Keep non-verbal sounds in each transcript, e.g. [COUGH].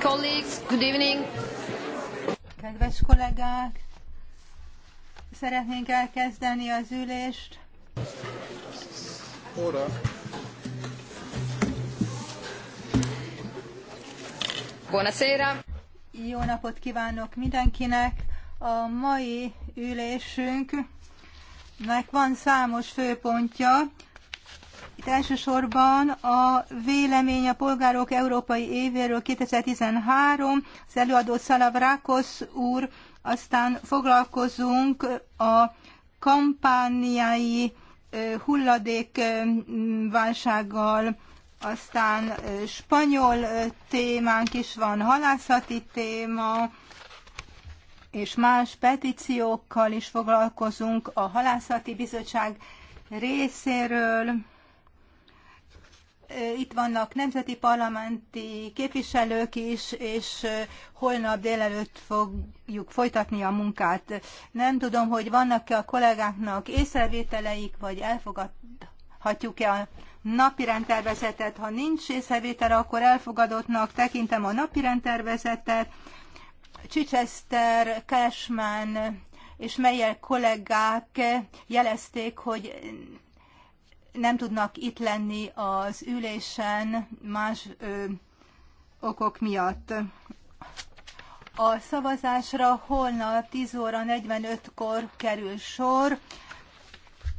Colleagues, good evening. Kedves kollégák, szeretnénk elkezdeni az ülést. Óra. Buonasera. Jó napot kívánok mindenkinek! A mai ülésünk nek van számos főpontja. Itt elsősorban a vélemény a polgárok európai évéről 2013, az előadó Szalav Rákosz úr, aztán foglalkozunk a kampániai hulladékválsággal, aztán spanyol témánk is van, halászati téma, és más petíciókkal is foglalkozunk a halászati bizottság részéről. Itt vannak nemzeti parlamenti képviselők is, és holnap délelőtt fogjuk folytatni a munkát. Nem tudom, hogy vannak-e a kollégáknak észrevételeik, vagy elfogadhatjuk-e a napi rendtervezetet. Ha nincs észrevétel akkor elfogadottnak tekintem a napi rendtervezetet. Chichester, Cashman és Meyer kollégák jelezték, hogy nem tudnak itt lenni az ülésen más ö, okok miatt. A szavazásra holnap 10 óra 45-kor kerül sor.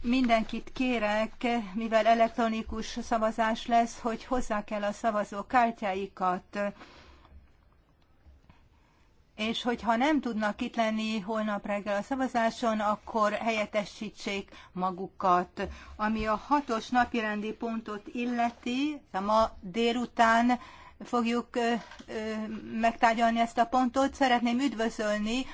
Mindenkit kérek, mivel elektronikus szavazás lesz, hogy hozzá kell a szavazó kártyáikat és hogyha nem tudnak itt lenni holnap reggel a szavazáson, akkor helyettesítsék magukat. Ami a hatos napirendi pontot illeti, ma délután fogjuk ö, ö, megtárgyalni ezt a pontot. Szeretném üdvözölni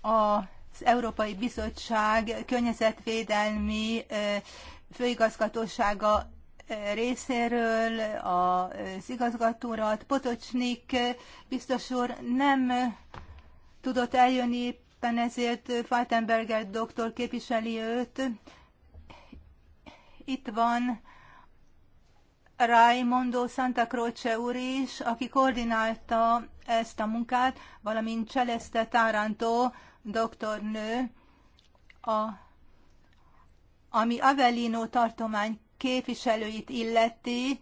az Európai Bizottság környezetvédelmi ö, főigazgatósága részéről, az igazgatórat, Potocsnik biztos úr nem tudott eljönni éppen ezért Faltenberger doktor képviseli őt. Itt van Raimondo Santa Croce úr is, aki koordinálta ezt a munkát, valamint Celeste Tárántó doktornő, a, ami Avellino tartomány képviselőit illeti,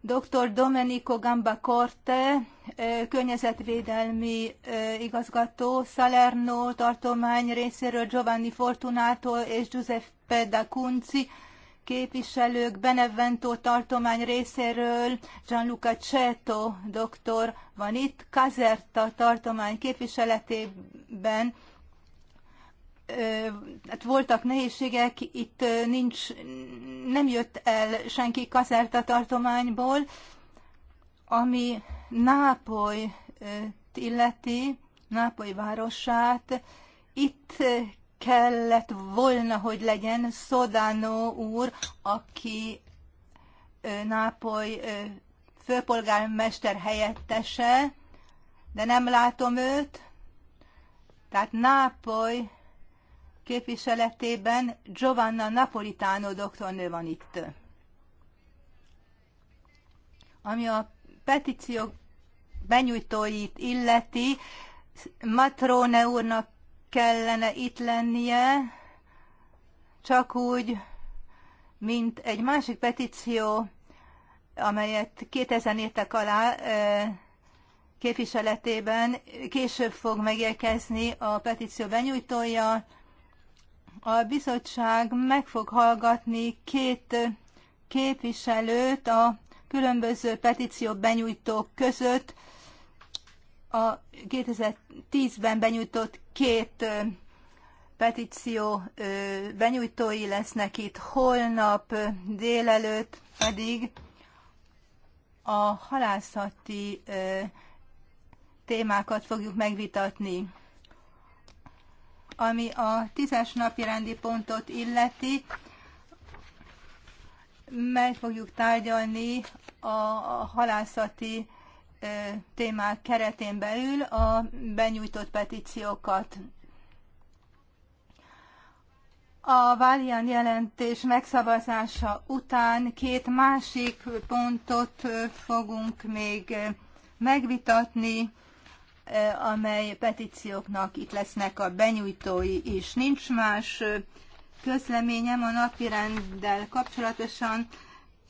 dr. Domenico Gambacorte, környezetvédelmi igazgató, Salerno tartomány részéről Giovanni Fortunato és Giuseppe D'Acunzi képviselők, Benevento tartomány részéről Gianluca Ceto doktor van itt, Kazerta tartomány képviseletében hát voltak nehézségek, itt nincs, nem jött el senki Kaszerta tartományból, ami Nápoly illeti, Nápoly városát, itt kellett volna, hogy legyen Szodánó úr, aki Nápoly főpolgármester helyettese, de nem látom őt. Tehát Nápoly képviseletében Giovanna Napolitano doktornő van itt. Ami a petíció benyújtóit illeti, Matróne úrnak kellene itt lennie, csak úgy, mint egy másik petíció, amelyet 2000 értek alá képviseletében később fog megérkezni a petíció benyújtója a bizottság meg fog hallgatni két képviselőt a különböző petíció benyújtók között. A 2010-ben benyújtott két petíció benyújtói lesznek itt holnap délelőtt, pedig a halászati témákat fogjuk megvitatni. Ami a tízes napi rendi pontot illeti, meg fogjuk tárgyalni a halászati témák keretén belül a benyújtott petíciókat. A Válian jelentés megszavazása után két másik pontot fogunk még megvitatni amely petícióknak itt lesznek a benyújtói is. Nincs más közleményem a napirenddel kapcsolatosan,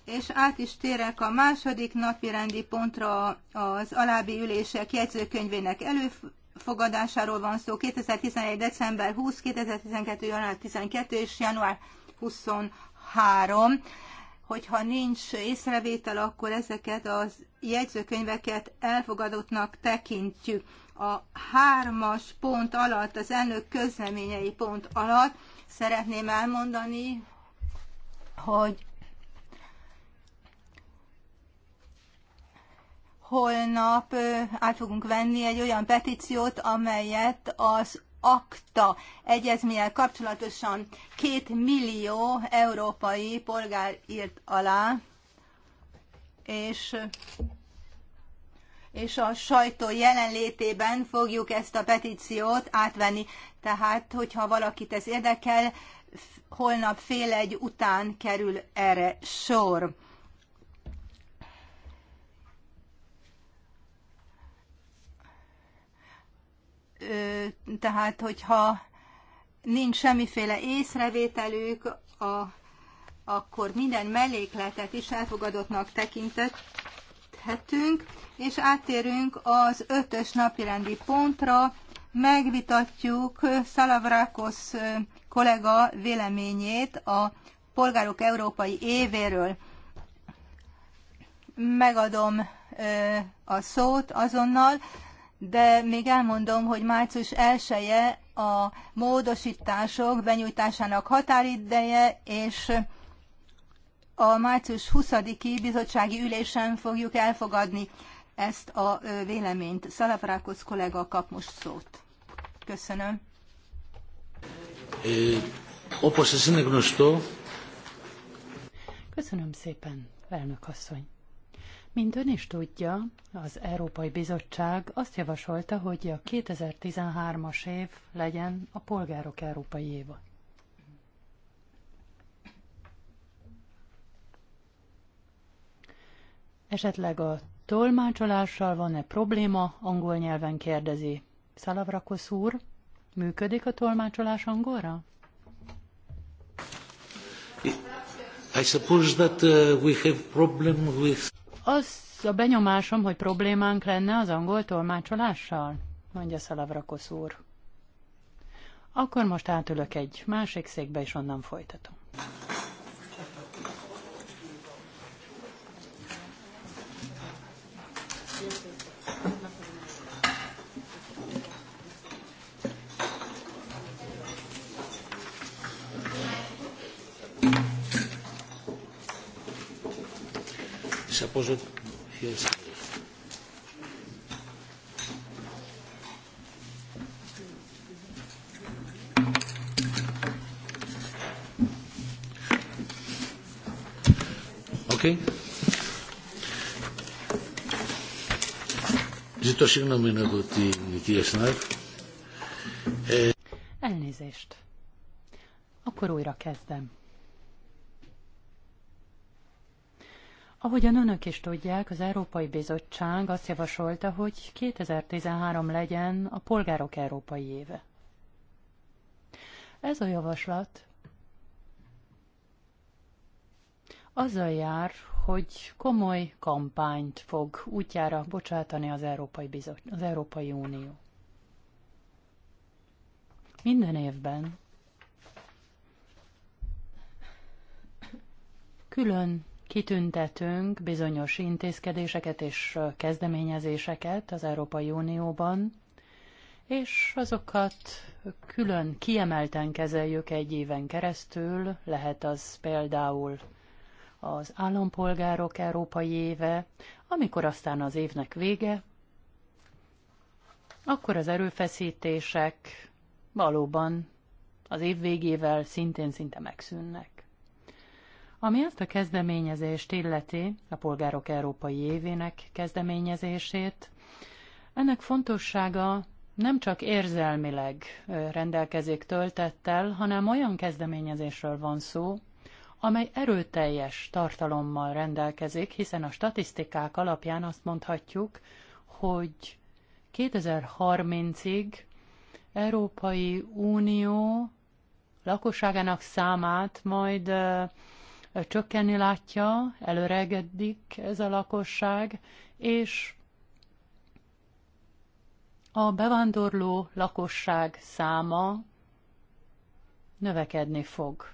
és át is térek a második napirendi pontra az alábbi ülések jegyzőkönyvének előfogadásáról van szó 2011. december 20, 2012. január 12 és január 23 hogyha nincs észrevétel, akkor ezeket az jegyzőkönyveket elfogadottnak tekintjük. A hármas pont alatt, az elnök közleményei pont alatt szeretném elmondani, hogy holnap át fogunk venni egy olyan petíciót, amelyet az akta egyezménnyel kapcsolatosan két millió európai polgár írt alá, és és a sajtó jelenlétében fogjuk ezt a petíciót átvenni. Tehát, hogyha valakit ez érdekel, holnap fél egy után kerül erre sor. tehát hogyha nincs semmiféle észrevételük, a, akkor minden mellékletet is elfogadottnak tekintethetünk, és áttérünk az ötös napirendi pontra, megvitatjuk Szalavrákos kollega véleményét a polgárok európai évéről. Megadom a szót azonnal de még elmondom, hogy március 1-e a módosítások benyújtásának határideje, és a március 20-i bizottsági ülésen fogjuk elfogadni ezt a véleményt. Szalafrákos kollega kap most szót. Köszönöm. Köszönöm szépen, elnök asszony. Mint ön is tudja, az Európai Bizottság azt javasolta, hogy a 2013-as év legyen a polgárok európai éva. Esetleg a tolmácsolással van-e probléma? Angol nyelven kérdezi. Szalavrakosz úr, működik a tolmácsolás angolra? I suppose that uh, we have problem with az a benyomásom, hogy problémánk lenne az angol tolmácsolással, mondja Szalavrakosz úr. Akkor most átülök egy másik székbe, és onnan folytatom. Suppose here's Okay. Ζητώ συγγνώμη από την κυρία Σνάρφ. Elnézést. Akkor újra kezdem. Ahogyan önök is tudják, az Európai Bizottság azt javasolta, hogy 2013 legyen a polgárok európai éve. Ez a javaslat azzal jár, hogy komoly kampányt fog útjára bocsátani az Európai, Bizot- az Európai Unió. Minden évben külön kitüntetünk bizonyos intézkedéseket és kezdeményezéseket az Európai Unióban, és azokat külön kiemelten kezeljük egy éven keresztül, lehet az például az állampolgárok európai éve, amikor aztán az évnek vége, akkor az erőfeszítések valóban az év végével szintén szinte megszűnnek. Ami azt a kezdeményezést illeti, a Polgárok Európai Évének kezdeményezését, ennek fontossága nem csak érzelmileg rendelkezik töltettel, hanem olyan kezdeményezésről van szó, amely erőteljes tartalommal rendelkezik, hiszen a statisztikák alapján azt mondhatjuk, hogy 2030-ig Európai Unió lakosságának számát majd csökkenni látja, előregedik ez a lakosság, és a bevándorló lakosság száma növekedni fog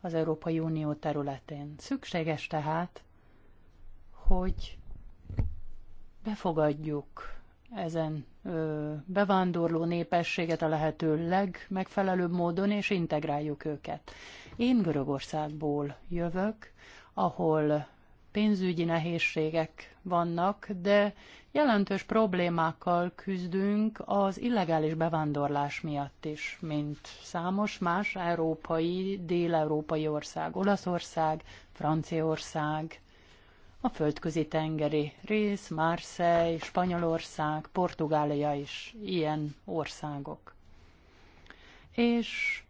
az Európai Unió területén. Szükséges tehát, hogy befogadjuk ezen ö, bevándorló népességet a lehető legmegfelelőbb módon, és integráljuk őket. Én Görögországból jövök, ahol pénzügyi nehézségek vannak, de jelentős problémákkal küzdünk az illegális bevándorlás miatt is, mint számos más európai, dél-európai ország, Olaszország, Franciaország, a földközi tengeri rész, Marseille, Spanyolország, Portugália is ilyen országok. És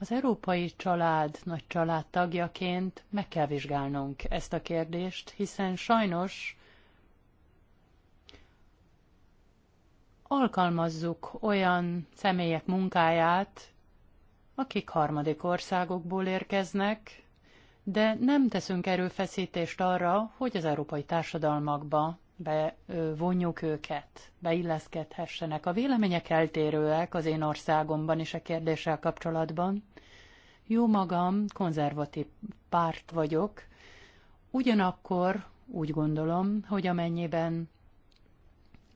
az európai család nagy családtagjaként meg kell vizsgálnunk ezt a kérdést, hiszen sajnos alkalmazzuk olyan személyek munkáját, akik harmadik országokból érkeznek, de nem teszünk erőfeszítést arra, hogy az európai társadalmakba bevonjuk őket, beilleszkedhessenek. A vélemények eltérőek az én országomban is a kérdéssel kapcsolatban. Jó magam, konzervatív párt vagyok, ugyanakkor úgy gondolom, hogy amennyiben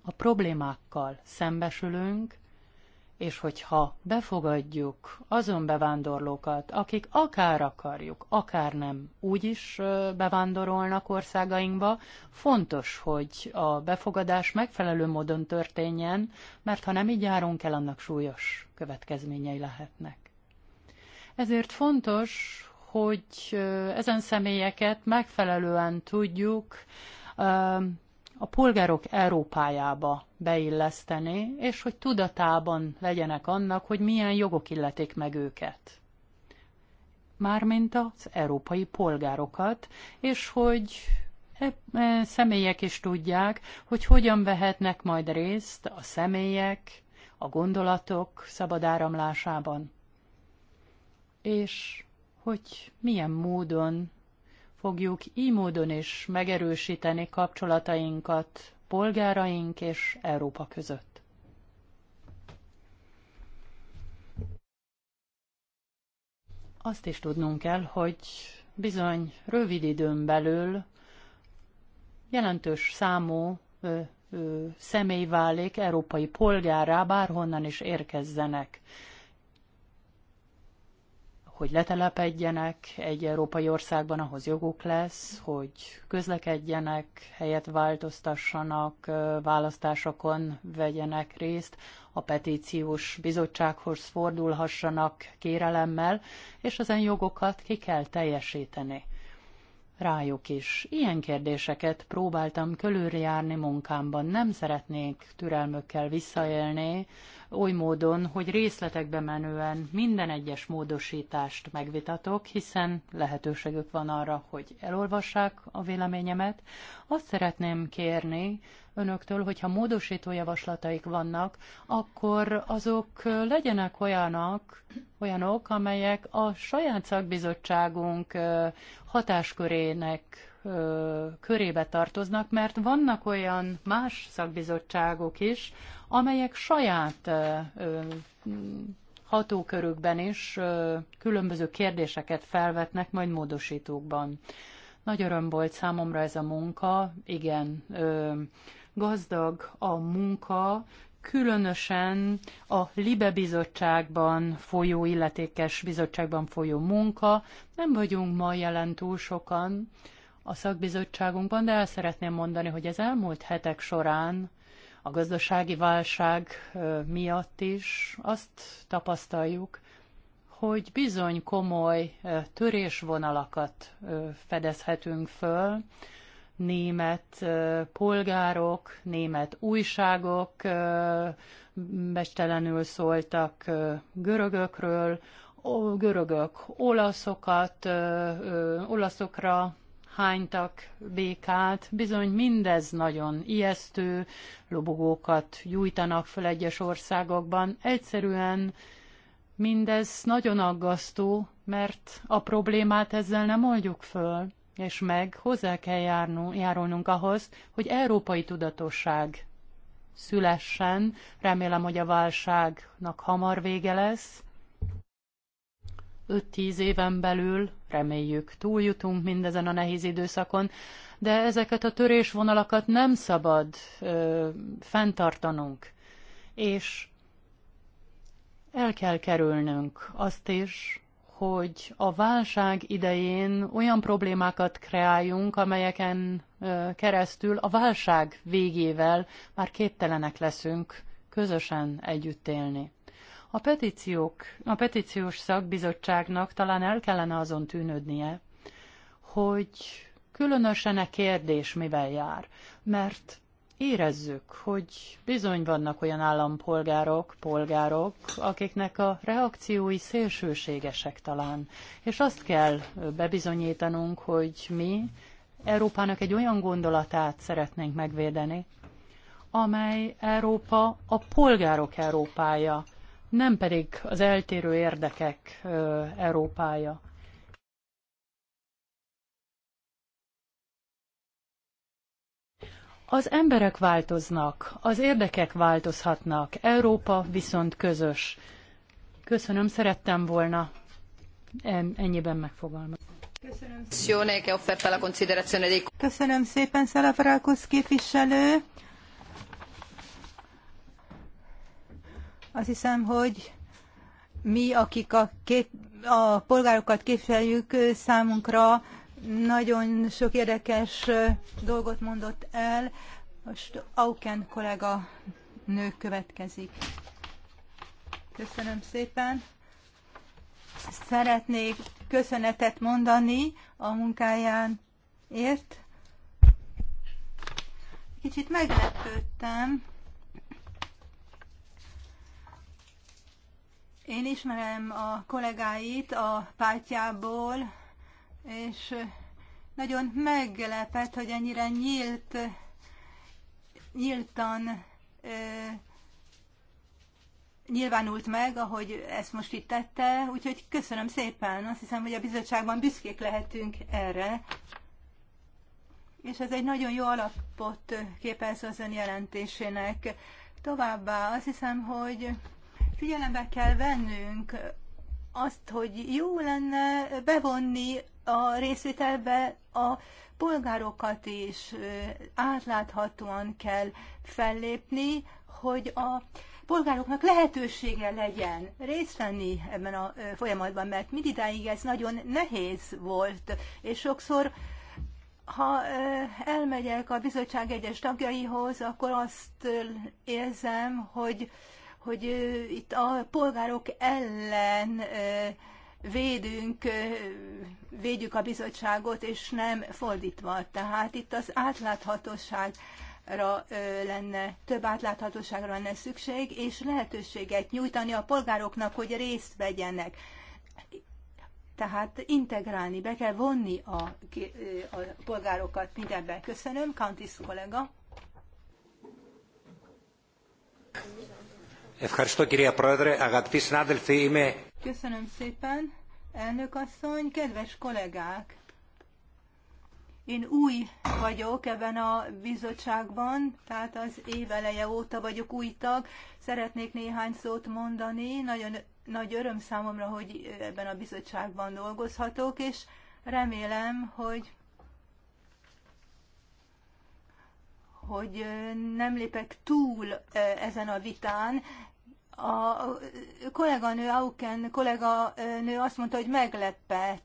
a problémákkal szembesülünk, és hogyha befogadjuk azon bevándorlókat, akik akár akarjuk, akár nem úgy is bevándorolnak országainkba, fontos, hogy a befogadás megfelelő módon történjen, mert ha nem így járunk el, annak súlyos következményei lehetnek. Ezért fontos, hogy ezen személyeket megfelelően tudjuk a polgárok Európájába beilleszteni, és hogy tudatában legyenek annak, hogy milyen jogok illetik meg őket. Mármint az európai polgárokat, és hogy e, e, személyek is tudják, hogy hogyan vehetnek majd részt a személyek, a gondolatok szabad áramlásában. És hogy milyen módon fogjuk így módon is megerősíteni kapcsolatainkat polgáraink és Európa között. Azt is tudnunk kell, hogy bizony rövid időn belül jelentős számú ö, ö, személy válik európai polgárá, bárhonnan is érkezzenek hogy letelepedjenek egy európai országban, ahhoz joguk lesz, hogy közlekedjenek, helyet változtassanak, választásokon vegyenek részt, a petíciós bizottsághoz fordulhassanak kérelemmel, és ezen jogokat ki kell teljesíteni rájuk is. Ilyen kérdéseket próbáltam körüljárni munkámban. Nem szeretnék türelmökkel visszaélni, oly módon, hogy részletekbe menően minden egyes módosítást megvitatok, hiszen lehetőségük van arra, hogy elolvassák a véleményemet. Azt szeretném kérni, önöktől, hogyha módosító javaslataik vannak, akkor azok legyenek olyanak, olyanok, amelyek a saját szakbizottságunk hatáskörének körébe tartoznak, mert vannak olyan más szakbizottságok is, amelyek saját hatókörükben is különböző kérdéseket felvetnek, majd módosítókban. Nagy öröm volt számomra ez a munka, igen, ö, gazdag a munka, különösen a Libe bizottságban folyó, illetékes bizottságban folyó munka. Nem vagyunk ma jelen túl sokan a szakbizottságunkban, de el szeretném mondani, hogy az elmúlt hetek során a gazdasági válság miatt is azt tapasztaljuk, hogy bizony komoly törésvonalakat fedezhetünk föl, német polgárok, német újságok bestelenül szóltak görögökről, görögök olaszokat, olaszokra hánytak békát. Bizony mindez nagyon ijesztő, lobogókat gyújtanak fel egyes országokban. Egyszerűen mindez nagyon aggasztó, mert a problémát ezzel nem oldjuk föl és meg hozzá kell járnunk, járulnunk ahhoz, hogy európai tudatosság szülessen. Remélem, hogy a válságnak hamar vége lesz. 5-10 éven belül, reméljük, túljutunk mindezen a nehéz időszakon, de ezeket a törésvonalakat nem szabad ö, fenntartanunk, és el kell kerülnünk azt is, hogy a válság idején olyan problémákat kreáljunk, amelyeken keresztül a válság végével már képtelenek leszünk közösen együtt élni. A, petíciók, a petíciós szakbizottságnak talán el kellene azon tűnődnie, hogy különösen a e kérdés mivel jár, mert érezzük, hogy bizony vannak olyan állampolgárok, polgárok, akiknek a reakciói szélsőségesek talán. És azt kell bebizonyítanunk, hogy mi Európának egy olyan gondolatát szeretnénk megvédeni, amely Európa a polgárok Európája, nem pedig az eltérő érdekek Európája. Az emberek változnak, az érdekek változhatnak, Európa viszont közös. Köszönöm, szerettem volna ennyiben megfogalmazni. Köszönöm. Köszönöm szépen, Szelafrákusz képviselő. Azt hiszem, hogy mi, akik a, kép, a polgárokat képviseljük, számunkra nagyon sok érdekes dolgot mondott el. Most Auken kollega nő következik. Köszönöm szépen. Szeretnék köszönetet mondani a munkáján ért. Kicsit meglepődtem. Én ismerem a kollégáit a pártjából, és nagyon meglepett, hogy ennyire nyílt, nyíltan ö, nyilvánult meg, ahogy ezt most itt tette, úgyhogy köszönöm szépen. Azt hiszem, hogy a bizottságban büszkék lehetünk erre. És ez egy nagyon jó alapot képez az ön jelentésének. Továbbá azt hiszem, hogy figyelembe kell vennünk azt, hogy jó lenne bevonni a részvételbe a polgárokat is átláthatóan kell fellépni, hogy a polgároknak lehetősége legyen részt venni ebben a folyamatban, mert mindidáig ez nagyon nehéz volt, és sokszor ha elmegyek a bizottság egyes tagjaihoz, akkor azt érzem, hogy, hogy itt a polgárok ellen védünk, védjük a bizottságot, és nem fordítva. Tehát itt az átláthatóság lenne, több átláthatóságra lenne szükség, és lehetőséget nyújtani a polgároknak, hogy részt vegyenek. Tehát integrálni, be kell vonni a, a polgárokat mindenben. Köszönöm, Kantis kollega. Ευχαριστώ κυρία Πρόεδρε. Αγαπητοί συνάδελφοι, είμαι Köszönöm szépen, elnök asszony, kedves kollégák! Én új vagyok ebben a bizottságban, tehát az év eleje óta vagyok új tag. Szeretnék néhány szót mondani. Nagyon nagy öröm számomra, hogy ebben a bizottságban dolgozhatok, és remélem, hogy hogy nem lépek túl eh, ezen a vitán, a kolléganő, Auken kolléganő azt mondta, hogy meglepett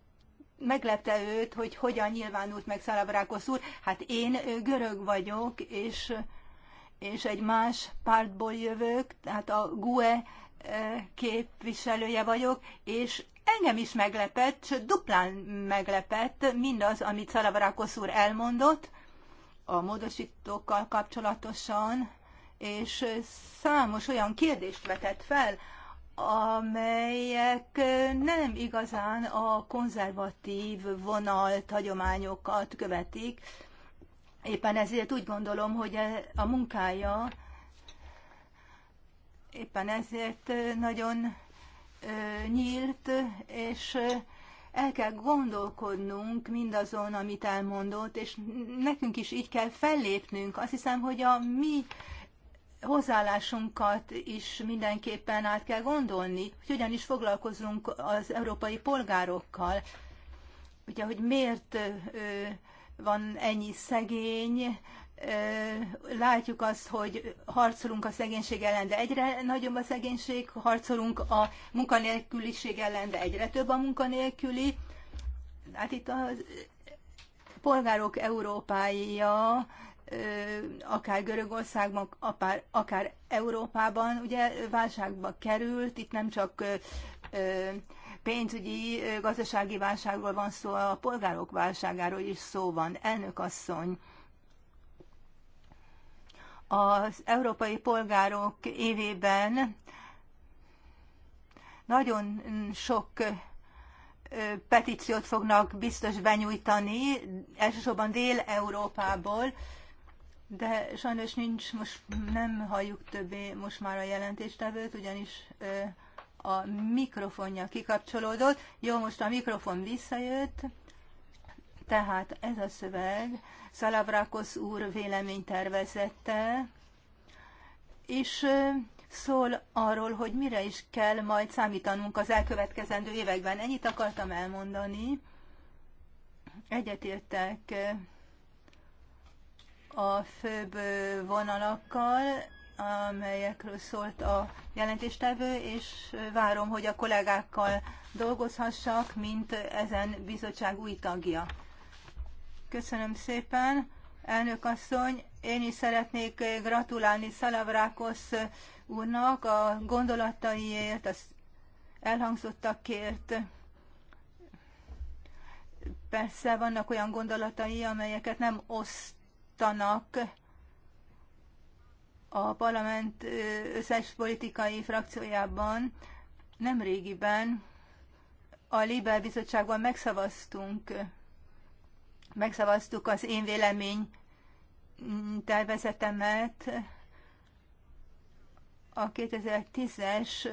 meglepte őt, hogy hogyan nyilvánult meg Szalabrákosz úr. Hát én görög vagyok, és, és egy más pártból jövök, tehát a GUE eh, képviselője vagyok, és engem is meglepett, sőt duplán meglepett mindaz, amit Szalabrákos úr elmondott a módosítókkal kapcsolatosan, és számos olyan kérdést vetett fel, amelyek nem igazán a konzervatív vonalt, hagyományokat követik. Éppen ezért úgy gondolom, hogy e- a munkája éppen ezért nagyon nyílt, és el kell gondolkodnunk mindazon, amit elmondott, és nekünk is így kell fellépnünk. Azt hiszem, hogy a mi hozzáállásunkat is mindenképpen át kell gondolni, hogy hogyan is foglalkozunk az európai polgárokkal. Ugye, hogy miért van ennyi szegény, látjuk azt, hogy harcolunk a szegénység ellen, de egyre nagyobb a szegénység, harcolunk a munkanélküliség ellen, de egyre több a munkanélküli. Hát itt a polgárok Európája akár Görögországban, akár, akár Európában, ugye válságba került, itt nem csak pénzügyi, gazdasági válságról van szó, a polgárok válságáról is szó van. Elnök asszony, az európai polgárok évében nagyon sok petíciót fognak biztos benyújtani, elsősorban Dél-Európából, de sajnos nincs, most nem halljuk többé most már a jelentéstevőt, ugyanis a mikrofonja kikapcsolódott. Jó, most a mikrofon visszajött. Tehát ez a szöveg Szalavrakosz úr véleménytervezette, és szól arról, hogy mire is kell majd számítanunk az elkövetkezendő években. Ennyit akartam elmondani. Egyetértek a főbb vonalakkal, amelyekről szólt a jelentéstevő, és várom, hogy a kollégákkal dolgozhassak, mint ezen bizottság új tagja. Köszönöm szépen, elnök asszony. Én is szeretnék gratulálni Szalavrákosz úrnak a gondolataiért, az elhangzottakért. Persze vannak olyan gondolatai, amelyeket nem oszt tanak a parlament összes politikai frakciójában. Nem régiben a Liber Bizottságban megszavaztunk, megszavaztuk az én vélemény tervezetemet a 2010-es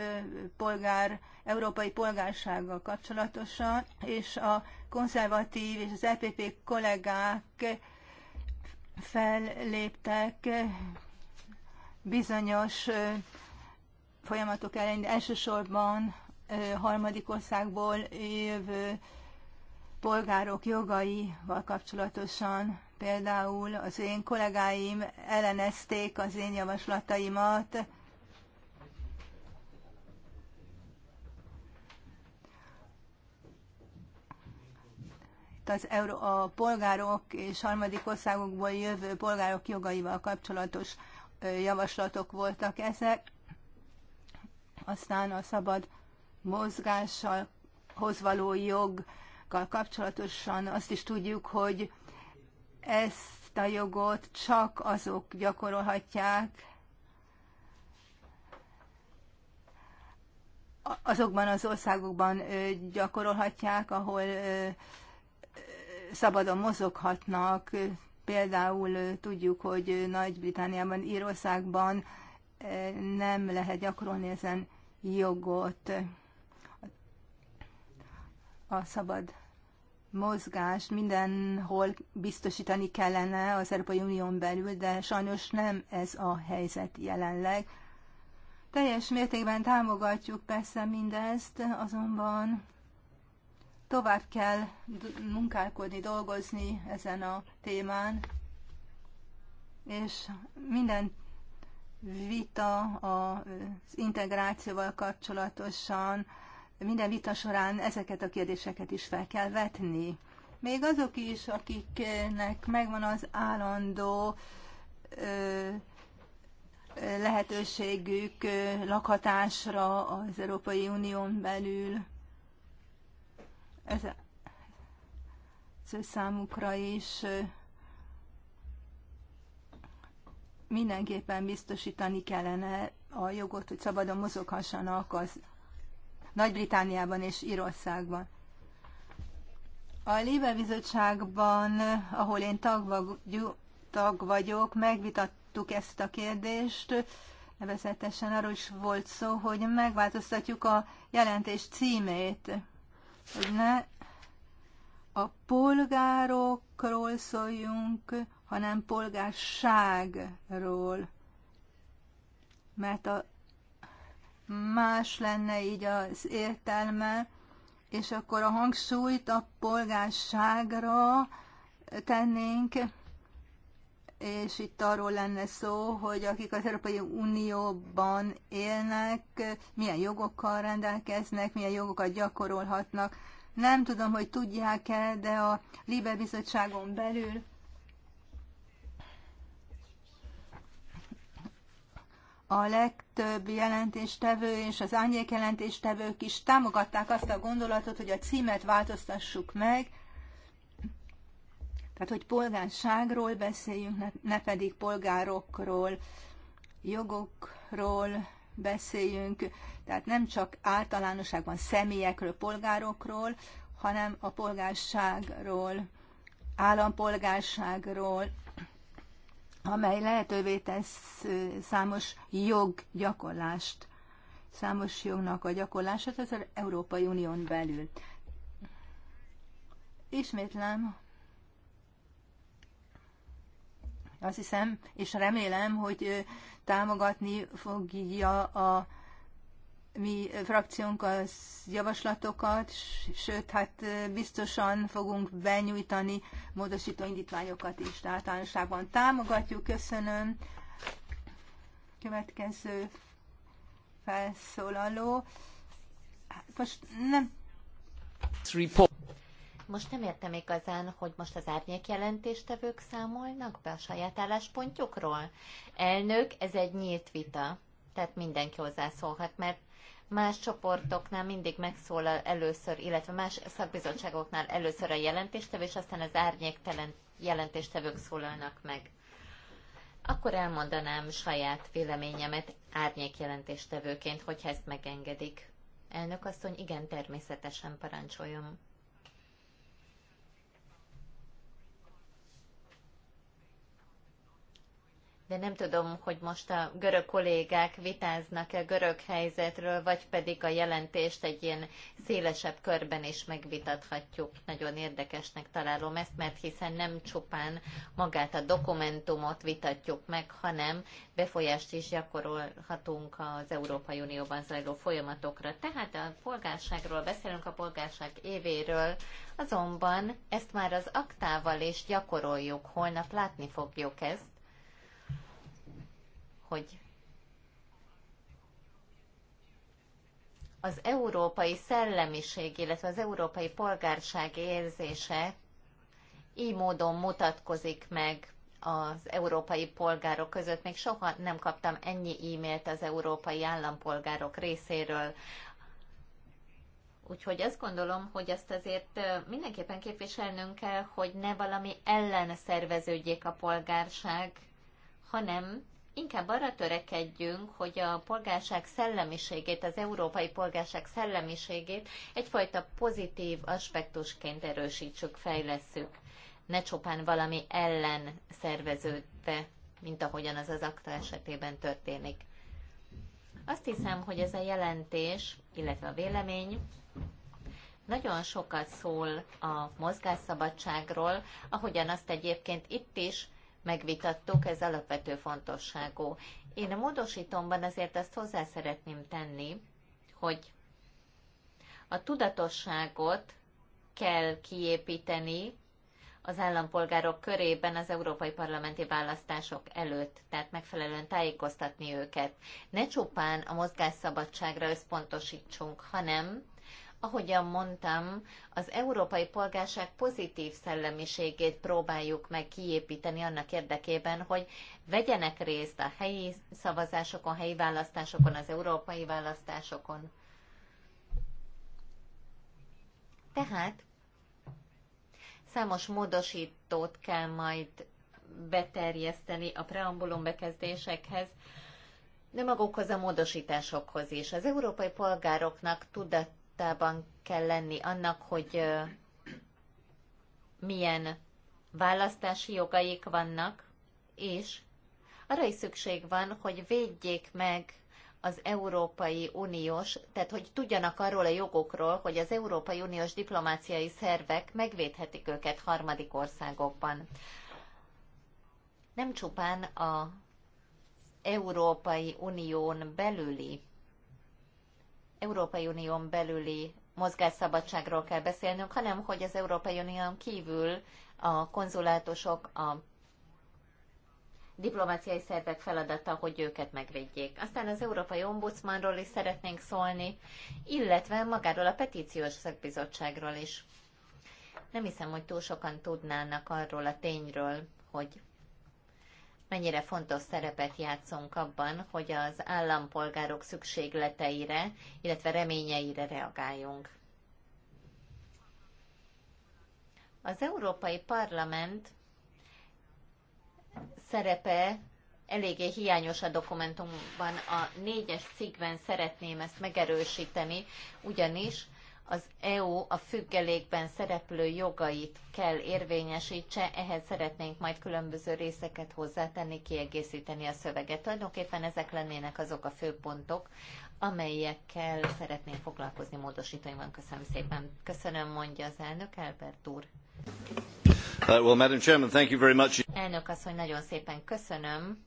polgár, európai polgársággal kapcsolatosan, és a konzervatív és az EPP kollégák felléptek bizonyos folyamatok ellen, elsősorban harmadik országból jövő polgárok jogaival kapcsolatosan például az én kollégáim ellenezték az én javaslataimat, az euró, a polgárok és harmadik országokból jövő polgárok jogaival kapcsolatos javaslatok voltak ezek. Aztán a szabad mozgással hozvaló joggal kapcsolatosan azt is tudjuk, hogy ezt a jogot csak azok gyakorolhatják, azokban az országokban gyakorolhatják, ahol szabadon mozoghatnak. Például tudjuk, hogy Nagy-Britániában, Írországban nem lehet gyakorolni ezen jogot. A szabad mozgás mindenhol biztosítani kellene az Európai Unión belül, de sajnos nem ez a helyzet jelenleg. Teljes mértékben támogatjuk persze mindezt, azonban Tovább kell munkálkodni, dolgozni ezen a témán, és minden vita az integrációval kapcsolatosan, minden vita során ezeket a kérdéseket is fel kell vetni. Még azok is, akiknek megvan az állandó ö, lehetőségük lakhatásra az Európai Unión belül, ez, ez számukra is mindenképpen biztosítani kellene a jogot, hogy szabadon mozoghassanak az Nagy-Britániában és Írországban. A Libe Bizottságban, ahol én tag, vagy, tag vagyok, megvitattuk ezt a kérdést, nevezetesen arról is volt szó, hogy megváltoztatjuk a jelentés címét hogy ne a polgárokról szóljunk, hanem polgárságról. Mert a más lenne így az értelme, és akkor a hangsúlyt a polgárságra tennénk, és itt arról lenne szó, hogy akik az Európai Unióban élnek, milyen jogokkal rendelkeznek, milyen jogokat gyakorolhatnak. Nem tudom, hogy tudják-e, de a Libe Bizottságon belül a legtöbb jelentéstevő és az árnyék jelentéstevők is támogatták azt a gondolatot, hogy a címet változtassuk meg, tehát, hogy polgárságról beszéljünk, ne, ne pedig polgárokról, jogokról beszéljünk, tehát nem csak általánosságban személyekről, polgárokról, hanem a polgárságról, állampolgárságról, amely lehetővé tesz számos joggyakorlást, számos jognak a gyakorlását az Európai Unión belül. Ismétlem, Azt hiszem, és remélem, hogy támogatni fogja a mi frakciónk az javaslatokat, sőt, hát biztosan fogunk benyújtani módosító indítványokat is, Tehát általánosságban támogatjuk, köszönöm. Következő felszólaló. Hát most nem most nem értem igazán, hogy most az árnyék jelentéstevők számolnak be a saját álláspontjukról. Elnök, ez egy nyílt vita, tehát mindenki hozzászólhat, mert más csoportoknál mindig megszólal először, illetve más szakbizottságoknál először a jelentéstevő, és aztán az árnyéktelen jelentéstevők szólalnak meg. Akkor elmondanám saját véleményemet árnyék jelentéstevőként, hogyha ezt megengedik. Elnök asszony, igen, természetesen parancsoljon. de nem tudom, hogy most a görög kollégák vitáznak-e görög helyzetről, vagy pedig a jelentést egy ilyen szélesebb körben is megvitathatjuk. Nagyon érdekesnek találom ezt, mert hiszen nem csupán magát a dokumentumot vitatjuk meg, hanem befolyást is gyakorolhatunk az Európai Unióban zajló folyamatokra. Tehát a polgárságról beszélünk, a polgárság évéről, azonban ezt már az aktával is gyakoroljuk, holnap látni fogjuk ezt, hogy az európai szellemiség, illetve az európai polgárság érzése így módon mutatkozik meg az európai polgárok között. Még soha nem kaptam ennyi e-mailt az európai állampolgárok részéről. Úgyhogy azt gondolom, hogy azt azért mindenképpen képviselnünk kell, hogy ne valami ellen szerveződjék a polgárság, hanem inkább arra törekedjünk, hogy a polgárság szellemiségét, az európai polgárság szellemiségét egyfajta pozitív aspektusként erősítsük, fejlesszük, ne csupán valami ellen szerveződve, mint ahogyan az az akta esetében történik. Azt hiszem, hogy ez a jelentés, illetve a vélemény nagyon sokat szól a mozgásszabadságról, ahogyan azt egyébként itt is megvitattuk, ez alapvető fontosságú. Én a módosítomban azért azt hozzá szeretném tenni, hogy a tudatosságot kell kiépíteni az állampolgárok körében az európai parlamenti választások előtt, tehát megfelelően tájékoztatni őket. Ne csupán a mozgásszabadságra összpontosítsunk, hanem ahogyan mondtam, az európai polgárság pozitív szellemiségét próbáljuk meg kiépíteni annak érdekében, hogy vegyenek részt a helyi szavazásokon, helyi választásokon, az európai választásokon. Tehát számos módosítót kell majd beterjeszteni a preambulum bekezdésekhez, de magukhoz a módosításokhoz is. Az európai polgároknak tudat tudatában kell lenni annak, hogy milyen választási jogaik vannak, és arra is szükség van, hogy védjék meg az Európai Uniós, tehát hogy tudjanak arról a jogokról, hogy az Európai Uniós diplomáciai szervek megvédhetik őket harmadik országokban. Nem csupán a Európai Unión belüli Európai Unión belüli mozgásszabadságról kell beszélnünk, hanem hogy az Európai Unión kívül a konzulátusok, a diplomáciai szervek feladata, hogy őket megvédjék. Aztán az Európai Ombudsmanról is szeretnénk szólni, illetve magáról a petíciós szakbizottságról is. Nem hiszem, hogy túl sokan tudnának arról a tényről, hogy mennyire fontos szerepet játszunk abban, hogy az állampolgárok szükségleteire, illetve reményeire reagáljunk. Az Európai Parlament szerepe eléggé hiányos a dokumentumban. A négyes cikkben szeretném ezt megerősíteni, ugyanis az EU a függelékben szereplő jogait kell érvényesítse, ehhez szeretnénk majd különböző részeket hozzátenni, kiegészíteni a szöveget. Tulajdonképpen ezek lennének azok a főpontok, amelyekkel szeretnénk foglalkozni módosítóimban. Köszönöm szépen. Köszönöm, mondja az elnök, Albert úr. Uh, well, Madam Chairman, thank you very much. Elnök asszony, nagyon szépen köszönöm.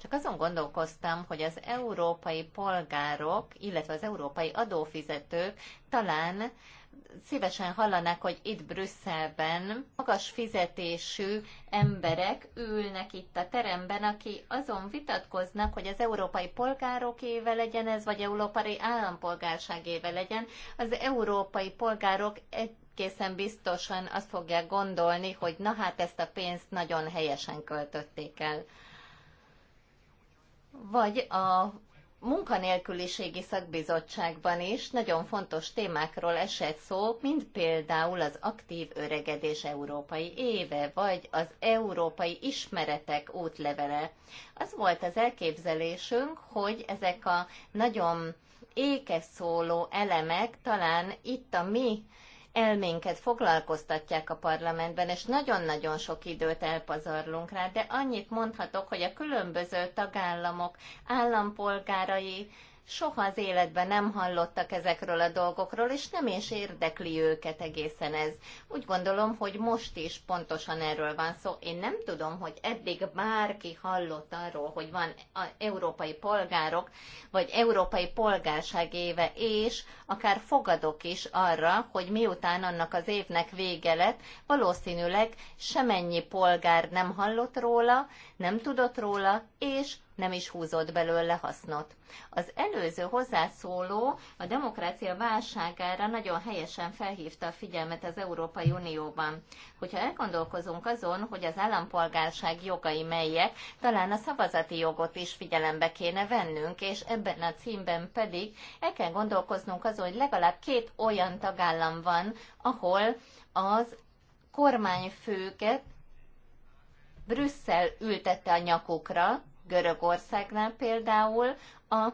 Csak azon gondolkoztam, hogy az európai polgárok, illetve az európai adófizetők talán szívesen hallanak, hogy itt Brüsszelben magas fizetésű emberek ülnek itt a teremben, aki azon vitatkoznak, hogy az európai éve legyen ez, vagy európai éve legyen. Az európai polgárok egészen biztosan azt fogják gondolni, hogy na hát ezt a pénzt nagyon helyesen költötték el vagy a munkanélküliségi szakbizottságban is nagyon fontos témákról esett szó, mint például az aktív öregedés európai éve, vagy az európai ismeretek útlevele. Az volt az elképzelésünk, hogy ezek a nagyon ékes szóló elemek talán itt a mi elménket foglalkoztatják a parlamentben, és nagyon-nagyon sok időt elpazarlunk rá, de annyit mondhatok, hogy a különböző tagállamok állampolgárai soha az életben nem hallottak ezekről a dolgokról, és nem is érdekli őket egészen ez. Úgy gondolom, hogy most is pontosan erről van szó. Én nem tudom, hogy eddig bárki hallott arról, hogy van európai polgárok, vagy európai polgárság éve, és akár fogadok is arra, hogy miután annak az évnek vége lett, valószínűleg semennyi polgár nem hallott róla, nem tudott róla, és nem is húzott belőle hasznot. Az előző hozzászóló a demokrácia válságára nagyon helyesen felhívta a figyelmet az Európai Unióban. Hogyha elgondolkozunk azon, hogy az állampolgárság jogai melyek, talán a szavazati jogot is figyelembe kéne vennünk, és ebben a címben pedig el kell gondolkoznunk azon, hogy legalább két olyan tagállam van, ahol az kormányfőket Brüsszel ültette a nyakukra, Görögországnál például a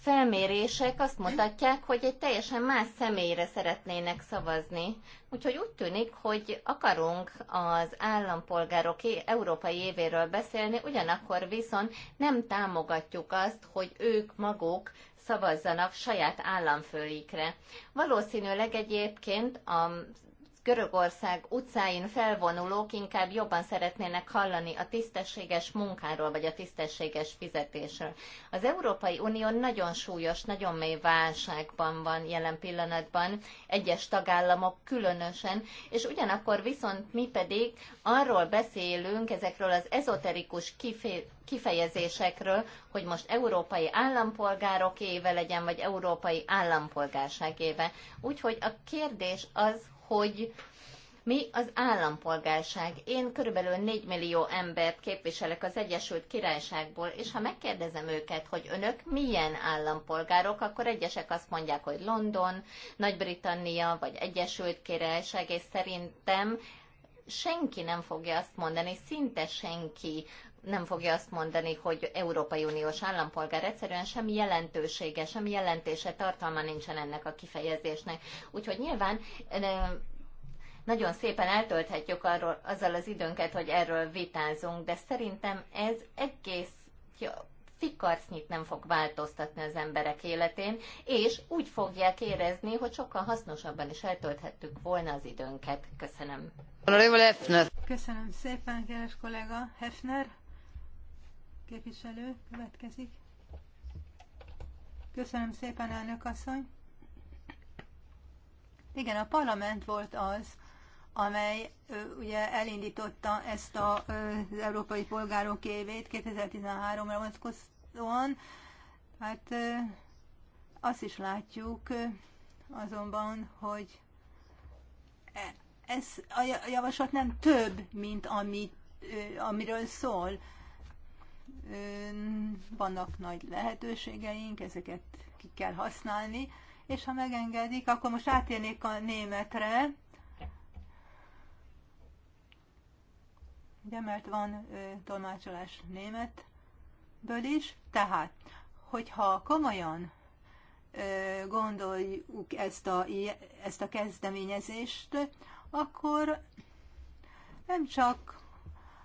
felmérések azt mutatják, hogy egy teljesen más személyre szeretnének szavazni. Úgyhogy úgy tűnik, hogy akarunk az állampolgárok európai évéről beszélni, ugyanakkor viszont nem támogatjuk azt, hogy ők maguk szavazzanak saját államfőikre. Valószínűleg egyébként az Görögország utcáin felvonulók inkább jobban szeretnének hallani a tisztességes munkáról, vagy a tisztességes fizetésről. Az Európai Unió nagyon súlyos, nagyon mély válságban van jelen pillanatban, egyes tagállamok különösen, és ugyanakkor viszont mi pedig arról beszélünk, ezekről az ezoterikus kifé kifejezésekről, hogy most európai állampolgárok éve legyen, vagy európai állampolgárság éve. Úgyhogy a kérdés az, hogy mi az állampolgárság? Én körülbelül 4 millió embert képviselek az Egyesült Királyságból, és ha megkérdezem őket, hogy önök milyen állampolgárok, akkor egyesek azt mondják, hogy London, Nagy-Britannia vagy Egyesült Királyság, és szerintem senki nem fogja azt mondani, szinte senki nem fogja azt mondani, hogy Európai Uniós állampolgár. Egyszerűen sem jelentősége, sem jelentése, tartalma nincsen ennek a kifejezésnek. Úgyhogy nyilván nagyon szépen eltölthetjük arról, azzal az időnket, hogy erről vitázunk, de szerintem ez egész ja, fikarcnyit nem fog változtatni az emberek életén, és úgy fogják érezni, hogy sokkal hasznosabban is eltölthettük volna az időnket. Köszönöm. Köszönöm szépen, kedves kollega Hefner képviselő következik. Köszönöm szépen, elnök asszony. Igen, a parlament volt az, amely ugye elindította ezt a, az Európai Polgárok évét 2013-ra vonatkozóan. Hát azt is látjuk azonban, hogy e, ez a javaslat nem több, mint amit, amiről szól vannak nagy lehetőségeink, ezeket ki kell használni, és ha megengedik, akkor most átérnék a németre, ugye, mert van ö, tolmácsolás németből is, tehát, hogyha komolyan ö, gondoljuk ezt a, ezt a kezdeményezést, akkor nem csak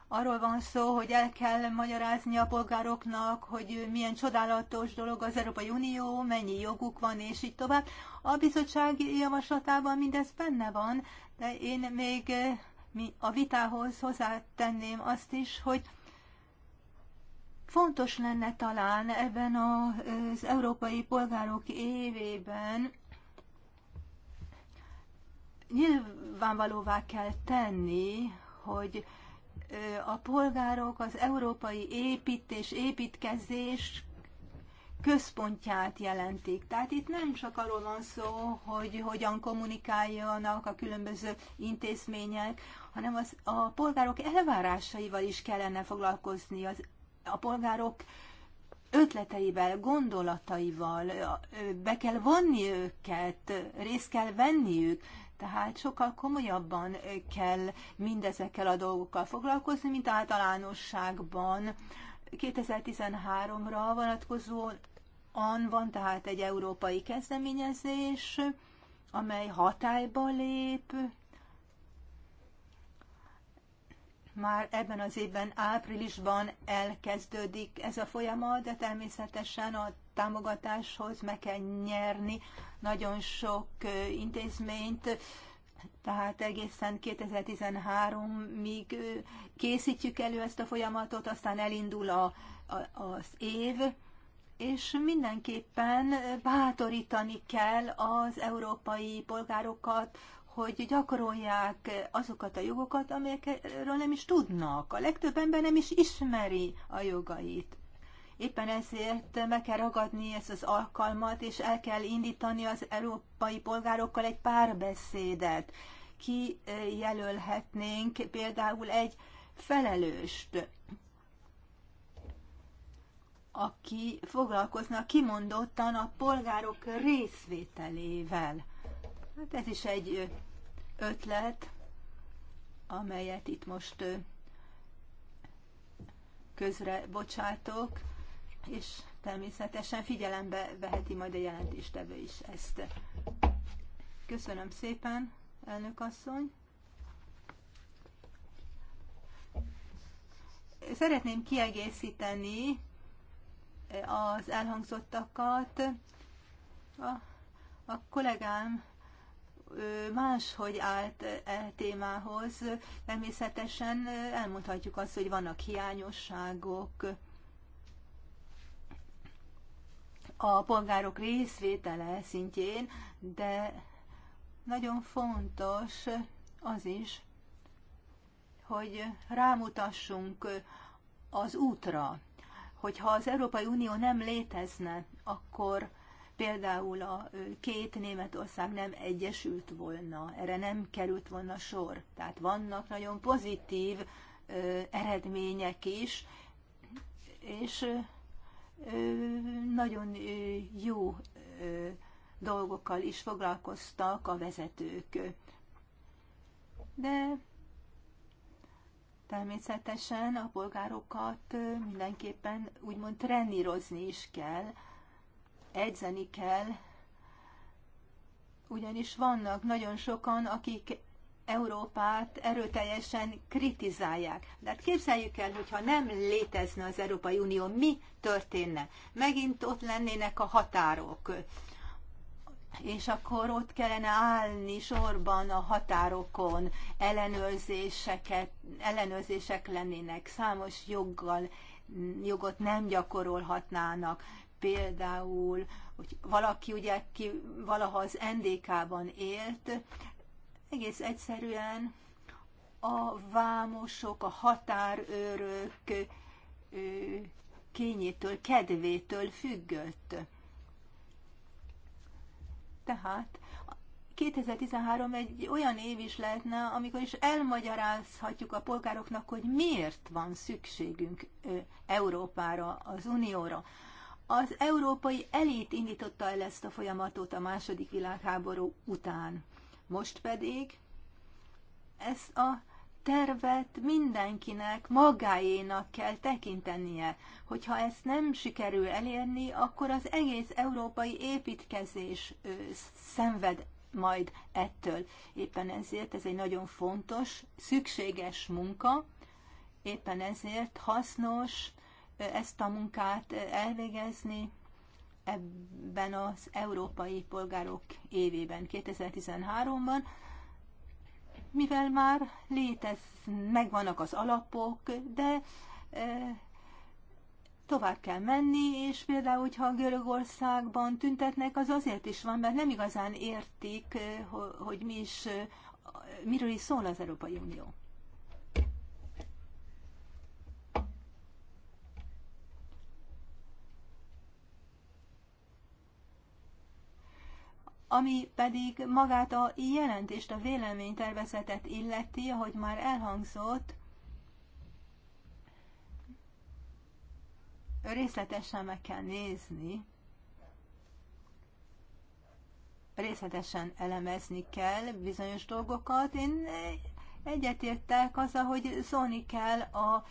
Arról van szó, hogy el kell magyarázni a polgároknak, hogy milyen csodálatos dolog az Európai Unió, mennyi joguk van, és így tovább. A bizottság javaslatában mindez benne van, de én még eh, a vitához hozzátenném azt is, hogy fontos lenne talán ebben az európai polgárok évében nyilvánvalóvá kell tenni, hogy a polgárok az európai építés, építkezés központját jelentik. Tehát itt nem csak arról van szó, hogy hogyan kommunikáljanak a különböző intézmények, hanem az, a polgárok elvárásaival is kellene foglalkozni, az, a polgárok ötleteivel, gondolataival, be kell vonni őket, részt kell venniük tehát sokkal komolyabban kell mindezekkel a dolgokkal foglalkozni, mint általánosságban. 2013-ra vonatkozóan van tehát egy európai kezdeményezés, amely hatályba lép, már ebben az évben áprilisban elkezdődik ez a folyamat, de természetesen a támogatáshoz meg kell nyerni nagyon sok intézményt, tehát egészen 2013-ig készítjük elő ezt a folyamatot, aztán elindul a, a, az év, és mindenképpen bátorítani kell az európai polgárokat, hogy gyakorolják azokat a jogokat, amelyekről nem is tudnak. A legtöbb ember nem is ismeri a jogait. Éppen ezért meg kell ragadni ezt az alkalmat, és el kell indítani az európai polgárokkal egy párbeszédet. Ki jelölhetnénk például egy felelőst, aki foglalkozna kimondottan a polgárok részvételével. Hát ez is egy ötlet, amelyet itt most közre bocsátok és természetesen figyelembe veheti majd a jelentéstevő is ezt. Köszönöm szépen, elnök asszony. Szeretném kiegészíteni az elhangzottakat. A, a kollégám máshogy állt e témához. Természetesen elmondhatjuk azt, hogy vannak hiányosságok, a polgárok részvétele szintjén, de nagyon fontos az is, hogy rámutassunk az útra. Hogyha az Európai Unió nem létezne, akkor például a két Németország nem egyesült volna, erre nem került volna sor. Tehát vannak nagyon pozitív ö, eredmények is, és nagyon jó dolgokkal is foglalkoztak a vezetők. De természetesen a polgárokat mindenképpen úgymond trenírozni is kell, edzeni kell, ugyanis vannak nagyon sokan, akik Európát erőteljesen kritizálják. De hát képzeljük el, hogyha nem létezne az Európai Unió, mi történne? Megint ott lennének a határok. És akkor ott kellene állni sorban a határokon, ellenőrzéseket, ellenőrzések lennének, számos joggal, jogot nem gyakorolhatnának. Például, hogy valaki ugye ki valaha az NDK-ban élt, egész egyszerűen a vámosok, a határőrök kényétől, kedvétől függött. Tehát 2013 egy olyan év is lehetne, amikor is elmagyarázhatjuk a polgároknak, hogy miért van szükségünk Európára, az Unióra. Az európai elit indította el ezt a folyamatot a második világháború után. Most pedig ez a tervet mindenkinek magáénak kell tekintenie. Hogyha ezt nem sikerül elérni, akkor az egész európai építkezés ö, szenved majd ettől. Éppen ezért ez egy nagyon fontos, szükséges munka, éppen ezért hasznos ezt a munkát elvégezni, ebben az európai polgárok évében, 2013-ban, mivel már létez, megvannak az alapok, de e, tovább kell menni, és például, hogyha Görögországban tüntetnek, az azért is van, mert nem igazán értik, e, hogy mi is, e, miről is szól az Európai Unió. Ami pedig magát a jelentést, a véleménytervezetet illeti, ahogy már elhangzott, részletesen meg kell nézni, részletesen elemezni kell bizonyos dolgokat. Én egyetértek az, hogy szólni kell a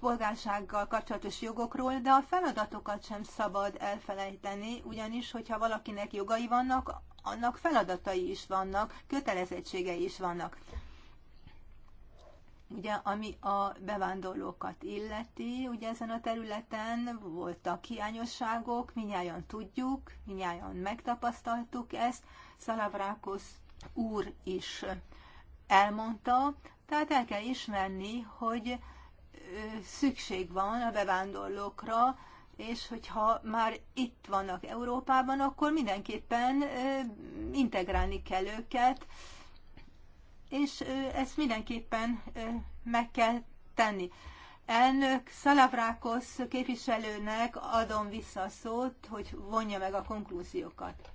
polgársággal kapcsolatos jogokról, de a feladatokat sem szabad elfelejteni, ugyanis, hogyha valakinek jogai vannak, annak feladatai is vannak, kötelezettségei is vannak. Ugye, ami a bevándorlókat illeti, ugye ezen a területen voltak hiányosságok, minnyáján tudjuk, minnyáján megtapasztaltuk ezt, Szalavrákosz úr is elmondta, tehát el kell ismerni, hogy szükség van a bevándorlókra, és hogyha már itt vannak Európában, akkor mindenképpen integrálni kell őket, és ezt mindenképpen meg kell tenni. Elnök Szalavrákosz képviselőnek adom vissza a szót, hogy vonja meg a konklúziókat.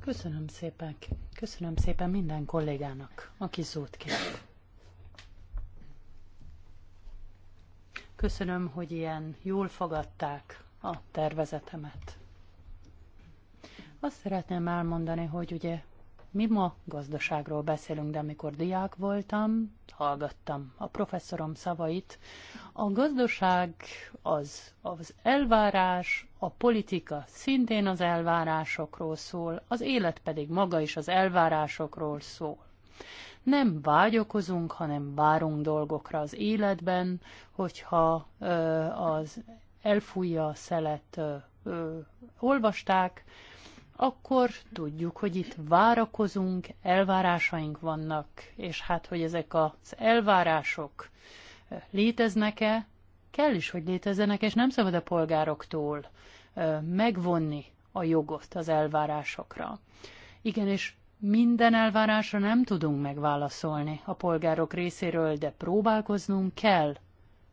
Köszönöm szépen. Köszönöm szépen minden kollégának, aki szót kért. Köszönöm, hogy ilyen jól fogadták a tervezetemet. Azt szeretném elmondani, hogy ugye mi ma gazdaságról beszélünk, de amikor diák voltam, hallgattam a professzorom szavait. A gazdaság az az elvárás, a politika szintén az elvárásokról szól, az élet pedig maga is az elvárásokról szól. Nem vágyakozunk, hanem várunk dolgokra az életben, hogyha az elfújja a szelet olvasták, akkor tudjuk, hogy itt várakozunk, elvárásaink vannak, és hát, hogy ezek az elvárások léteznek-e, kell is, hogy létezzenek, és nem szabad a polgároktól megvonni a jogot az elvárásokra. Igen, és minden elvárásra nem tudunk megválaszolni a polgárok részéről, de próbálkoznunk kell.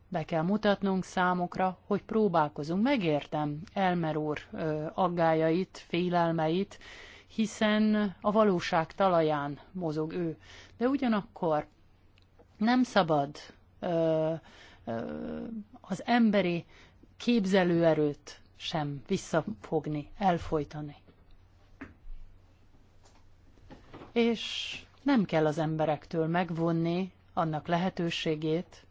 Be kell mutatnunk számukra, hogy próbálkozunk. Megértem Elmer úr ö, aggájait, félelmeit, hiszen a valóság talaján mozog ő. De ugyanakkor nem szabad ö, ö, az emberi képzelőerőt sem visszafogni, elfolytani. És nem kell az emberektől megvonni annak lehetőségét,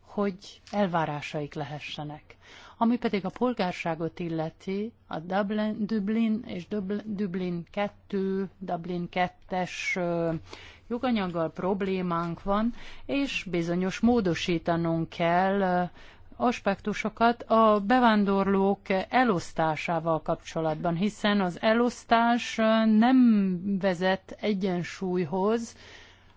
hogy elvárásaik lehessenek. Ami pedig a polgárságot illeti, a Dublin, Dublin és Dublin, 2, Dublin 2-es joganyaggal problémánk van, és bizonyos módosítanunk kell aspektusokat a bevándorlók elosztásával kapcsolatban, hiszen az elosztás nem vezet egyensúlyhoz,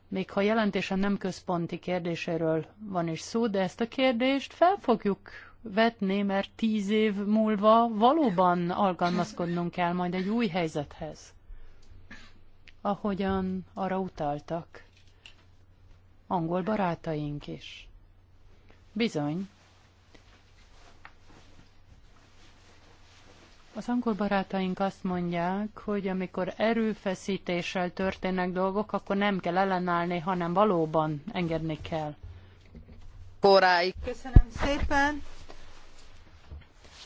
még ha jelentésen nem központi kérdéséről van is szó, de ezt a kérdést fel fogjuk vetni, mert tíz év múlva valóban alkalmazkodnunk kell majd egy új helyzethez. Ahogyan arra utaltak angol barátaink is. Bizony, Az angol barátaink azt mondják, hogy amikor erőfeszítéssel történnek dolgok, akkor nem kell ellenállni, hanem valóban engedni kell. Koráig. Köszönöm szépen.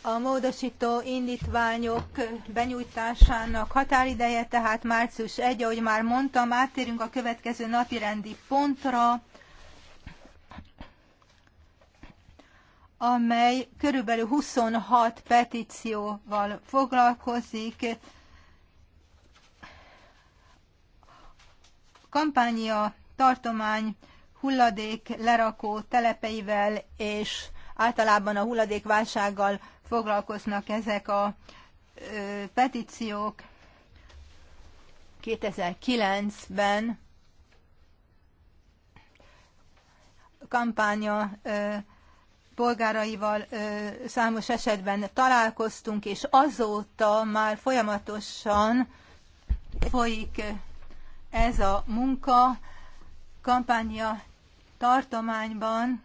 A módosító indítványok benyújtásának határideje tehát március 1, ahogy már mondtam, áttérünk a következő napirendi pontra. amely körülbelül 26 petícióval foglalkozik. Kampánya tartomány hulladék lerakó telepeivel és általában a hulladékválsággal foglalkoznak ezek a ö, petíciók. 2009-ben kampánya ö, polgáraival számos esetben találkoztunk, és azóta már folyamatosan folyik ez a munka kampánya tartományban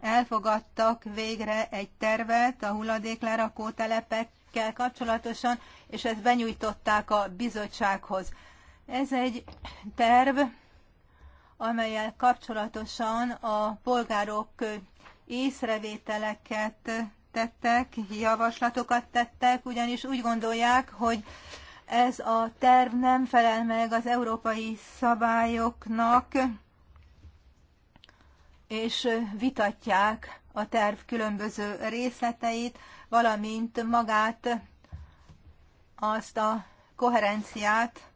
elfogadtak végre egy tervet a hulladéklerakó telepekkel kapcsolatosan, és ezt benyújtották a bizottsághoz. Ez egy terv, amelyel kapcsolatosan a polgárok észrevételeket tettek, javaslatokat tettek, ugyanis úgy gondolják, hogy ez a terv nem felel meg az európai szabályoknak, és vitatják a terv különböző részleteit, valamint magát azt a koherenciát,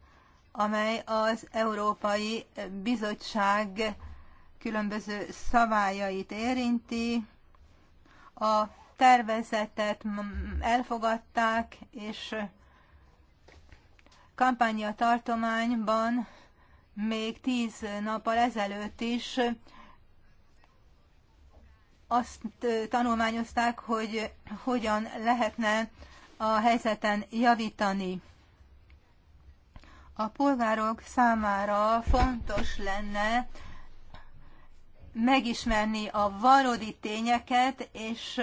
amely az Európai Bizottság különböző szabályait érinti. A tervezetet elfogadták, és kampánya tartományban még tíz nappal ezelőtt is azt tanulmányozták, hogy hogyan lehetne a helyzeten javítani. A polgárok számára fontos lenne megismerni a valódi tényeket, és,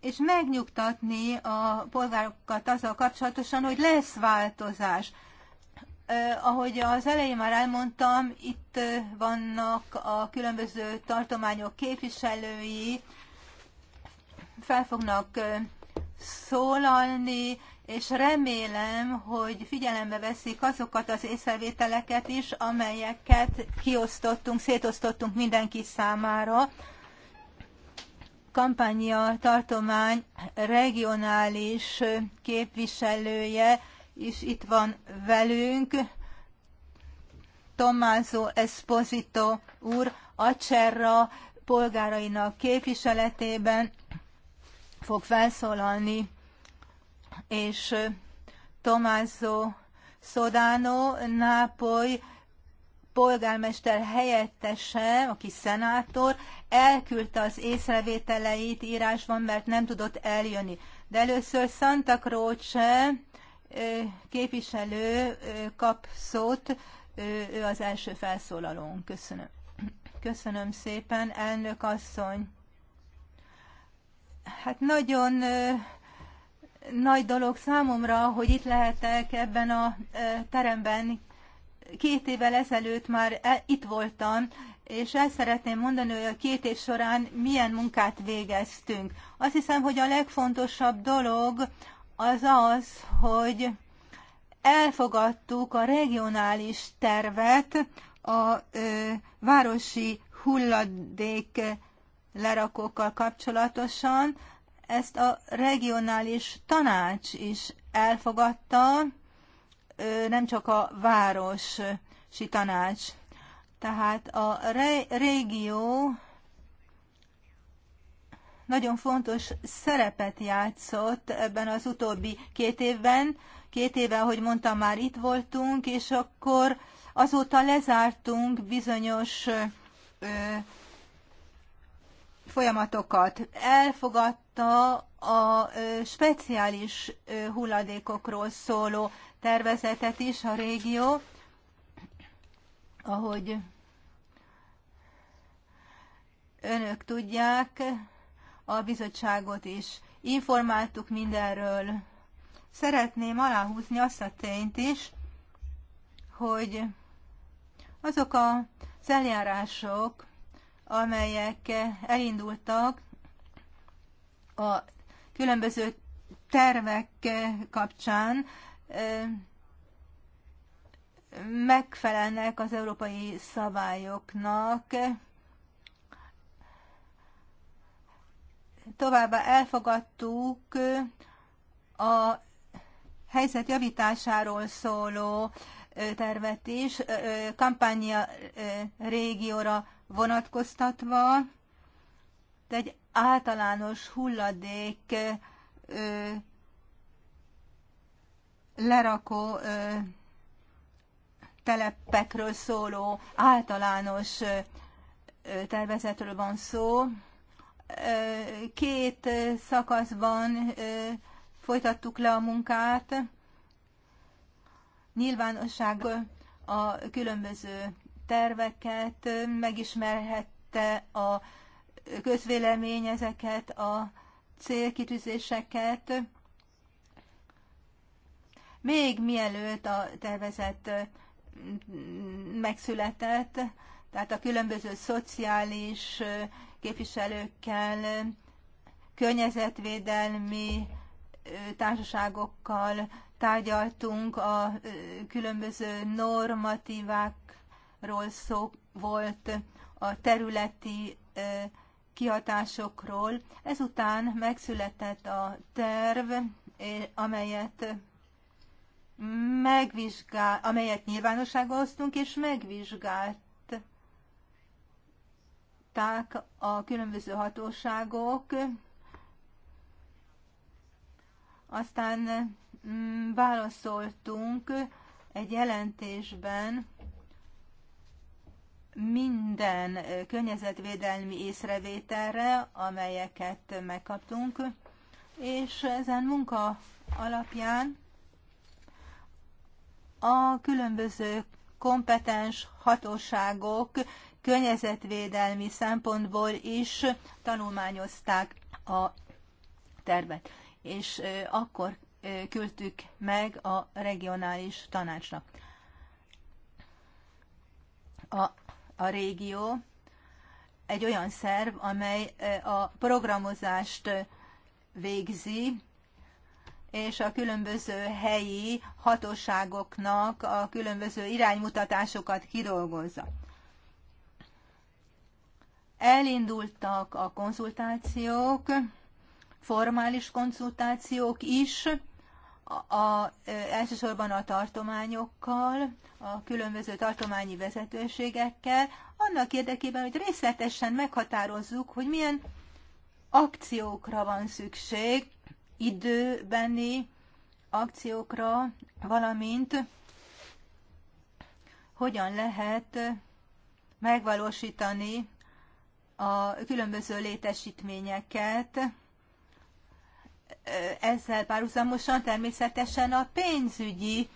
és megnyugtatni a polgárokat azzal kapcsolatosan, hogy lesz változás. Ahogy az elején már elmondtam, itt vannak a különböző tartományok képviselői, fel fognak szólalni, és remélem, hogy figyelembe veszik azokat az észrevételeket is, amelyeket kiosztottunk, szétosztottunk mindenki számára. Kampánya tartomány regionális képviselője is itt van velünk, Tomázó Esposito úr, Acerra polgárainak képviseletében fog felszólalni és Tomászó Sodano, Nápoly polgármester helyettese, aki szenátor, elküldte az észrevételeit írásban, mert nem tudott eljönni. De először Santa Croce képviselő kap szót, ő az első felszólalón. Köszönöm. Köszönöm szépen, elnök asszony. Hát nagyon nagy dolog számomra, hogy itt lehetek ebben a e, teremben. Két évvel ezelőtt már e, itt voltam, és el szeretném mondani, hogy a két év során milyen munkát végeztünk. Azt hiszem, hogy a legfontosabb dolog az az, hogy elfogadtuk a regionális tervet a ö, e, városi hulladék lerakókkal kapcsolatosan, ezt a regionális tanács is elfogadta, nem csak a városi tanács. Tehát a régió nagyon fontos szerepet játszott ebben az utóbbi két évben. Két éve, ahogy mondtam, már itt voltunk, és akkor azóta lezártunk bizonyos folyamatokat, elfogadta a speciális hulladékokról szóló tervezetet is a régió, ahogy önök tudják, a bizottságot is informáltuk mindenről. Szeretném aláhúzni azt a tényt is, hogy azok az eljárások, amelyek elindultak a különböző tervek kapcsán megfelelnek az európai szabályoknak. Továbbá elfogadtuk a helyzet javításáról szóló tervet is, kampánya régióra vonatkoztatva, de egy általános hulladék ö, lerakó ö, telepekről szóló általános ö, tervezetről van szó. Ö, két szakaszban ö, folytattuk le a munkát. Nyilvánosság a különböző terveket, megismerhette a közvélemény ezeket a célkitűzéseket. Még mielőtt a tervezet megszületett, tehát a különböző szociális képviselőkkel, környezetvédelmi társaságokkal tárgyaltunk a különböző normatívák ról szó volt, a területi kihatásokról. Ezután megszületett a terv, amelyet megvizsgál, amelyet nyilvánosságra hoztunk, és megvizsgálták a különböző hatóságok. Aztán mm, válaszoltunk egy jelentésben, minden környezetvédelmi észrevételre, amelyeket megkaptunk, és ezen munka alapján a különböző kompetens hatóságok környezetvédelmi szempontból is tanulmányozták a tervet, és akkor küldtük meg a regionális tanácsnak. A a régió egy olyan szerv, amely e, a programozást e, végzi, és a különböző helyi hatóságoknak a különböző iránymutatásokat kidolgozza. Elindultak a konzultációk, formális konzultációk is, a, elsősorban a tartományokkal, a különböző tartományi vezetőségekkel, annak érdekében, hogy részletesen meghatározzuk, hogy milyen akciókra van szükség, időbeni akciókra, valamint hogyan lehet megvalósítani a különböző létesítményeket, ezzel párhuzamosan természetesen a pénzügyi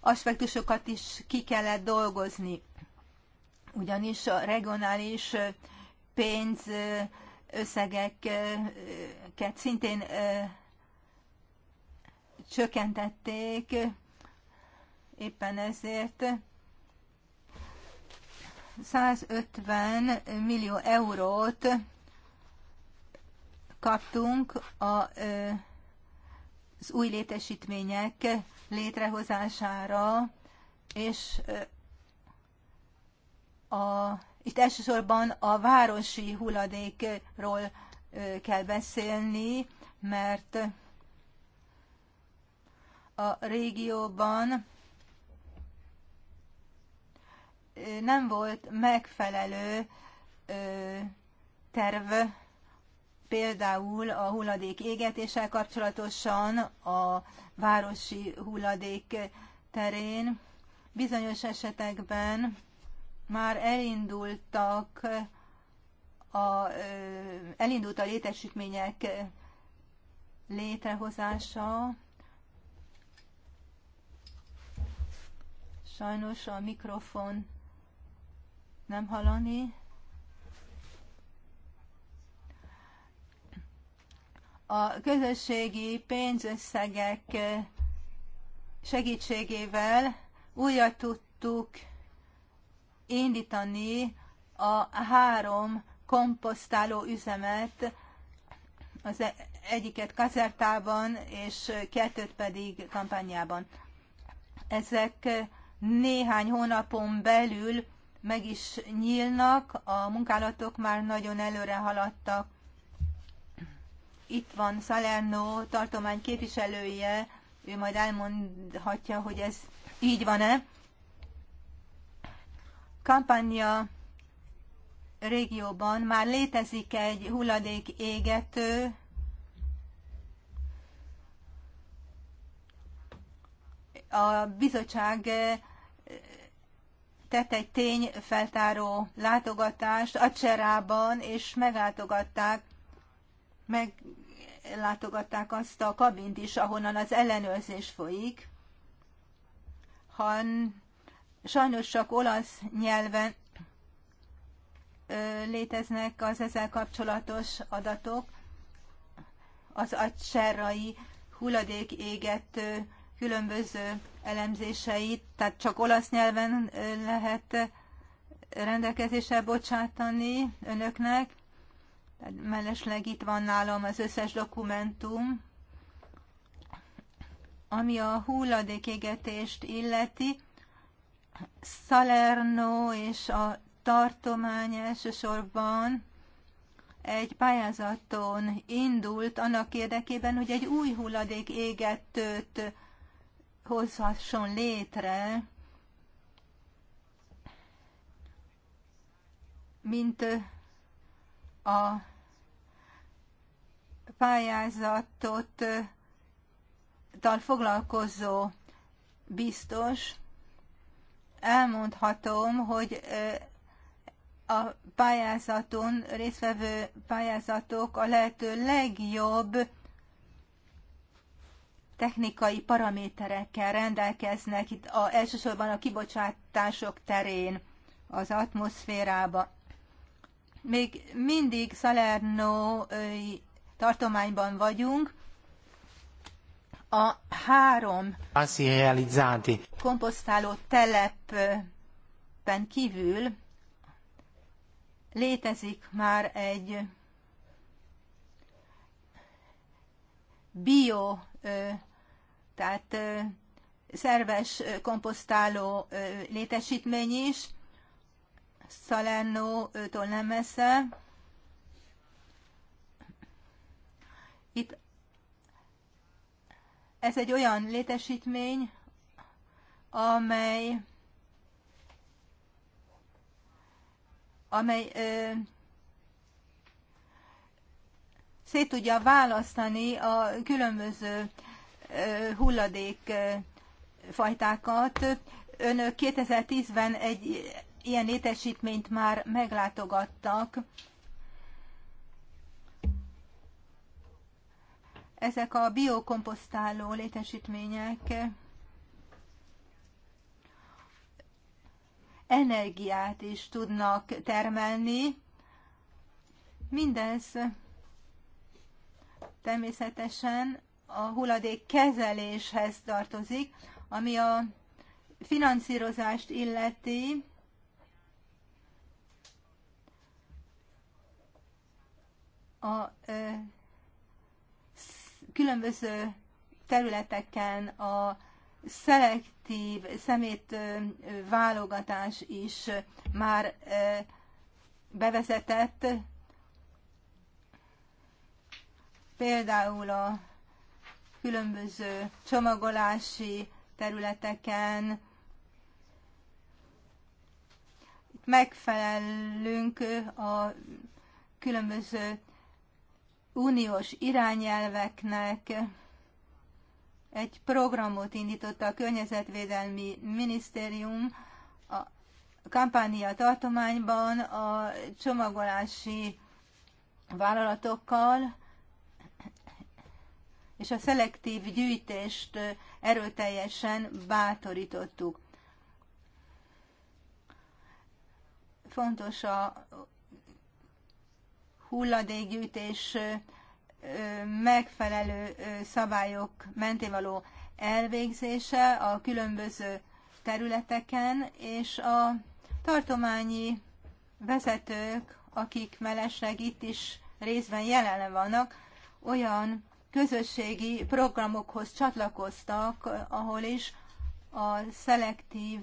aspektusokat is ki kellett dolgozni. Ugyanis a regionális pénz összegeket szintén csökkentették, éppen ezért 150 millió eurót kaptunk a, az új létesítmények létrehozására, és a, itt elsősorban a városi hulladékról kell beszélni, mert a régióban nem volt megfelelő terv például a hulladék égetéssel kapcsolatosan, a városi hulladék terén. Bizonyos esetekben már elindultak a, elindult a létesítmények létrehozása. Sajnos a mikrofon nem hallani. a közösségi pénzösszegek eh, segítségével újra tudtuk indítani a három komposztáló üzemet, az e- egyiket kazertában, és kettőt pedig kampányában. Ezek néhány hónapon belül meg is nyílnak, a munkálatok már nagyon előre haladtak itt van Salerno tartomány képviselője, ő majd elmondhatja, hogy ez így van-e. Kampánya régióban már létezik egy hulladék égető, a bizottság eh, tett egy tényfeltáró látogatást Acserában, és meglátogatták meglátogatták azt a kabint is, ahonnan az ellenőrzés folyik. Han, sajnos csak olasz nyelven léteznek az ezzel kapcsolatos adatok, az agyserrai hulladék égető különböző elemzéseit, tehát csak olasz nyelven lehet rendelkezésre bocsátani önöknek. Mellesleg itt van nálam az összes dokumentum, ami a hulladékégetést illeti. Salerno és a tartomány elsősorban egy pályázaton indult annak érdekében, hogy egy új hulladék égetőt hozhasson létre, mint a pályázatot tal foglalkozó biztos, elmondhatom, hogy a pályázaton résztvevő pályázatok a lehető legjobb technikai paraméterekkel rendelkeznek, itt a, elsősorban a kibocsátások terén, az atmoszférába. Még mindig Salernói tartományban vagyunk, a három komposztáló telepen kívül létezik már egy bio, tehát szerves komposztáló létesítmény is, Salerno-tól nem messze, Itt ez egy olyan létesítmény, amely amely ö, szét tudja választani a különböző ö, hulladék ö, fajtákat. Önök 2010-ben egy ilyen létesítményt már meglátogattak. Ezek a biokomposztáló létesítmények energiát is tudnak termelni. Mindez természetesen a hulladék kezeléshez tartozik, ami a finanszírozást illeti. A különböző területeken a szelektív szemét válogatás is már bevezetett, például a különböző csomagolási területeken megfelelünk a különböző uniós irányelveknek egy programot indított a Környezetvédelmi Minisztérium a Kampánia tartományban a csomagolási vállalatokkal, és a szelektív gyűjtést erőteljesen bátorítottuk. Fontos a hulladékgyűjtés megfelelő szabályok mentén való elvégzése a különböző területeken, és a tartományi vezetők, akik mellesleg itt is részben jelen vannak, olyan közösségi programokhoz csatlakoztak, ahol is a szelektív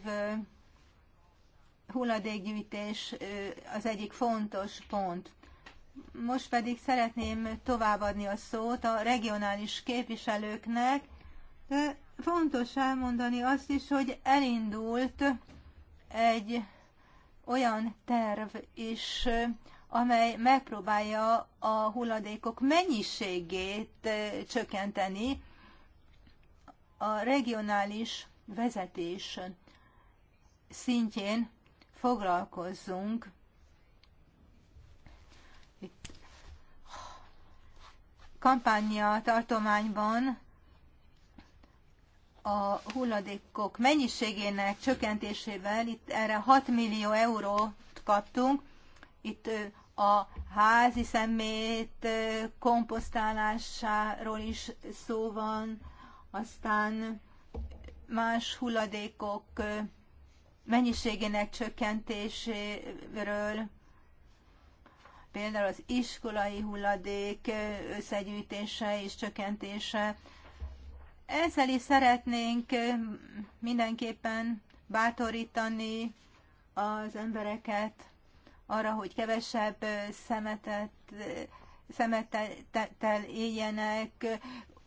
hulladékgyűjtés az egyik fontos pont. Most pedig szeretném továbbadni a szót a regionális képviselőknek. De fontos elmondani azt is, hogy elindult egy olyan terv is, amely megpróbálja a hulladékok mennyiségét csökkenteni a regionális vezetés szintjén foglalkozzunk kampánya tartományban a hulladékok mennyiségének csökkentésével itt erre 6 millió eurót kaptunk. Itt a házi szemét komposztálásáról is szó van, aztán más hulladékok mennyiségének csökkentéséről, például az iskolai hulladék összegyűjtése és csökkentése. Ezzel is szeretnénk mindenképpen bátorítani az embereket arra, hogy kevesebb szemetet, szemetettel éljenek,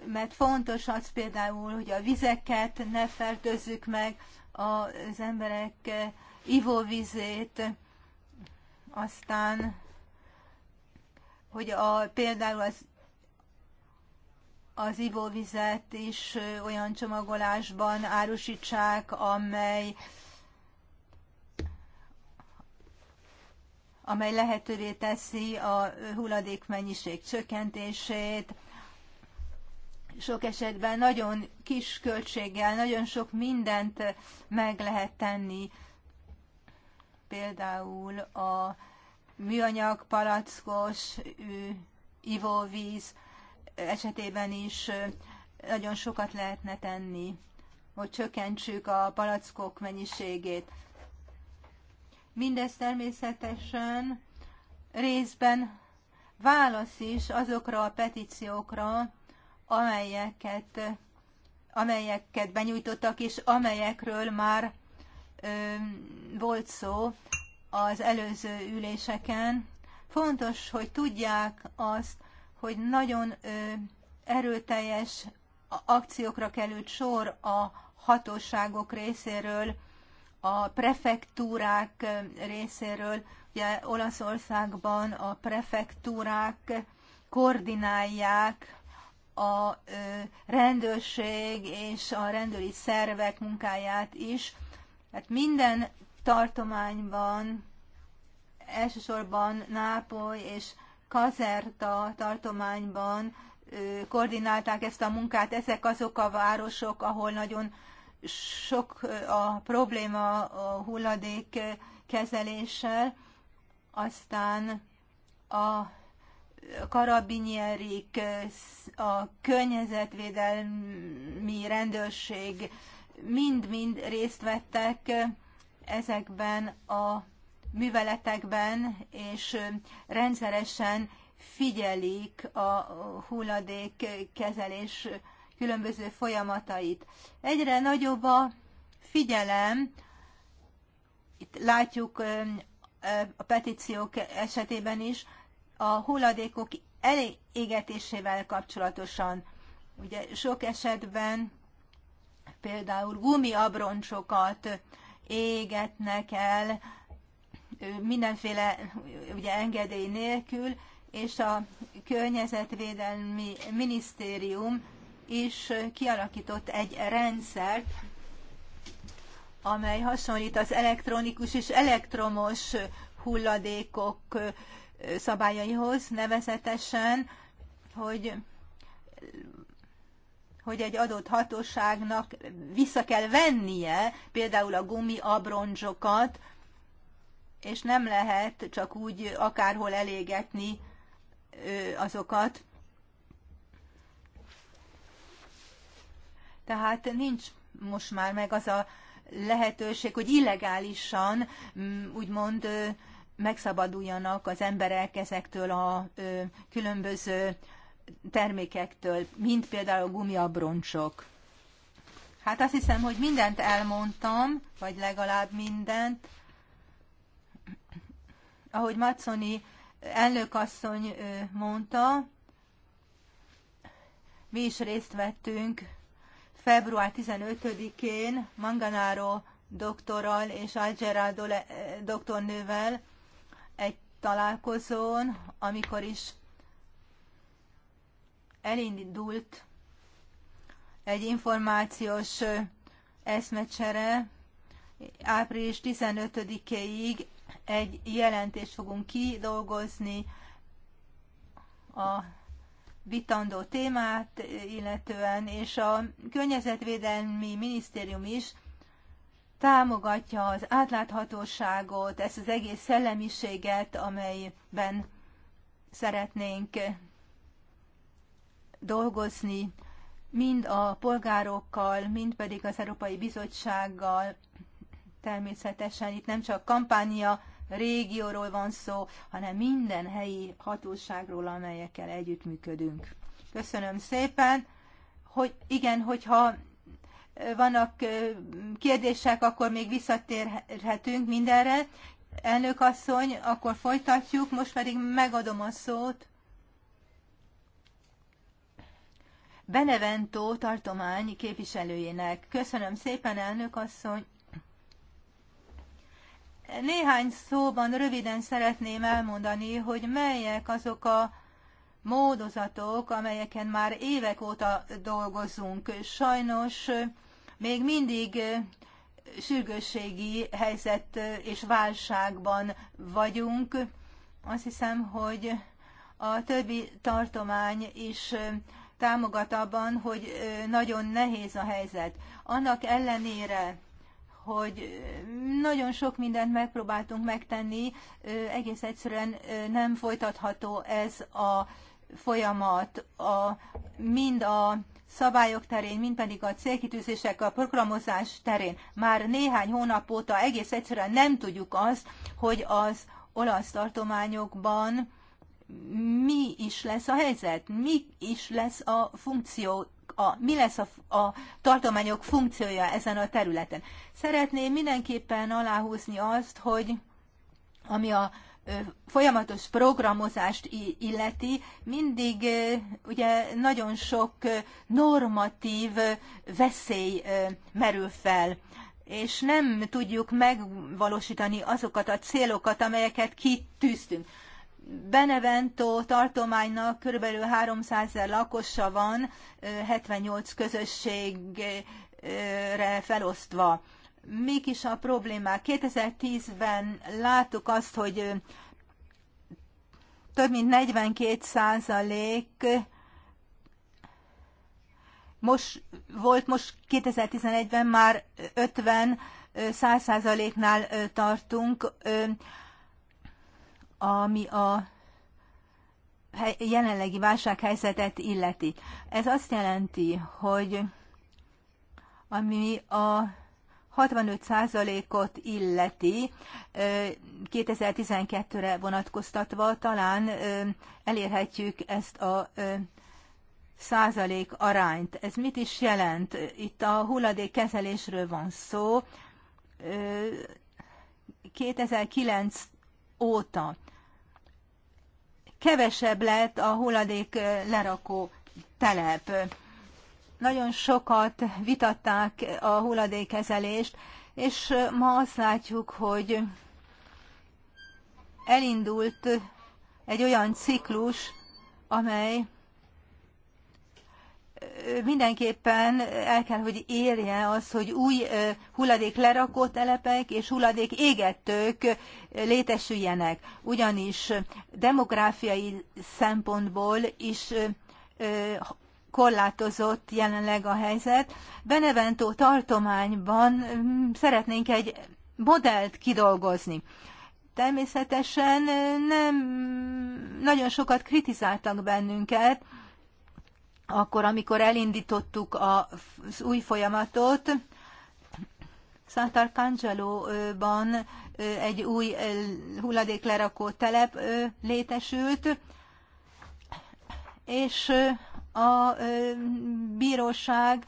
mert fontos az például, hogy a vizeket ne fertőzzük meg, az emberek ivóvizét, aztán hogy a, például az, az ivóvizet is olyan csomagolásban árusítsák, amely amely lehetővé teszi a hulladékmennyiség csökkentését. Sok esetben nagyon kis költséggel nagyon sok mindent meg lehet tenni, például a műanyag, palackos, ivóvíz esetében is nagyon sokat lehetne tenni, hogy csökkentsük a palackok mennyiségét. Mindez természetesen részben válasz is azokra a petíciókra, amelyeket, amelyeket benyújtottak, és amelyekről már ö, volt szó az előző üléseken. Fontos, hogy tudják azt, hogy nagyon erőteljes akciókra került sor a hatóságok részéről, a prefektúrák részéről. Ugye Olaszországban a prefektúrák koordinálják a rendőrség és a rendőri szervek munkáját is. Tehát minden tartományban, elsősorban Nápoly és Kazerta tartományban koordinálták ezt a munkát. Ezek azok a városok, ahol nagyon sok a probléma a hulladék kezeléssel, aztán a karabinierik, a környezetvédelmi rendőrség mind-mind részt vettek ezekben a műveletekben, és rendszeresen figyelik a kezelés különböző folyamatait. Egyre nagyobb a figyelem, itt látjuk a petíciók esetében is, a hulladékok elégetésével kapcsolatosan. Ugye sok esetben például gumiabroncsokat égetnek el mindenféle ugye, engedély nélkül, és a Környezetvédelmi Minisztérium is kialakított egy rendszert, amely hasonlít az elektronikus és elektromos hulladékok szabályaihoz, nevezetesen, hogy hogy egy adott hatóságnak vissza kell vennie például a gumi abroncsokat, és nem lehet csak úgy akárhol elégetni azokat. Tehát nincs most már meg az a lehetőség, hogy illegálisan, mm, úgymond megszabaduljanak az emberek ezektől a különböző termékektől, mint például a gumiabroncsok. Hát azt hiszem, hogy mindent elmondtam, vagy legalább mindent. Ahogy Maconi elnökasszony mondta, mi is részt vettünk február 15-én Manganáro doktorral és Algera doktornővel egy találkozón, amikor is elindult egy információs eszmecsere április 15-éig egy jelentést fogunk kidolgozni a vitandó témát illetően, és a Környezetvédelmi Minisztérium is támogatja az átláthatóságot, ezt az egész szellemiséget, amelyben szeretnénk dolgozni, mind a polgárokkal, mind pedig az Európai Bizottsággal. Természetesen itt nem csak kampánya régióról van szó, hanem minden helyi hatóságról, amelyekkel együttműködünk. Köszönöm szépen, hogy igen, hogyha vannak kérdések, akkor még visszatérhetünk mindenre. Elnök asszony, akkor folytatjuk, most pedig megadom a szót Benevento tartomány képviselőjének. Köszönöm szépen, elnök asszony! Néhány szóban röviden szeretném elmondani, hogy melyek azok a módozatok, amelyeken már évek óta dolgozunk. Sajnos még mindig sürgősségi helyzet és válságban vagyunk. Azt hiszem, hogy a többi tartomány is támogat abban, hogy nagyon nehéz a helyzet. Annak ellenére, hogy nagyon sok mindent megpróbáltunk megtenni, egész egyszerűen nem folytatható ez a folyamat, a, mind a szabályok terén, mind pedig a célkitűzések, a programozás terén. Már néhány hónap óta egész egyszerűen nem tudjuk azt, hogy az olasz tartományokban mi is lesz a helyzet, mi is lesz a funkció, a, mi lesz a, a tartományok funkciója ezen a területen. Szeretném mindenképpen aláhúzni azt, hogy ami a folyamatos programozást illeti, mindig ugye nagyon sok normatív veszély merül fel és nem tudjuk megvalósítani azokat a célokat, amelyeket kitűztünk. Benevento tartománynak kb. 300 ezer lakosa van, 78 közösségre felosztva. Mik is a problémák? 2010-ben láttuk azt, hogy több mint 42 százalék most volt most 2011-ben már 50 százaléknál tartunk ami a jelenlegi válsághelyzetet illeti. Ez azt jelenti, hogy ami a 65%-ot illeti 2012-re vonatkoztatva talán elérhetjük ezt a százalék arányt. Ez mit is jelent? Itt a hulladékkezelésről van szó. 2009 óta kevesebb lett a hulladék lerakó telep. Nagyon sokat vitatták a hulladékezelést, és ma azt látjuk, hogy elindult egy olyan ciklus, amely mindenképpen el kell, hogy érje az, hogy új hulladék lerakott telepek és hulladék égetők létesüljenek. Ugyanis demográfiai szempontból is korlátozott jelenleg a helyzet. Beneventó tartományban szeretnénk egy modellt kidolgozni. Természetesen nem nagyon sokat kritizáltak bennünket, akkor, amikor elindítottuk az új folyamatot, Sant'Arcangelo-ban egy új hulladéklerakó telep létesült, és a bíróság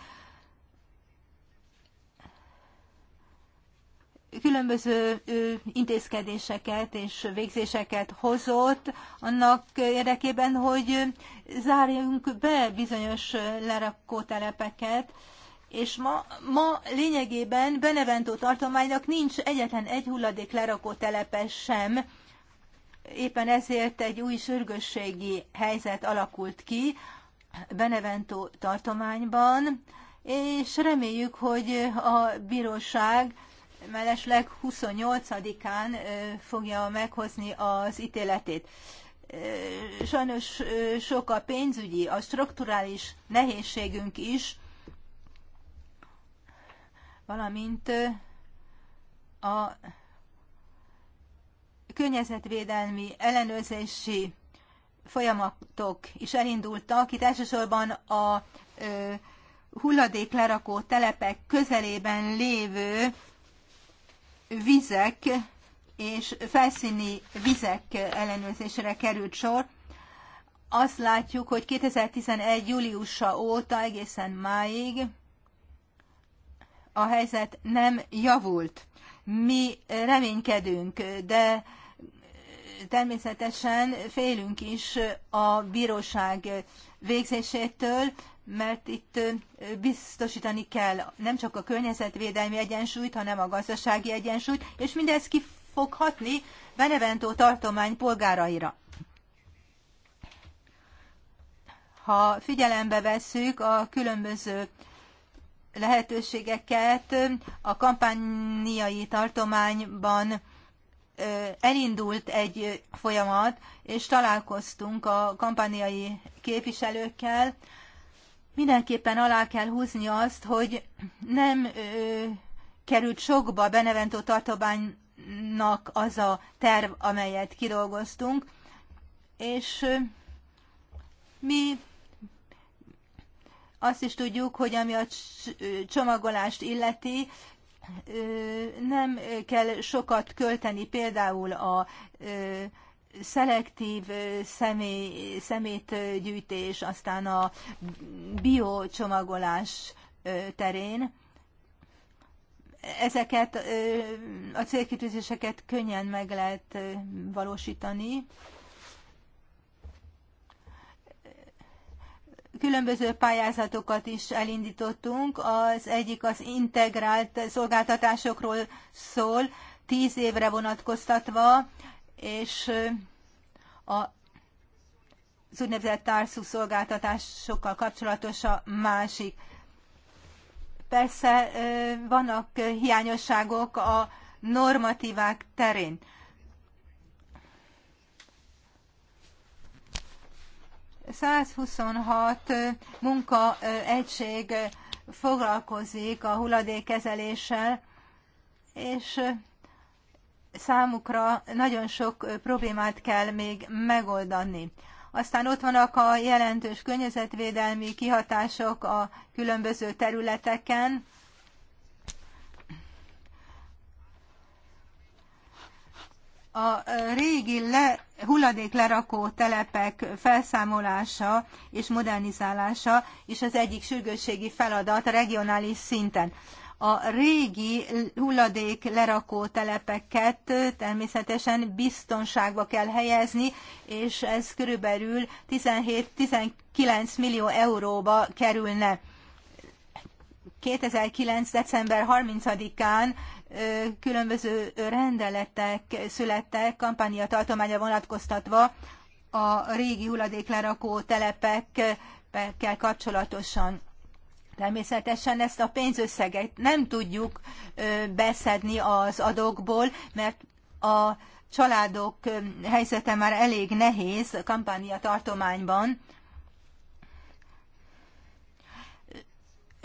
különböző intézkedéseket és végzéseket hozott annak érdekében, hogy zárjunk be bizonyos lerakótelepeket, és ma, ma lényegében Beneventó tartománynak nincs egyetlen egy hulladék lerakótelepe sem, éppen ezért egy új sürgősségi helyzet alakult ki Beneventó tartományban, és reméljük, hogy a bíróság mellesleg 28-án fogja meghozni az ítéletét. Sajnos sok a pénzügyi, a strukturális nehézségünk is, valamint a környezetvédelmi ellenőrzési folyamatok is elindultak. Itt elsősorban a hulladéklerakó telepek közelében lévő vizek és felszíni vizek ellenőrzésére került sor. Azt látjuk, hogy 2011. júliusa óta egészen máig a helyzet nem javult. Mi reménykedünk, de természetesen félünk is a bíróság végzésétől, mert itt biztosítani kell nem csak a környezetvédelmi egyensúlyt, hanem a gazdasági egyensúlyt, és mindez ki fog hatni Beneventó tartomány polgáraira. Ha figyelembe vesszük a különböző lehetőségeket, a kampányai tartományban elindult egy folyamat, és találkoztunk a kampányai képviselőkkel, mindenképpen alá kell húzni azt, hogy nem ö, került sokba Benevento tartománynak az a terv, amelyet kidolgoztunk, és ö, mi azt is tudjuk, hogy ami a csomagolást illeti, nem kell sokat költeni például a szelektív személy, szemétgyűjtés, aztán a biocsomagolás terén. Ezeket a célkitűzéseket könnyen meg lehet valósítani. Különböző pályázatokat is elindítottunk. Az egyik az integrált szolgáltatásokról szól, tíz évre vonatkoztatva és a az úgynevezett társzú szolgáltatásokkal kapcsolatos a másik. Persze vannak hiányosságok a normatívák terén. ...126 munkaegység foglalkozik a hulladékkezeléssel, és számukra nagyon sok problémát kell még megoldani. Aztán ott vannak a jelentős környezetvédelmi kihatások a különböző területeken. A régi le, hulladéklerakó telepek felszámolása és modernizálása is az egyik sürgősségi feladat a regionális szinten. A régi hulladék lerakó telepeket természetesen biztonságba kell helyezni, és ez körülbelül 17-19 millió euróba kerülne. 2009. december 30-án különböző rendeletek születtek kampánia tartománya vonatkoztatva a régi hulladéklerakó telepekkel kapcsolatosan. Természetesen ezt a pénzösszeget nem tudjuk beszedni az adókból, mert a családok helyzete már elég nehéz kampánia tartományban.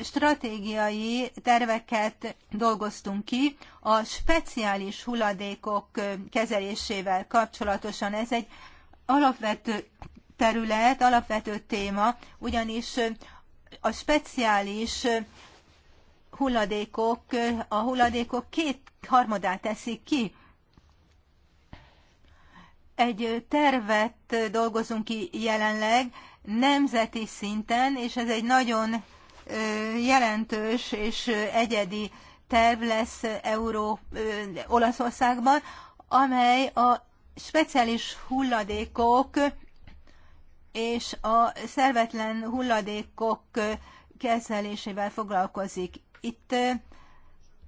Stratégiai terveket dolgoztunk ki a speciális hulladékok kezelésével kapcsolatosan. Ez egy alapvető terület, alapvető téma, ugyanis a speciális hulladékok, a hulladékok két harmadát teszik ki. Egy tervet dolgozunk ki jelenleg nemzeti szinten, és ez egy nagyon jelentős és egyedi terv lesz Euró, Olaszországban, amely a speciális hulladékok és a szervetlen hulladékok kezelésével foglalkozik. Itt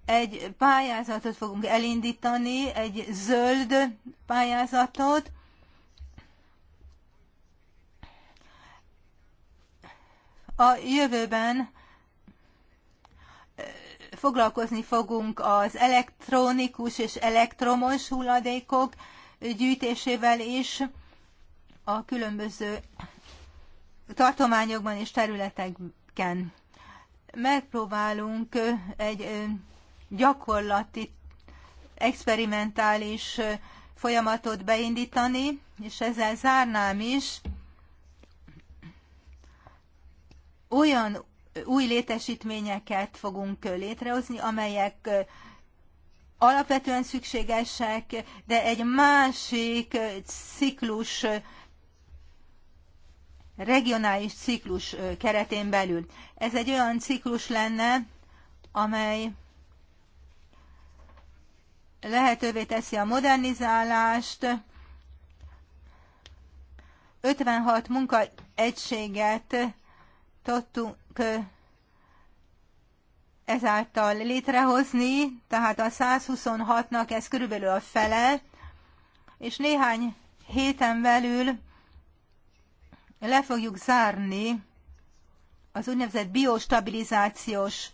egy pályázatot fogunk elindítani, egy zöld pályázatot, a jövőben foglalkozni fogunk az elektronikus és elektromos hulladékok gyűjtésével is a különböző tartományokban és területeken. Megpróbálunk egy gyakorlati, experimentális folyamatot beindítani, és ezzel zárnám is olyan új létesítményeket fogunk létrehozni, amelyek alapvetően szükségesek, de egy másik ciklus regionális ciklus keretén belül. Ez egy olyan ciklus lenne, amely lehetővé teszi a modernizálást, 56 munkaegységet tudtunk ezáltal létrehozni, tehát a 126-nak ez körülbelül a fele, és néhány héten belül le fogjuk zárni az úgynevezett biostabilizációs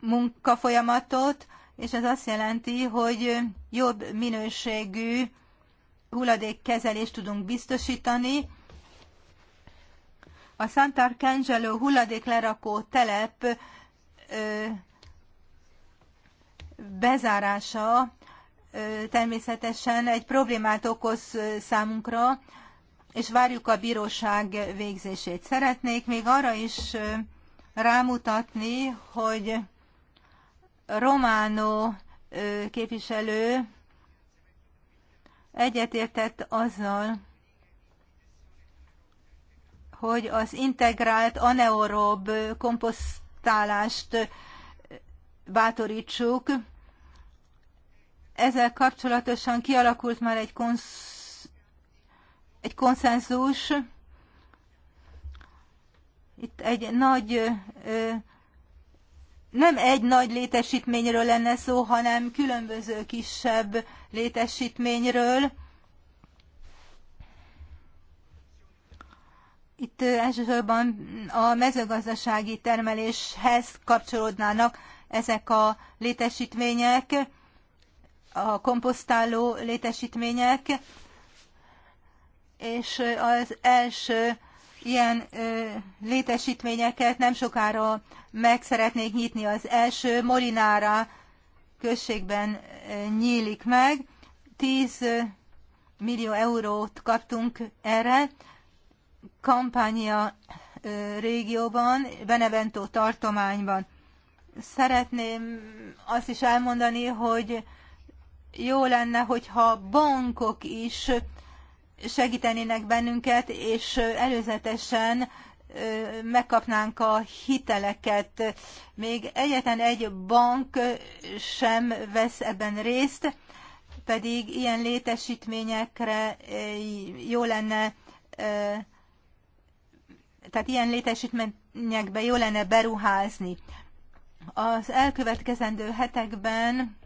munkafolyamatot, és ez azt jelenti, hogy jobb minőségű hulladékkezelést tudunk biztosítani. A Sant'Arcangelo hulladéklerakó telep ö, bezárása ö, természetesen egy problémát okoz számunkra, és várjuk a bíróság végzését. Szeretnék még arra is rámutatni, hogy Románó képviselő egyetértett azzal, hogy az integrált aneorob komposztálást bátorítsuk. Ezzel kapcsolatosan kialakult már egy konsz egy konszenzus, itt egy nagy, nem egy nagy létesítményről lenne szó, hanem különböző kisebb létesítményről. Itt elsősorban a mezőgazdasági termeléshez kapcsolódnának ezek a létesítmények, a komposztáló létesítmények, és az első ilyen létesítményeket nem sokára meg szeretnék nyitni. Az első Morinára községben nyílik meg. 10 millió eurót kaptunk erre. Kampánya régióban, Benevento tartományban. Szeretném azt is elmondani, hogy jó lenne, hogyha bankok is segítenének bennünket, és előzetesen megkapnánk a hiteleket. Még egyetlen egy bank sem vesz ebben részt, pedig ilyen létesítményekre jó lenne, tehát ilyen létesítményekbe jó lenne beruházni. Az elkövetkezendő hetekben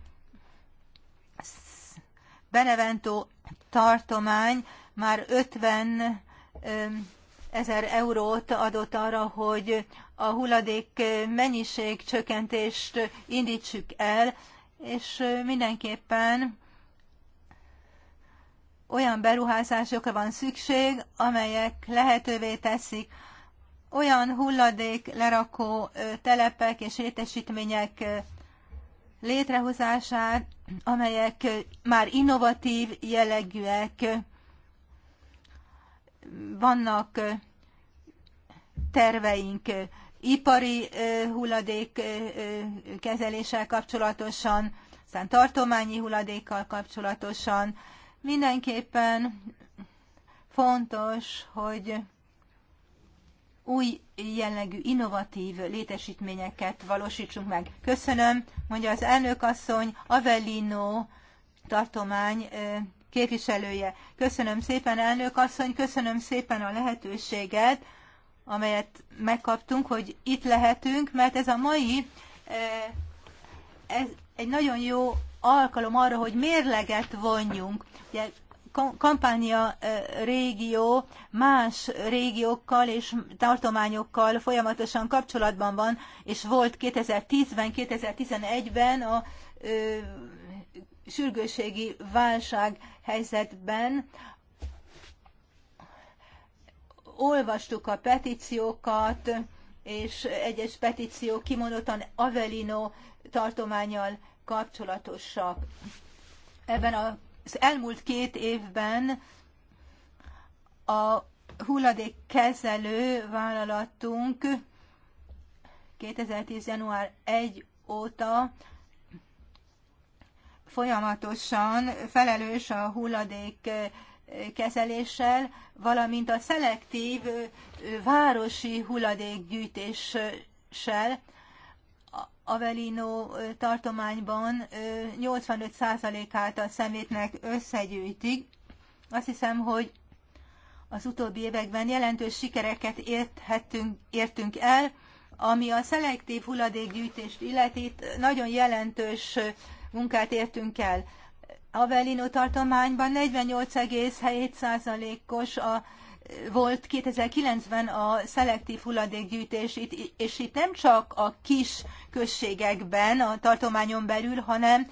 Benevento tartomány már 50 ezer eurót adott arra, hogy a hulladék mennyiség csökkentést indítsuk el, és mindenképpen olyan beruházásokra van szükség, amelyek lehetővé teszik olyan hulladék lerakó telepek és létesítmények létrehozását, amelyek már innovatív jellegűek, vannak terveink ipari hulladék kezeléssel kapcsolatosan, aztán tartományi hulladékkal kapcsolatosan. Mindenképpen fontos, hogy új jellegű, innovatív létesítményeket valósítsunk meg. Köszönöm, mondja az elnök asszony, Avellino tartomány képviselője. Köszönöm szépen, elnök asszony, köszönöm szépen a lehetőséget, amelyet megkaptunk, hogy itt lehetünk, mert ez a mai eh, ez egy nagyon jó alkalom arra, hogy mérleget vonjunk. Ugye kampánya eh, régió más régiókkal és tartományokkal folyamatosan kapcsolatban van, és volt 2010-ben, 2011-ben a eh, sürgőségi válság helyzetben olvastuk a petíciókat, és egyes petíciók kimondottan Avelino tartományjal kapcsolatosak. Ebben az elmúlt két évben a hulladékkezelő vállalatunk 2010. január 1 óta folyamatosan felelős a hulladék eh, kezeléssel, valamint a szelektív eh, városi hulladékgyűjtéssel. Avelino eh, tartományban 85%-át a szemétnek összegyűjtik. Azt hiszem, hogy az utóbbi években jelentős sikereket érthettünk, értünk el, ami a szelektív hulladékgyűjtést illeti, nagyon jelentős munkát értünk el. Avellino tartományban 48,7%-os a volt 2009-ben a szelektív hulladékgyűjtés, itt, és itt nem csak a kis községekben, a tartományon belül, hanem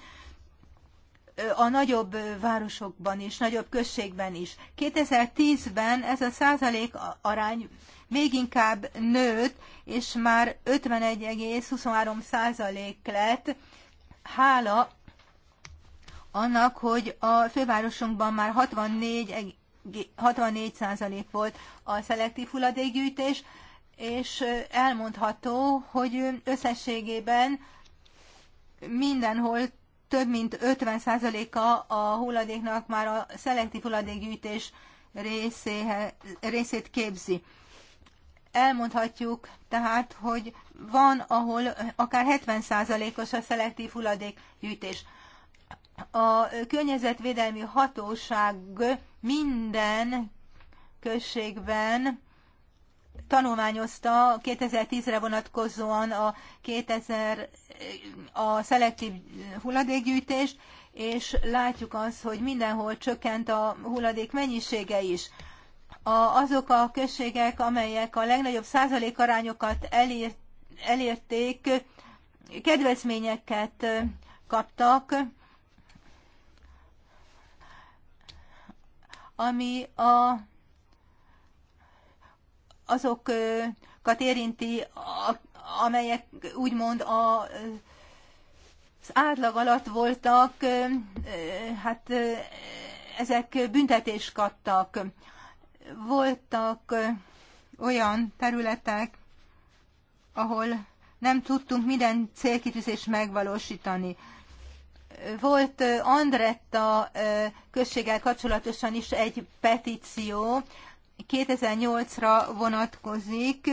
a nagyobb városokban is, nagyobb községben is. 2010-ben ez a százalék arány még inkább nőtt, és már 51,23 százalék lett, hála annak, hogy a fővárosunkban már 64 64% volt a szelektív hulladékgyűjtés, és elmondható, hogy összességében mindenhol több mint 50%-a a hulladéknak már a szelektív hulladékgyűjtés részéhez, részét képzi. Elmondhatjuk tehát, hogy van, ahol akár 70%-os a szelektív hulladékgyűjtés. A környezetvédelmi hatóság minden községben tanulmányozta 2010-re vonatkozóan a 2000 a szelektív hulladékgyűjtést, és látjuk azt, hogy mindenhol csökkent a hulladék mennyisége is azok a községek, amelyek a legnagyobb százalékarányokat elért, elérték, kedvezményeket kaptak, ami a, azokat érinti, amelyek úgymond a, az átlag alatt voltak, hát ezek büntetést kaptak. Voltak olyan területek, ahol nem tudtunk minden célkitűzést megvalósítani. Volt Andretta községgel kapcsolatosan is egy petíció, 2008-ra vonatkozik,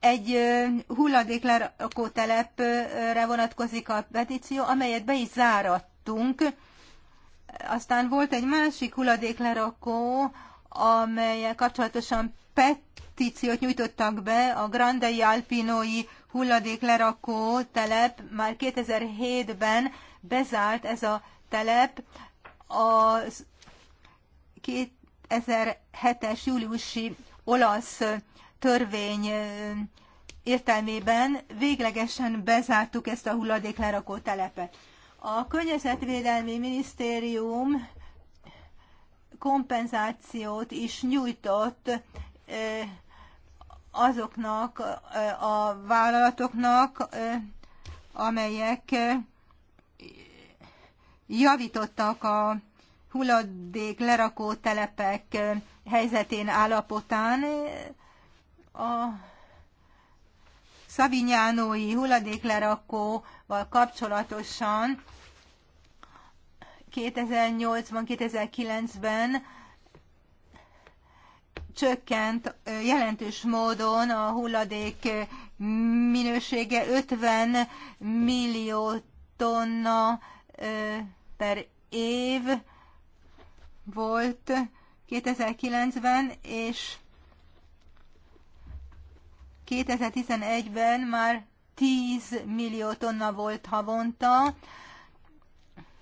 egy telepre vonatkozik a petíció, amelyet be is zárattunk, aztán volt egy másik hulladéklerakó, amelyek kapcsolatosan petíciót nyújtottak be a Grandei Alpinoi hulladéklerakó telep. Már 2007-ben bezárt ez a telep. Az 2007-es júliusi olasz törvény értelmében véglegesen bezártuk ezt a hulladéklerakó telepet. A Környezetvédelmi Minisztérium kompenzációt is nyújtott azoknak a vállalatoknak, amelyek javítottak a hulladék lerakó telepek helyzetén állapotán. A Szavinyánói hulladéklerakóval kapcsolatosan 2008-ban, 2009-ben csökkent jelentős módon a hulladék minősége 50 millió tonna per év volt 2009-ben, és 2011-ben már 10 millió tonna volt havonta.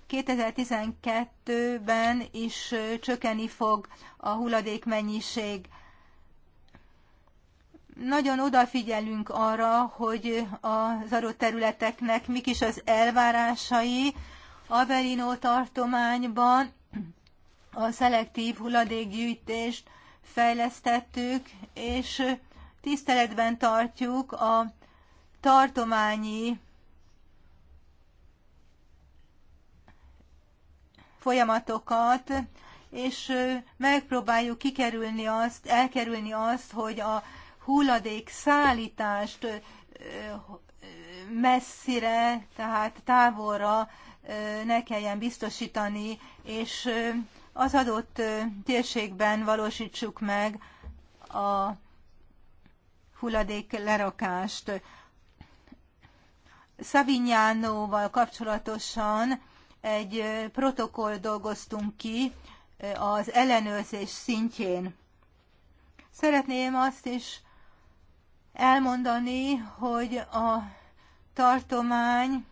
2012-ben is csökeni fog a hulladékmennyiség. Nagyon odafigyelünk arra, hogy az adott területeknek mik is az elvárásai. Averino tartományban a szelektív hulladékgyűjtést fejlesztettük, és tiszteletben tartjuk a tartományi folyamatokat, és megpróbáljuk kikerülni azt, elkerülni azt, hogy a hulladék szállítást messzire, tehát távolra ne kelljen biztosítani, és az adott térségben valósítsuk meg a hulladék lerakást. Savignánóval kapcsolatosan egy protokoll dolgoztunk ki az ellenőrzés szintjén. Szeretném azt is elmondani, hogy a tartomány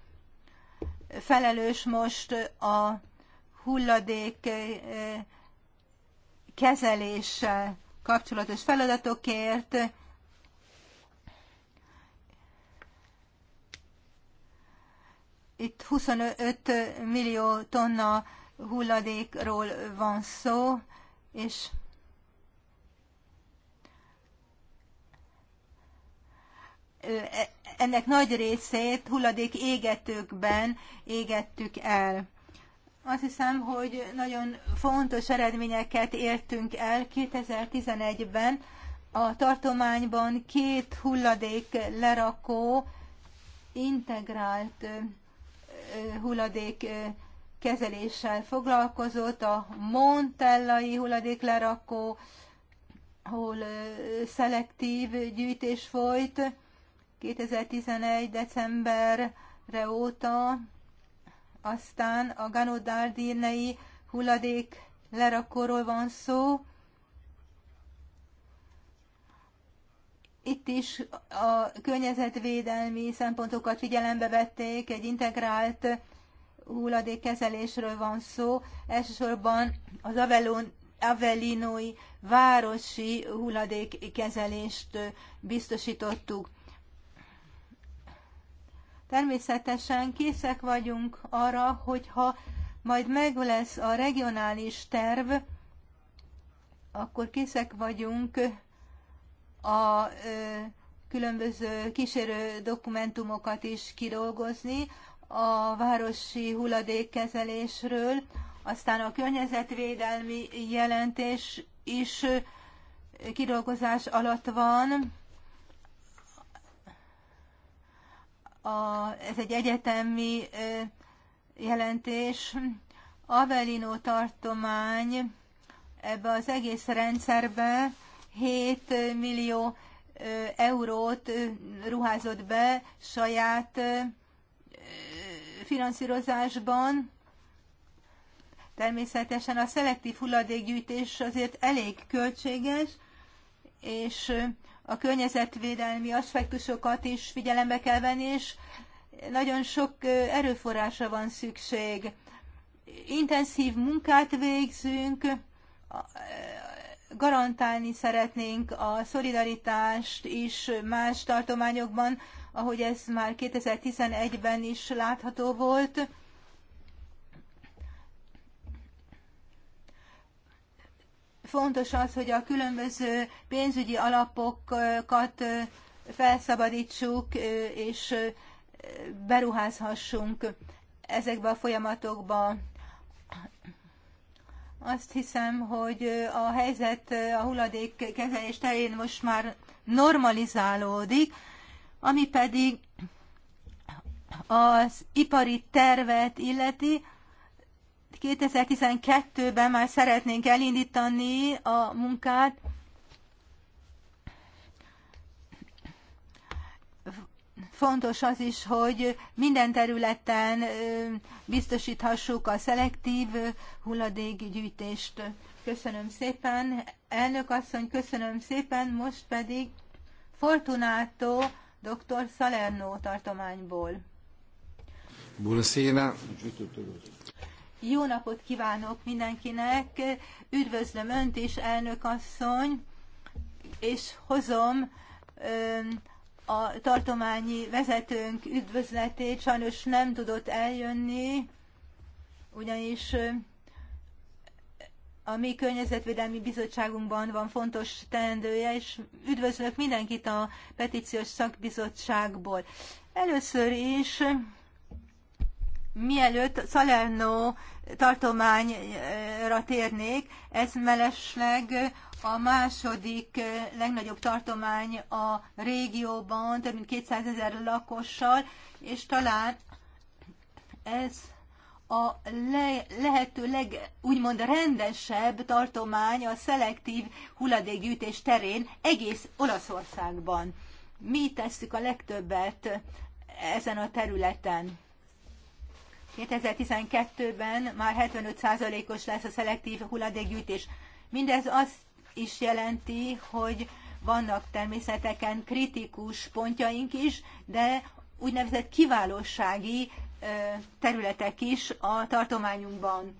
felelős most a hulladék kezeléssel kapcsolatos feladatokért, Itt 25 millió tonna hulladékról van szó, és e, ennek nagy részét hulladék égetőkben égettük el. Azt hiszem, hogy nagyon fontos eredményeket értünk el 2011-ben. A tartományban két hulladék lerakó integrált hulladék kezeléssel foglalkozott, a Montellai hulladéklerakó, ahol szelektív gyűjtés folyt 2011. decemberre óta, aztán a Ganodárdínei hulladék lerakóról van szó, Itt is a környezetvédelmi szempontokat figyelembe vették, egy integrált hulladékkezelésről van szó. Elsősorban az Avelon Avellinói városi hulladékkezelést biztosítottuk. Természetesen készek vagyunk arra, hogyha majd meg lesz a regionális terv, akkor készek vagyunk a különböző kísérő dokumentumokat is kidolgozni a városi hulladékkezelésről, aztán a környezetvédelmi jelentés is kidolgozás alatt van. A, ez egy egyetemi jelentés. Avelino tartomány ebbe az egész rendszerbe 7 millió eurót ruházott be saját finanszírozásban. Természetesen a szelektív hulladékgyűjtés azért elég költséges, és a környezetvédelmi aspektusokat is figyelembe kell venni, és nagyon sok erőforrásra van szükség. Intenzív munkát végzünk garantálni szeretnénk a szolidaritást is más tartományokban, ahogy ez már 2011-ben is látható volt. Fontos az, hogy a különböző pénzügyi alapokat felszabadítsuk és beruházhassunk ezekbe a folyamatokba. Azt hiszem, hogy a helyzet a hulladékkezelés terén most már normalizálódik, ami pedig az ipari tervet illeti, 2012-ben már szeretnénk elindítani a munkát, Fontos az is, hogy minden területen biztosíthassuk a szelektív hulladékgyűjtést. Köszönöm szépen, elnök asszony, köszönöm szépen, most pedig Fortunato dr. Salerno tartományból. Buonasera. Jó napot kívánok mindenkinek, üdvözlöm Önt is, elnök asszony, és hozom a tartományi vezetőnk üdvözletét sajnos nem tudott eljönni, ugyanis a mi környezetvédelmi bizottságunkban van fontos teendője, és üdvözlök mindenkit a petíciós szakbizottságból. Először is, mielőtt Salerno tartományra térnék, ez mellesleg a második legnagyobb tartomány a régióban, több mint 200 ezer lakossal, és talán ez a le, lehető leg, úgymond rendesebb tartomány a szelektív hulladékgyűjtés terén egész Olaszországban. Mi tesszük a legtöbbet ezen a területen. 2012-ben már 75%-os lesz a szelektív hulladékgyűjtés. Mindez azt is jelenti, hogy vannak természeteken kritikus pontjaink is, de úgynevezett kiválósági területek is a tartományunkban.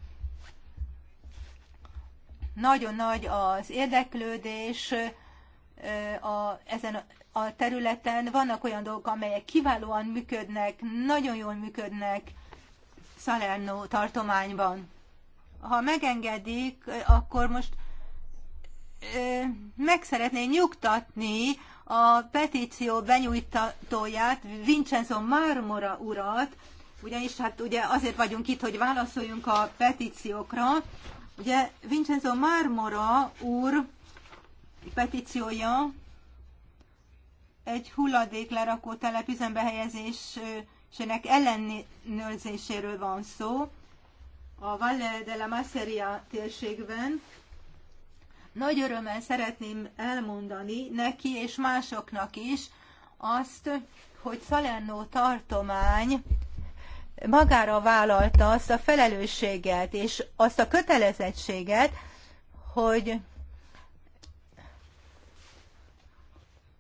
Nagyon nagy az érdeklődés a, ezen a, területen. Vannak olyan dolgok, amelyek kiválóan működnek, nagyon jól működnek Salerno tartományban. Ha megengedik, akkor most meg szeretné nyugtatni a petíció benyújtatóját, Vincenzo Marmora urat, ugyanis hát ugye azért vagyunk itt, hogy válaszoljunk a petíciókra. Ugye Vincenzo Marmora úr petíciója egy hulladék lerakó telep üzembehelyezésének ellenőrzéséről van szó a Valle de la Masseria térségben, nagy örömmel szeretném elmondani neki és másoknak is azt, hogy Szalernó tartomány magára vállalta azt a felelősséget és azt a kötelezettséget, hogy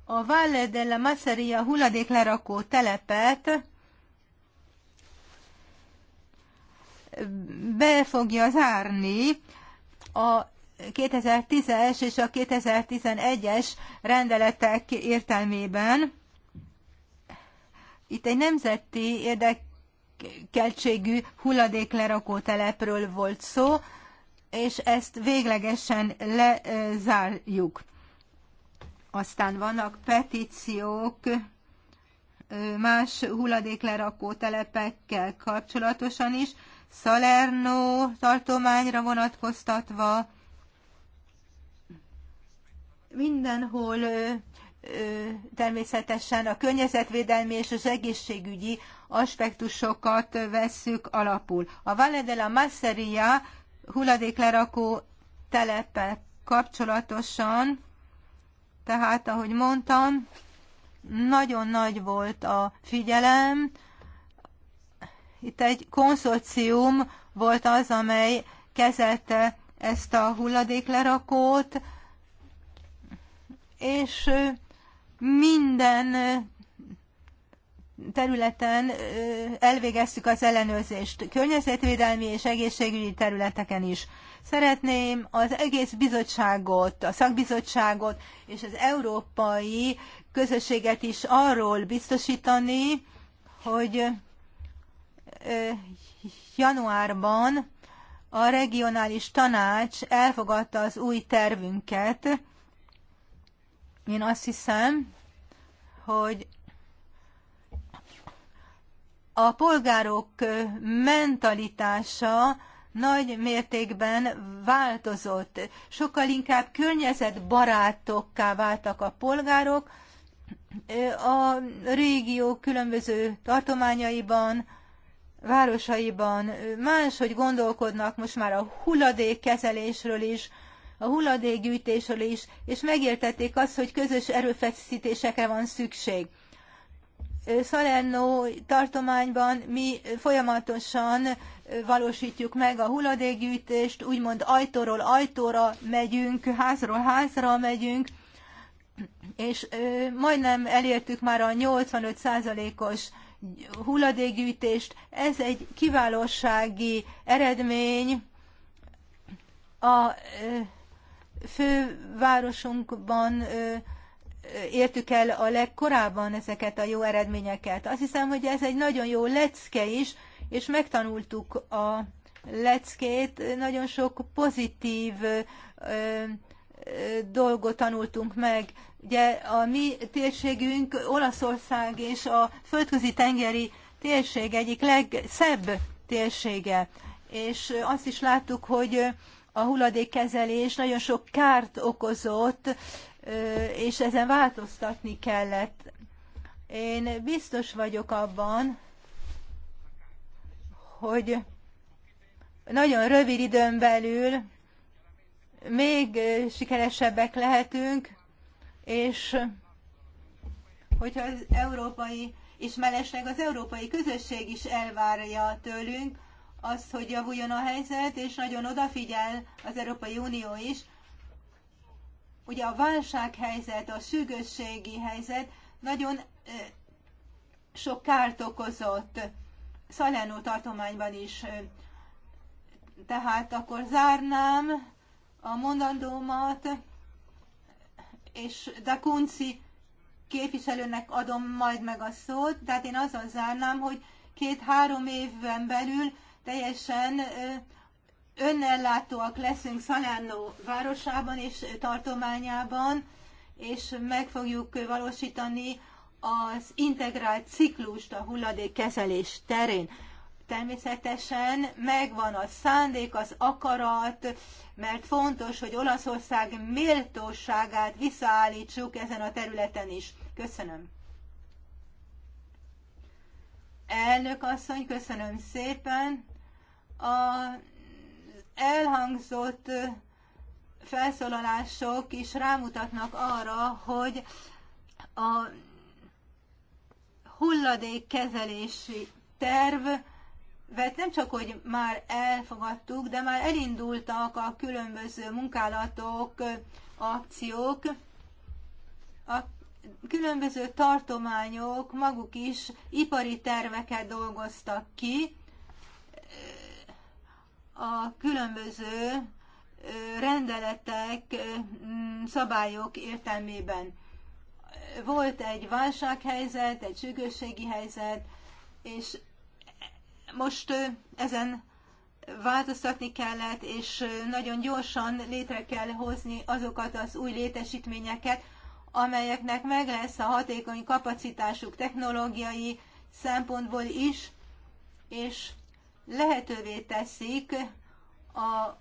a Valle della Masseria hulladéklerakó telepet be fogja zárni a 2010-es és a 2011-es rendeletek értelmében itt egy nemzeti érdekeltségű hulladéklerakó telepről volt szó, és ezt véglegesen lezárjuk. Aztán vannak petíciók más hulladéklerakó telepekkel kapcsolatosan is, Salerno tartományra vonatkoztatva, mindenhol természetesen a környezetvédelmi és az egészségügyi aspektusokat vesszük alapul. A Valle de la Masseria hulladéklerakó telepe kapcsolatosan, tehát ahogy mondtam, nagyon nagy volt a figyelem. Itt egy konszorcium volt az, amely kezelte ezt a hulladéklerakót, és minden területen elvégeztük az ellenőrzést, környezetvédelmi és egészségügyi területeken is. Szeretném az egész bizottságot, a szakbizottságot és az európai közösséget is arról biztosítani, hogy januárban a regionális tanács elfogadta az új tervünket, én azt hiszem, hogy a polgárok mentalitása nagy mértékben változott. Sokkal inkább környezetbarátokká váltak a polgárok a régió különböző tartományaiban, városaiban máshogy gondolkodnak most már a hulladékkezelésről is, a hulladékgyűjtésről is, és megértették azt, hogy közös erőfeszítésekre van szükség. Salerno tartományban mi folyamatosan valósítjuk meg a hulladékgyűjtést, úgymond ajtóról ajtóra megyünk, házról házra megyünk, és majdnem elértük már a 85%-os hulladékgyűjtést. Ez egy kiválósági eredmény. A fővárosunkban értük el a legkorábban ezeket a jó eredményeket. Azt hiszem, hogy ez egy nagyon jó lecke is, és megtanultuk a leckét, nagyon sok pozitív dolgot tanultunk meg. Ugye a mi térségünk, Olaszország és a földközi tengeri térség egyik legszebb térsége, és azt is láttuk, hogy a hulladékkezelés nagyon sok kárt okozott, és ezen változtatni kellett. Én biztos vagyok abban, hogy nagyon rövid időn belül még sikeresebbek lehetünk, és hogyha az európai, és mellesleg az európai közösség is elvárja tőlünk, az, hogy javuljon a helyzet, és nagyon odafigyel az Európai Unió is. Ugye a válsághelyzet, a sürgősségi helyzet nagyon sok kárt okozott Szalenó tartományban is. Tehát akkor zárnám a mondandómat, és Dakunci képviselőnek adom majd meg a szót, tehát én azzal zárnám, hogy két-három évben belül teljesen önellátóak leszünk Szalánó városában és tartományában, és meg fogjuk valósítani az integrált ciklust a hulladékkezelés terén. Természetesen megvan a szándék, az akarat, mert fontos, hogy Olaszország méltóságát visszaállítsuk ezen a területen is. Köszönöm. Elnök asszony, köszönöm szépen. A elhangzott felszólalások is rámutatnak arra, hogy a hulladékkezelési terv mert nem csak, hogy már elfogadtuk, de már elindultak a különböző munkálatok, akciók, a különböző tartományok maguk is ipari terveket dolgoztak ki, a különböző rendeletek, szabályok értelmében. Volt egy válsághelyzet, egy sürgősségi helyzet, és most ezen változtatni kellett, és nagyon gyorsan létre kell hozni azokat az új létesítményeket, amelyeknek meg lesz a hatékony kapacitásuk technológiai szempontból is, és lehetővé teszik a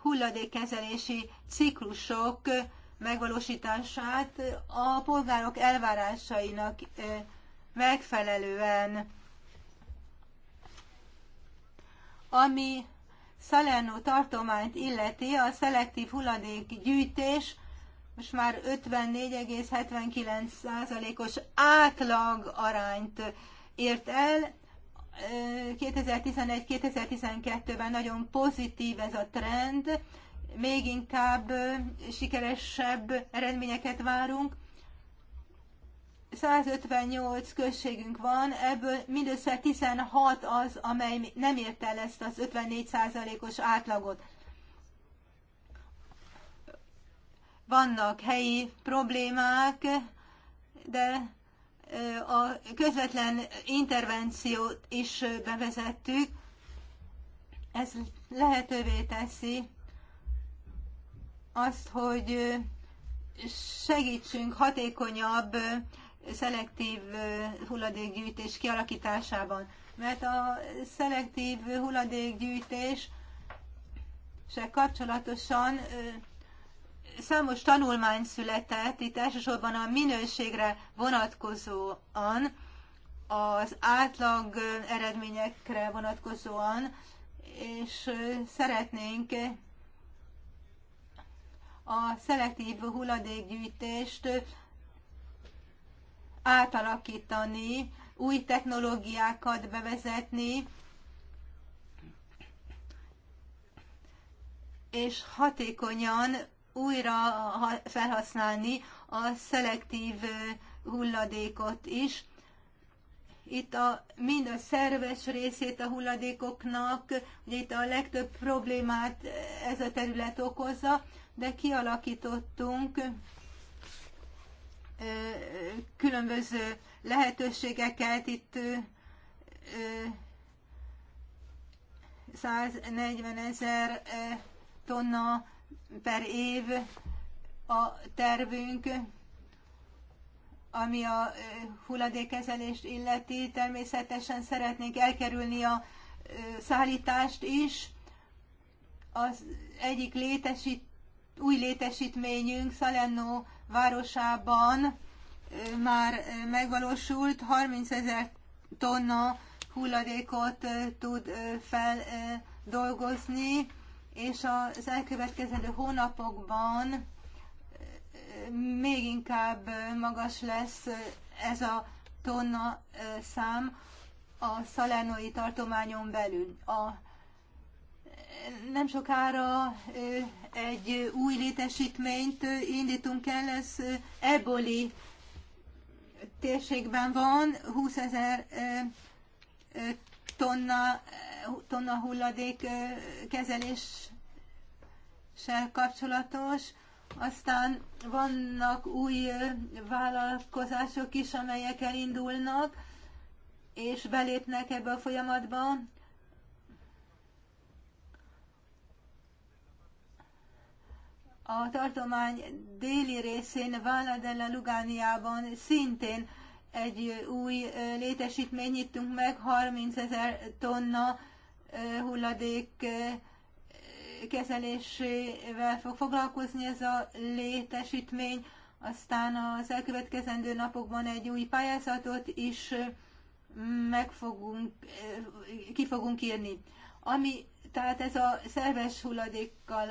hulladékkezelési ciklusok megvalósítását a polgárok elvárásainak megfelelően. Ami Salerno tartományt illeti, a szelektív hulladékgyűjtés most már 54,79%-os átlag arányt ért el, 2011-2012-ben nagyon pozitív ez a trend, még inkább sikeresebb eredményeket várunk. 158 községünk van, ebből mindössze 16 az, amely nem ért el ezt az 54%-os átlagot. Vannak helyi problémák, de a közvetlen intervenciót is bevezettük. Ez lehetővé teszi azt, hogy segítsünk hatékonyabb szelektív hulladékgyűjtés kialakításában. Mert a szelektív hulladékgyűjtés se kapcsolatosan számos tanulmány született, itt elsősorban a minőségre vonatkozóan, az átlag eredményekre vonatkozóan, és szeretnénk a szelektív hulladékgyűjtést átalakítani, új technológiákat bevezetni, és hatékonyan újra felhasználni a szelektív hulladékot is. Itt a, mind a szerves részét a hulladékoknak, ugye itt a legtöbb problémát ez a terület okozza, de kialakítottunk különböző lehetőségeket itt 140 ezer tonna per év a tervünk, ami a hulladékkezelést illeti. Természetesen szeretnénk elkerülni a szállítást is. Az egyik létesít, új létesítményünk Szalennó városában már megvalósult, 30 ezer tonna hulladékot tud feldolgozni és az elkövetkezendő hónapokban eh, még inkább eh, magas lesz eh, ez a tonna szám a szalernói tartományon belül. A, nem sokára egy új létesítményt indítunk el, ez eboli térségben van, 20 ezer tonna tonna hulladék kezeléssel kapcsolatos. Aztán vannak új vállalkozások is, amelyek elindulnak, és belépnek ebbe a folyamatba. A tartomány déli részén, Váladella Lugániában szintén egy új létesítmény nyitunk meg, 30 ezer tonna hulladék kezelésével fog foglalkozni ez a létesítmény. Aztán az elkövetkezendő napokban egy új pályázatot is meg fogunk, ki fogunk írni. Ami tehát ez a szerves hulladékkal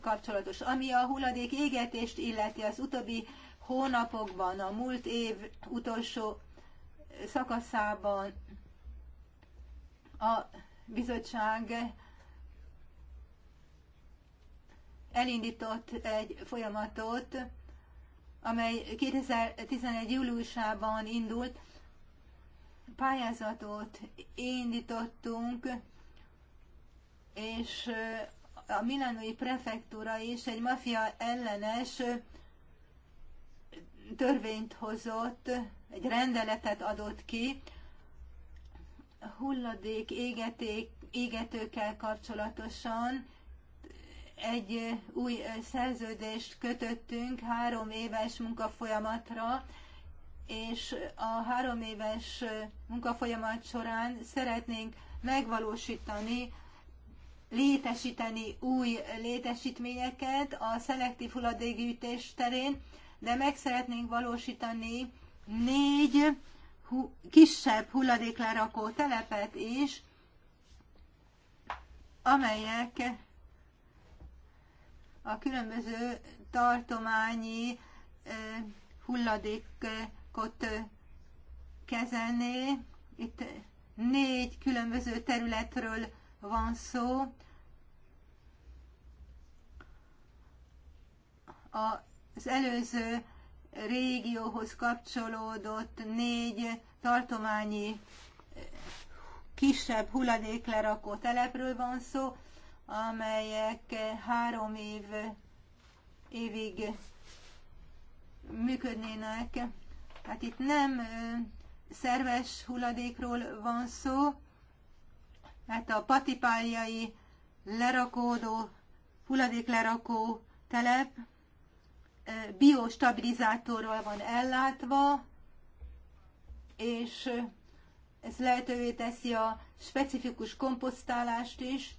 kapcsolatos. Ami a hulladék égetést illeti az utóbbi hónapokban, a múlt év utolsó szakaszában a bizottság elindított egy folyamatot, amely 2011. júliusában indult. Pályázatot indítottunk és a milánói prefektúra is egy mafia ellenes törvényt hozott, egy rendeletet adott ki, hulladék égeték, égetőkkel kapcsolatosan egy új szerződést kötöttünk három éves munkafolyamatra, és a három éves munkafolyamat során szeretnénk megvalósítani létesíteni új létesítményeket a szelektív hulladékgyűjtés terén, de meg szeretnénk valósítani négy hu- kisebb hulladéklerakó telepet is, amelyek a különböző tartományi hulladékot kezelné. Itt négy különböző területről van szó. Az előző régióhoz kapcsolódott négy tartományi kisebb hulladéklerakó telepről van szó, amelyek három év, évig működnének. Hát itt nem szerves hulladékról van szó, mert hát a patipáljai lerakódó, hulladéklerakó telep biostabilizátorral van ellátva, és ez lehetővé teszi a specifikus komposztálást is.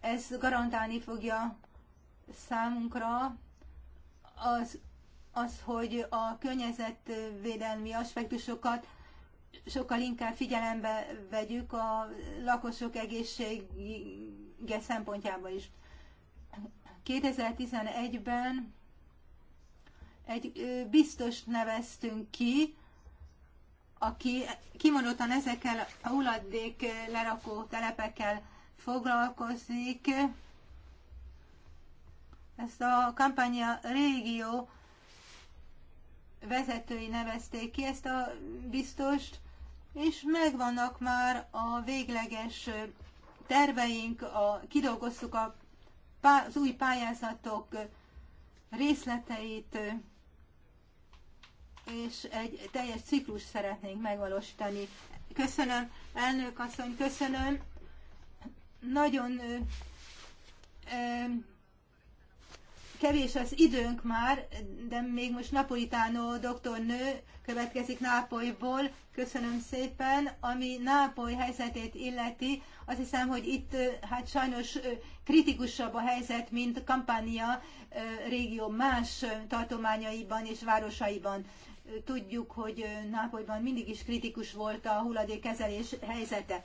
Ez garantálni fogja számunkra az az, hogy a környezetvédelmi aspektusokat sokkal inkább figyelembe vegyük a lakosok egészsége szempontjából is. 2011-ben egy biztos neveztünk ki, aki kimondottan ezekkel a hulladék lerakó telepekkel foglalkozik. Ezt a kampánya régió vezetői nevezték ki ezt a biztost, és megvannak már a végleges terveink, a, kidolgoztuk a, az új pályázatok részleteit, és egy teljes ciklus szeretnénk megvalósítani. Köszönöm, elnök asszony, köszönöm. Nagyon ö, ö, Kevés az időnk már, de még most Napolitánó doktornő következik Nápolyból. Köszönöm szépen. Ami Nápoly helyzetét illeti, azt hiszem, hogy itt hát sajnos kritikusabb a helyzet, mint Kampánia régió más tartományaiban és városaiban. Tudjuk, hogy Nápolyban mindig is kritikus volt a hulladékkezelés helyzete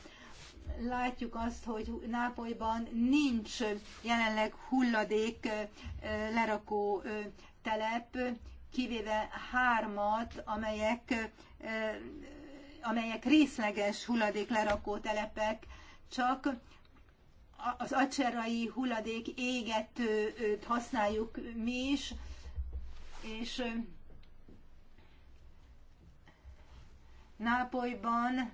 látjuk azt, hogy Nápolyban nincs jelenleg hulladék lerakó telep, kivéve hármat, amelyek, amelyek részleges hulladék lerakó telepek, csak az acserai hulladék égetőt használjuk mi is, és Nápolyban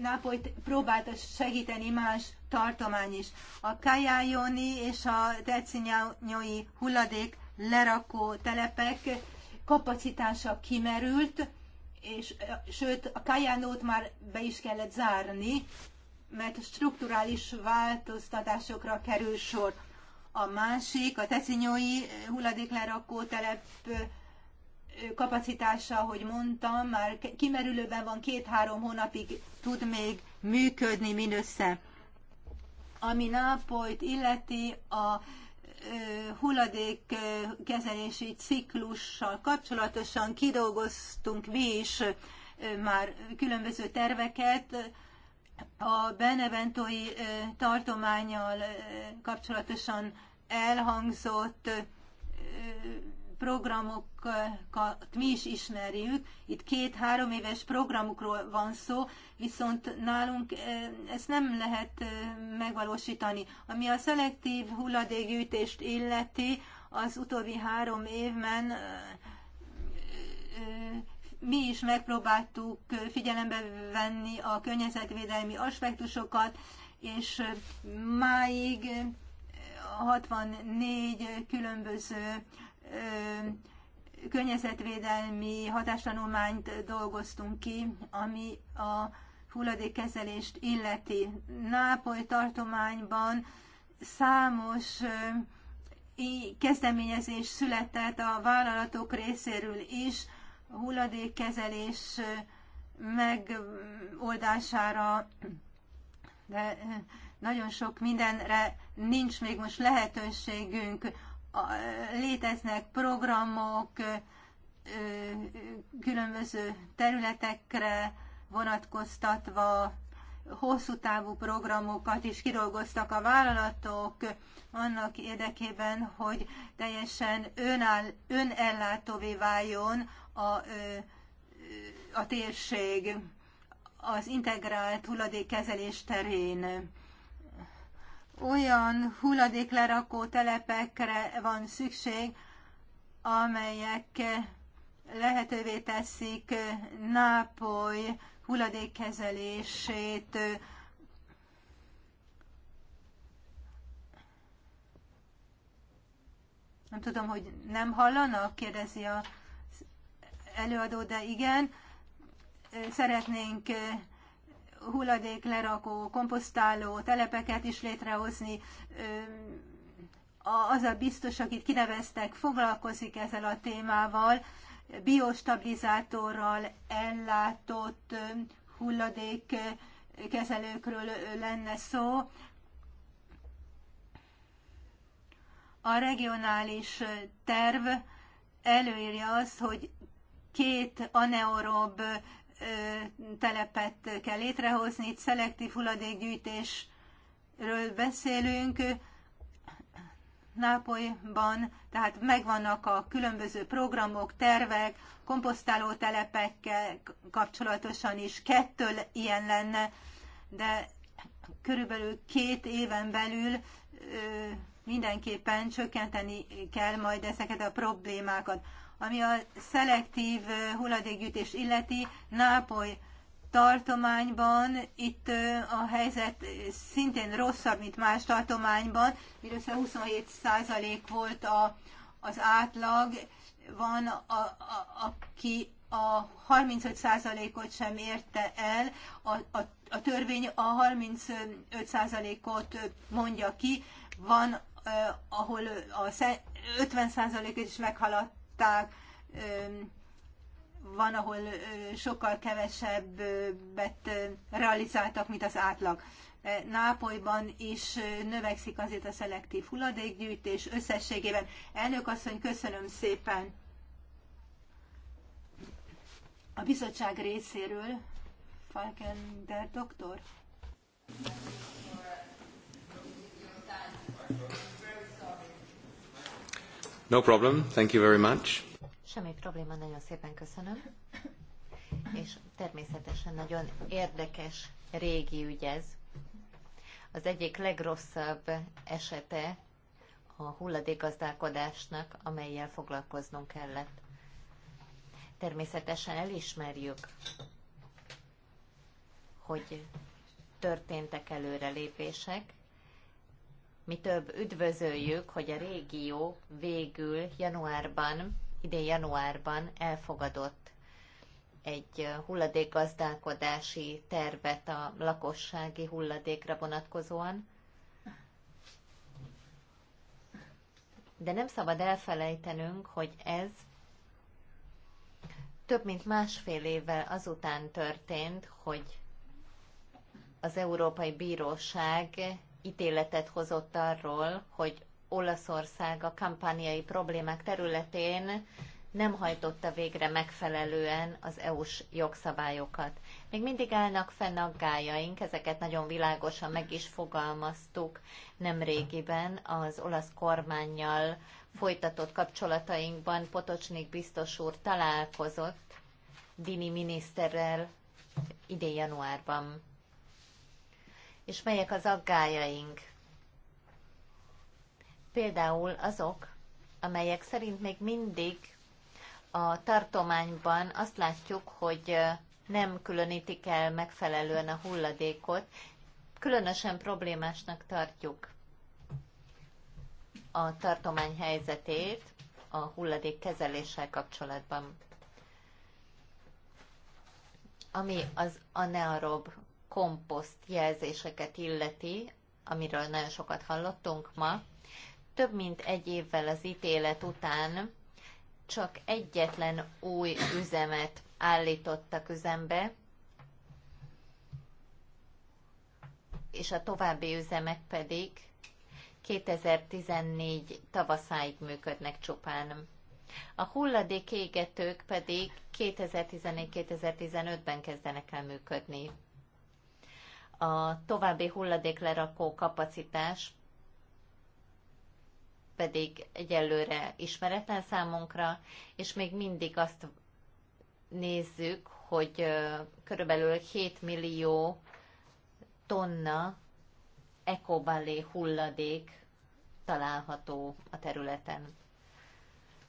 Nápolyt próbált segíteni más tartomány is. A kajájoni és a decinyói hulladék lerakó telepek kapacitása kimerült, és sőt a kajánót már be is kellett zárni, mert strukturális változtatásokra kerül sor. A másik, a tecinyói hulladéklerakó telep kapacitása, hogy mondtam, már kimerülőben van, két-három hónapig tud még működni mindössze. Ami Nápolyt illeti a hulladékkezelési ciklussal kapcsolatosan kidolgoztunk mi is már különböző terveket, a beneventói tartományjal kapcsolatosan elhangzott programokat mi is ismerjük. Itt két-három éves programokról van szó, viszont nálunk eh, ezt nem lehet eh, megvalósítani. Ami a szelektív hulladékgyűjtést illeti, az utóbbi három évben eh, mi is megpróbáltuk figyelembe venni a környezetvédelmi aspektusokat, és máig 64 különböző környezetvédelmi hatástanulmányt dolgoztunk ki, ami a hulladékkezelést illeti. Nápoly tartományban számos kezdeményezés született a vállalatok részéről is a hulladékkezelés megoldására, de nagyon sok mindenre nincs még most lehetőségünk léteznek programok különböző területekre vonatkoztatva, hosszú távú programokat is kidolgoztak a vállalatok annak érdekében, hogy teljesen önáll, önellátóvé váljon a, a térség az integrált hulladékkezelés terén olyan hulladéklerakó telepekre van szükség, amelyek lehetővé teszik Nápoly hulladékkezelését, Nem tudom, hogy nem hallanak, kérdezi a előadó, de igen. Szeretnénk hulladéklerakó, komposztáló telepeket is létrehozni. Az a biztos, akit kineveztek, foglalkozik ezzel a témával, biostabilizátorral ellátott hulladékkezelőkről lenne szó. A regionális terv előírja azt, hogy két aneorob telepet kell létrehozni, itt szelektív hulladékgyűjtésről beszélünk, Nápolyban, tehát megvannak a különböző programok, tervek, komposztáló telepekkel kapcsolatosan is kettő ilyen lenne, de körülbelül két éven belül ö, mindenképpen csökkenteni kell majd ezeket a problémákat. Ami a szelektív hulladékgyűjtés illeti, Nápoly tartományban itt a helyzet szintén rosszabb, mint más tartományban, mindössze 27 volt a, az átlag, van, a, a, aki a 35 ot sem érte el, a, a, a törvény a 35 ot mondja ki, van, ahol a 50 ot is meghalad, hozták, van, ahol sokkal kevesebbet realizáltak, mint az átlag. Nápolyban is növekszik azért a szelektív hulladékgyűjtés összességében. Elnök asszony, köszönöm szépen! A bizottság részéről Falkender doktor. No problem, thank you very much. Semmi probléma, nagyon szépen köszönöm. És természetesen nagyon érdekes régi ügy ez. Az egyik legrosszabb esete a hulladékgazdálkodásnak, amelyel foglalkoznunk kellett. Természetesen elismerjük, hogy történtek előrelépések, mi több üdvözöljük, hogy a régió végül januárban, idén januárban elfogadott egy hulladékgazdálkodási tervet a lakossági hulladékra vonatkozóan. De nem szabad elfelejtenünk, hogy ez több mint másfél évvel azután történt, hogy az Európai Bíróság ítéletet hozott arról, hogy Olaszország a kampániai problémák területén nem hajtotta végre megfelelően az EU-s jogszabályokat. Még mindig állnak fenn aggájaink, ezeket nagyon világosan meg is fogalmaztuk nemrégiben az olasz kormányjal folytatott kapcsolatainkban. Potocsnik biztos úr találkozott Dini miniszterrel idén januárban és melyek az aggájaink. Például azok, amelyek szerint még mindig a tartományban azt látjuk, hogy nem különítik el megfelelően a hulladékot, különösen problémásnak tartjuk a tartomány helyzetét a hulladék kezeléssel kapcsolatban. Ami az anaerob komposzt jelzéseket illeti, amiről nagyon sokat hallottunk ma, több mint egy évvel az ítélet után csak egyetlen új üzemet állítottak üzembe, és a további üzemek pedig 2014 tavaszáig működnek csupán. A hulladék égetők pedig 2014-2015-ben kezdenek el működni a további hulladéklerakó kapacitás pedig egyelőre ismeretlen számunkra, és még mindig azt nézzük, hogy körülbelül 7 millió tonna ekobalé hulladék található a területen.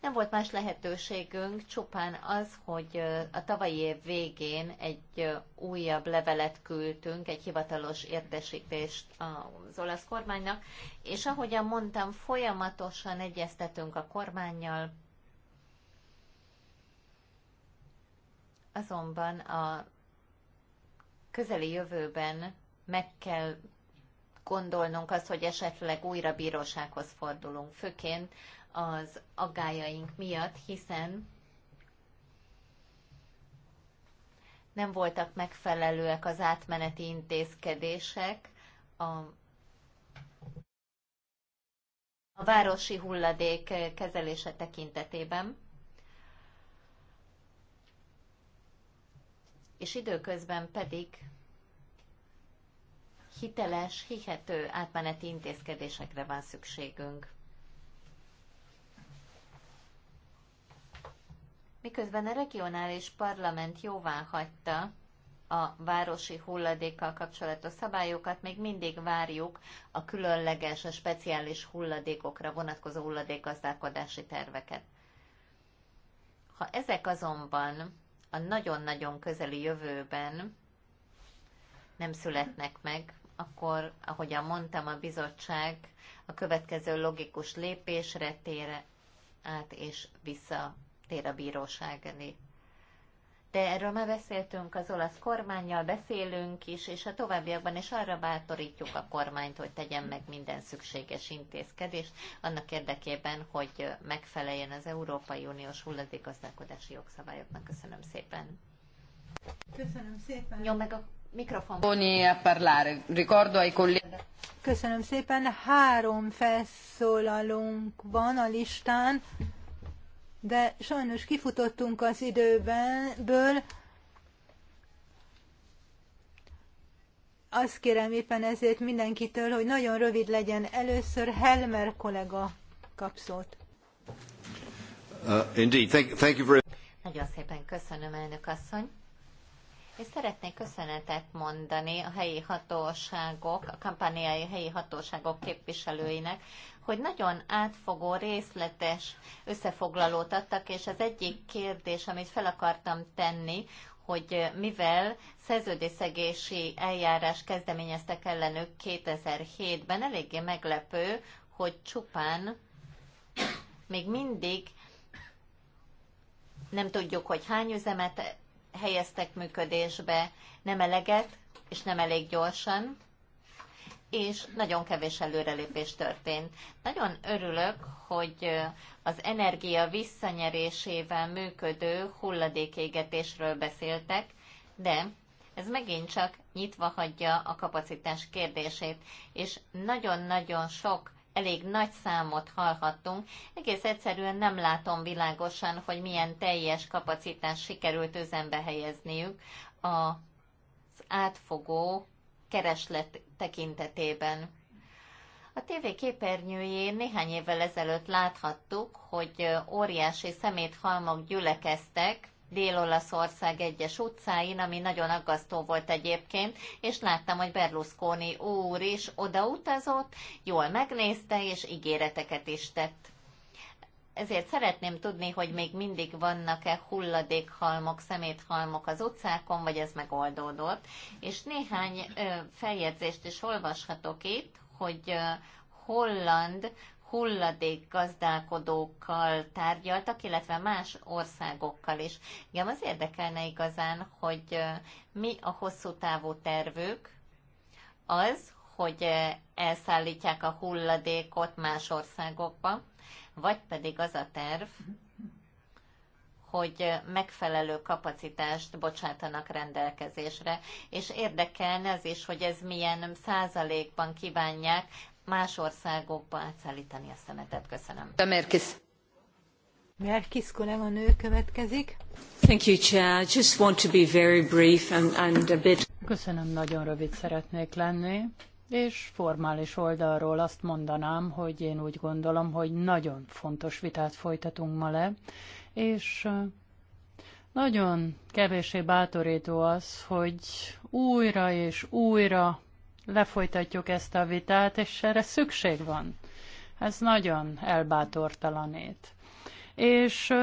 Nem volt más lehetőségünk, csupán az, hogy a tavalyi év végén egy újabb levelet küldtünk, egy hivatalos értesítést az olasz kormánynak, és ahogyan mondtam, folyamatosan egyeztetünk a kormányjal, azonban a közeli jövőben meg kell gondolnunk azt, hogy esetleg újra bírósághoz fordulunk, főként az aggájaink miatt, hiszen nem voltak megfelelőek az átmeneti intézkedések a, a városi hulladék kezelése tekintetében. És időközben pedig hiteles, hihető átmeneti intézkedésekre van szükségünk. miközben a regionális parlament jóvá hagyta a városi hulladékkal kapcsolatos szabályokat, még mindig várjuk a különleges, a speciális hulladékokra vonatkozó hulladékgazdálkodási terveket. Ha ezek azonban a nagyon-nagyon közeli jövőben nem születnek meg, akkor, ahogyan mondtam, a bizottság a következő logikus lépésre tér át és vissza tér a bíróság elé. De erről már beszéltünk, az olasz kormányjal beszélünk is, és a továbbiakban is arra bátorítjuk a kormányt, hogy tegyen meg minden szükséges intézkedést, annak érdekében, hogy megfeleljen az Európai Uniós hulladékazdálkodási jogszabályoknak. Köszönöm szépen. Köszönöm szépen. Nyom meg a mikrofon. parlare. Ricordo ai colleghi. Köszönöm szépen. Három felszólalunk van a listán de sajnos kifutottunk az időből. Azt kérem éppen ezért mindenkitől, hogy nagyon rövid legyen. Először Helmer kollega kapszót. Uh, indeed. Thank, thank you very... Nagyon szépen köszönöm, elnök asszony és szeretnék köszönetet mondani a helyi hatóságok, a kampániai helyi hatóságok képviselőinek, hogy nagyon átfogó, részletes összefoglalót adtak, és az egyik kérdés, amit fel akartam tenni, hogy mivel szerződésszegési eljárás kezdeményeztek ellenük 2007-ben, eléggé meglepő, hogy csupán még mindig nem tudjuk, hogy hány üzemet helyeztek működésbe nem eleget és nem elég gyorsan, és nagyon kevés előrelépés történt. Nagyon örülök, hogy az energia visszanyerésével működő hulladékégetésről beszéltek, de ez megint csak nyitva hagyja a kapacitás kérdését, és nagyon-nagyon sok elég nagy számot hallhattunk. Egész egyszerűen nem látom világosan, hogy milyen teljes kapacitás sikerült üzembe helyezniük az átfogó kereslet tekintetében. A TV képernyőjén néhány évvel ezelőtt láthattuk, hogy óriási szeméthalmok gyülekeztek Dél-Olaszország egyes utcáin, ami nagyon aggasztó volt egyébként, és láttam, hogy Berlusconi úr is odautazott, jól megnézte, és ígéreteket is tett. Ezért szeretném tudni, hogy még mindig vannak-e hulladékhalmok, szeméthalmok az utcákon, vagy ez megoldódott. És néhány feljegyzést is olvashatok itt, hogy Holland hulladék gazdálkodókkal tárgyaltak, illetve más országokkal is. Igen, az érdekelne igazán, hogy mi a hosszú távú tervük, az, hogy elszállítják a hulladékot más országokba, vagy pedig az a terv, hogy megfelelő kapacitást bocsátanak rendelkezésre, és érdekelne az is, hogy ez milyen százalékban kívánják más országokba átszállítani a szemetet. Köszönöm. Merkis. Merkis kolléganő következik. Thank you, Chair. Just want to be very brief and, and a bit... Köszönöm, nagyon rövid szeretnék lenni. És formális oldalról azt mondanám, hogy én úgy gondolom, hogy nagyon fontos vitát folytatunk ma le, és nagyon kevésé bátorító az, hogy újra és újra lefolytatjuk ezt a vitát, és erre szükség van. Ez nagyon elbátortalanít. És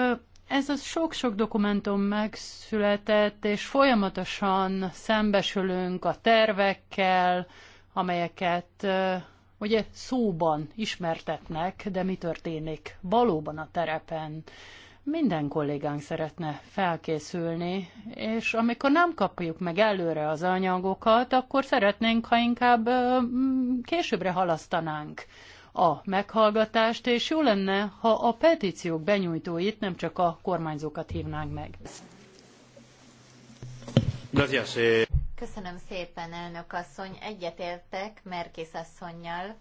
ez a sok-sok dokumentum megszületett, és folyamatosan szembesülünk a tervekkel, amelyeket ugye szóban ismertetnek, de mi történik valóban a terepen minden kollégánk szeretne felkészülni, és amikor nem kapjuk meg előre az anyagokat, akkor szeretnénk, ha inkább későbbre halasztanánk a meghallgatást, és jó lenne, ha a petíciók benyújtóit nem csak a kormányzókat hívnánk meg. Köszönöm szépen, elnök asszony. Egyetértek Merkész asszonynal,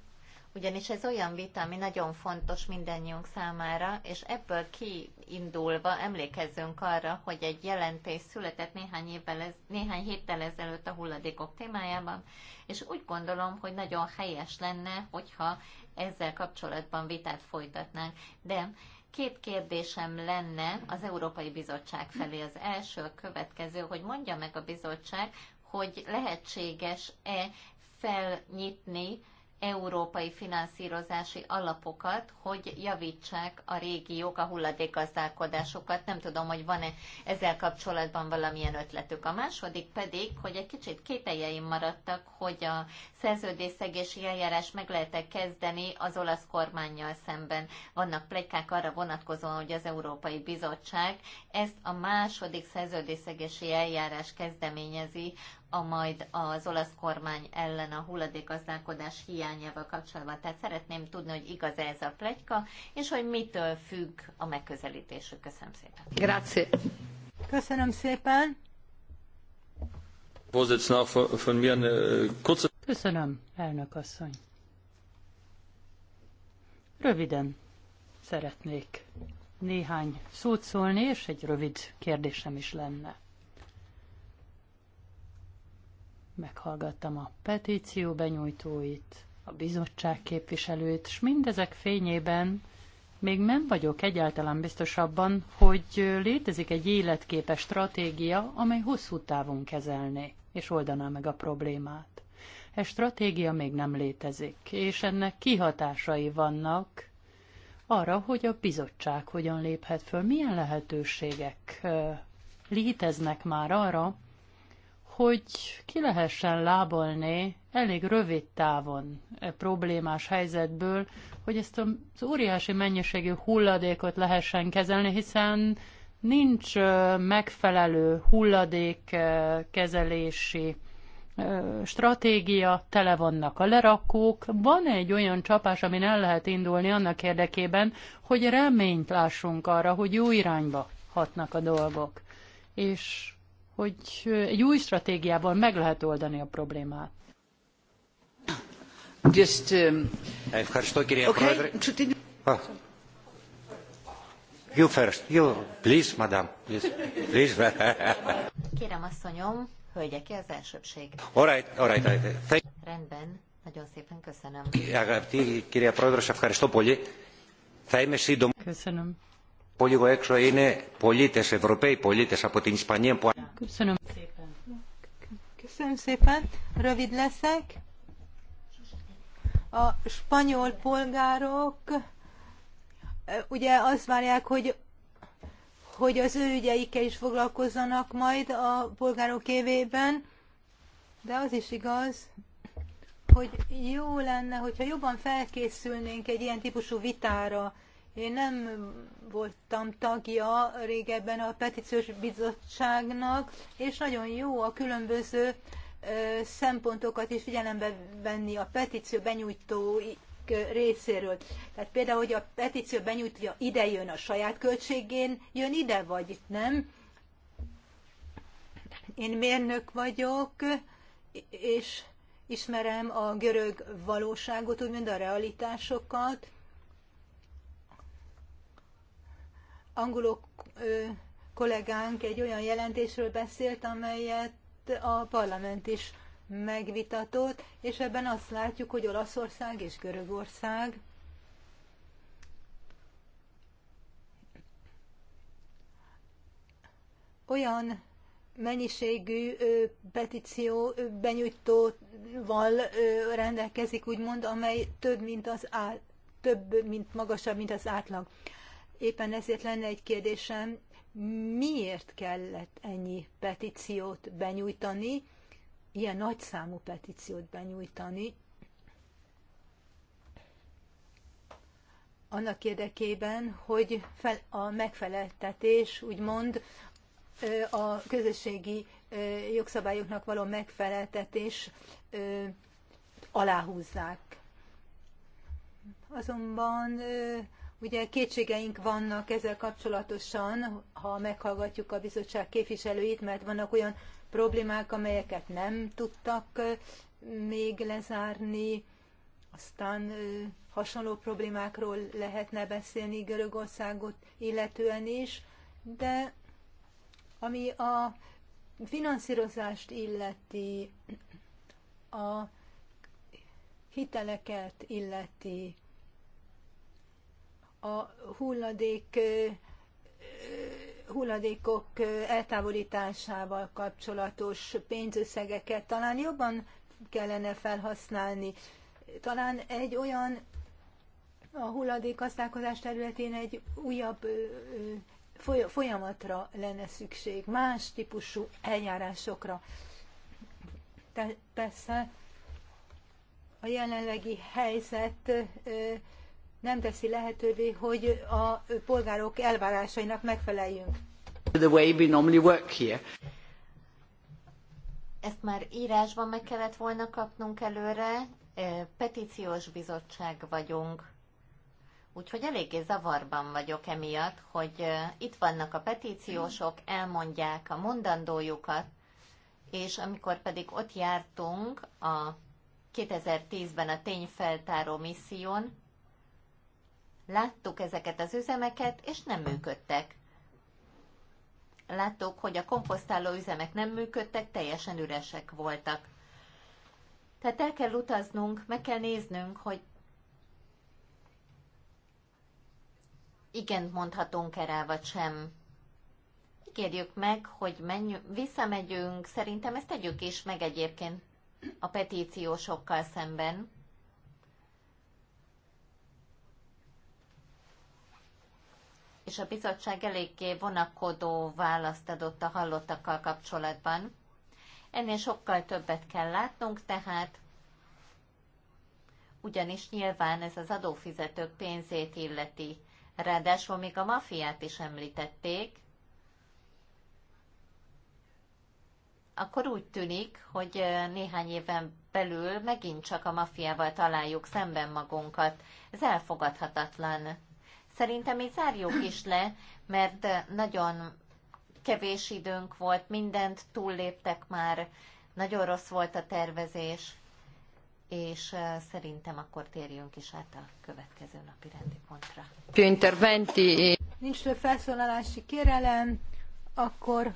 ugyanis ez olyan vita, ami nagyon fontos mindannyiunk számára, és ebből kiindulva emlékezzünk arra, hogy egy jelentés született néhány, évvel ez, néhány héttel ezelőtt a hulladékok témájában, és úgy gondolom, hogy nagyon helyes lenne, hogyha ezzel kapcsolatban vitát folytatnánk. De két kérdésem lenne az Európai Bizottság felé. Az első a következő, hogy mondja meg a bizottság, hogy lehetséges-e felnyitni európai finanszírozási alapokat, hogy javítsák a régiók a hulladékgazdálkodásokat. Nem tudom, hogy van-e ezzel kapcsolatban valamilyen ötletük. A második pedig, hogy egy kicsit kételjeim maradtak, hogy a szerződésszegési eljárás meg lehet -e kezdeni az olasz kormányjal szemben. Vannak plekák arra vonatkozóan, hogy az Európai Bizottság ezt a második szerződésszegési eljárás kezdeményezi a majd az olasz kormány ellen a hulladékazdálkodás hiányával kapcsolatban. Tehát szeretném tudni, hogy igaz -e ez a plegyka, és hogy mitől függ a megközelítésük. Köszönöm szépen. Grazie. Köszönöm szépen. Äh, Köszönöm, elnök asszony. Röviden szeretnék néhány szót szólni, és egy rövid kérdésem is lenne. meghallgattam a petíció benyújtóit, a bizottság képviselőit, és mindezek fényében még nem vagyok egyáltalán biztos abban, hogy létezik egy életképes stratégia, amely hosszú távon kezelné és oldaná meg a problémát. E stratégia még nem létezik, és ennek kihatásai vannak arra, hogy a bizottság hogyan léphet föl, milyen lehetőségek léteznek már arra, hogy ki lehessen lábalni elég rövid távon e problémás helyzetből, hogy ezt az óriási mennyiségű hulladékot lehessen kezelni, hiszen nincs megfelelő hulladékkezelési stratégia, tele vannak a lerakók. Van egy olyan csapás, amin el lehet indulni annak érdekében, hogy reményt lássunk arra, hogy jó irányba hatnak a dolgok. És hogy egy új stratégiával meg lehet oldani a problémát. Just, um, okay, ah. You first, you, please, madam, please, please. [LAUGHS] Kérem, asszonyom, hölgyeké az elsőbség. All right, all right, all right. Thank... Rendben, nagyon szépen köszönöm. ti idom. Köszönöm. Köszönöm szépen. Köszönöm szépen. Rövid leszek. A spanyol polgárok ugye azt várják, hogy hogy az ő ügyeikkel is foglalkozzanak majd a polgárok évében, de az is igaz, hogy jó lenne, hogyha jobban felkészülnénk egy ilyen típusú vitára, én nem voltam tagja régebben a petíciós bizottságnak, és nagyon jó a különböző szempontokat is figyelembe venni a petíció benyújtó részéről. Tehát például, hogy a petíció benyújtja ide jön a saját költségén, jön ide, vagy itt nem. Én mérnök vagyok, és ismerem a görög valóságot, úgymond a realitásokat, angolok kollégánk egy olyan jelentésről beszélt, amelyet a parlament is megvitatott, és ebben azt látjuk, hogy Olaszország és Görögország olyan mennyiségű petíció benyújtóval rendelkezik, úgymond, amely több, mint az á, több, mint magasabb, mint az átlag. Éppen ezért lenne egy kérdésem, miért kellett ennyi petíciót benyújtani, ilyen nagy számú petíciót benyújtani, annak érdekében, hogy fel, a megfeleltetés úgymond a közösségi jogszabályoknak való megfeleltetés aláhúzzák. Azonban Ugye kétségeink vannak ezzel kapcsolatosan, ha meghallgatjuk a bizottság képviselőit, mert vannak olyan problémák, amelyeket nem tudtak még lezárni, aztán hasonló problémákról lehetne beszélni Görögországot illetően is, de ami a finanszírozást illeti, a hiteleket illeti, a hulladék hulladékok eltávolításával kapcsolatos pénzösszegeket talán jobban kellene felhasználni. Talán egy olyan a hulladék használkozás területén egy újabb folyamatra lenne szükség, más típusú eljárásokra. Te, persze a jelenlegi helyzet nem teszi lehetővé, hogy a polgárok elvárásainak megfeleljünk. The way we normally work here. Ezt már írásban meg kellett volna kapnunk előre. Petíciós bizottság vagyunk. Úgyhogy eléggé zavarban vagyok emiatt, hogy itt vannak a petíciósok, elmondják a mondandójukat, és amikor pedig ott jártunk a 2010-ben a tényfeltáró misszión, Láttuk ezeket az üzemeket, és nem működtek. Láttuk, hogy a komposztáló üzemek nem működtek, teljesen üresek voltak. Tehát el kell utaznunk, meg kell néznünk, hogy igen mondhatunk erre, vagy sem. Kérjük meg, hogy menjünk, visszamegyünk, szerintem ezt tegyük is meg egyébként a petíciósokkal szemben. és a bizottság eléggé vonakodó választ adott a hallottakkal kapcsolatban. Ennél sokkal többet kell látnunk, tehát ugyanis nyilván ez az adófizetők pénzét illeti. Ráadásul még a mafiát is említették, akkor úgy tűnik, hogy néhány éven belül megint csak a mafiával találjuk szemben magunkat. Ez elfogadhatatlan. Szerintem így zárjuk is le, mert nagyon kevés időnk volt, mindent túlléptek már, nagyon rossz volt a tervezés, és szerintem akkor térjünk is át a következő napi rendi pontra. E- Nincs több felszólalási kérelem, akkor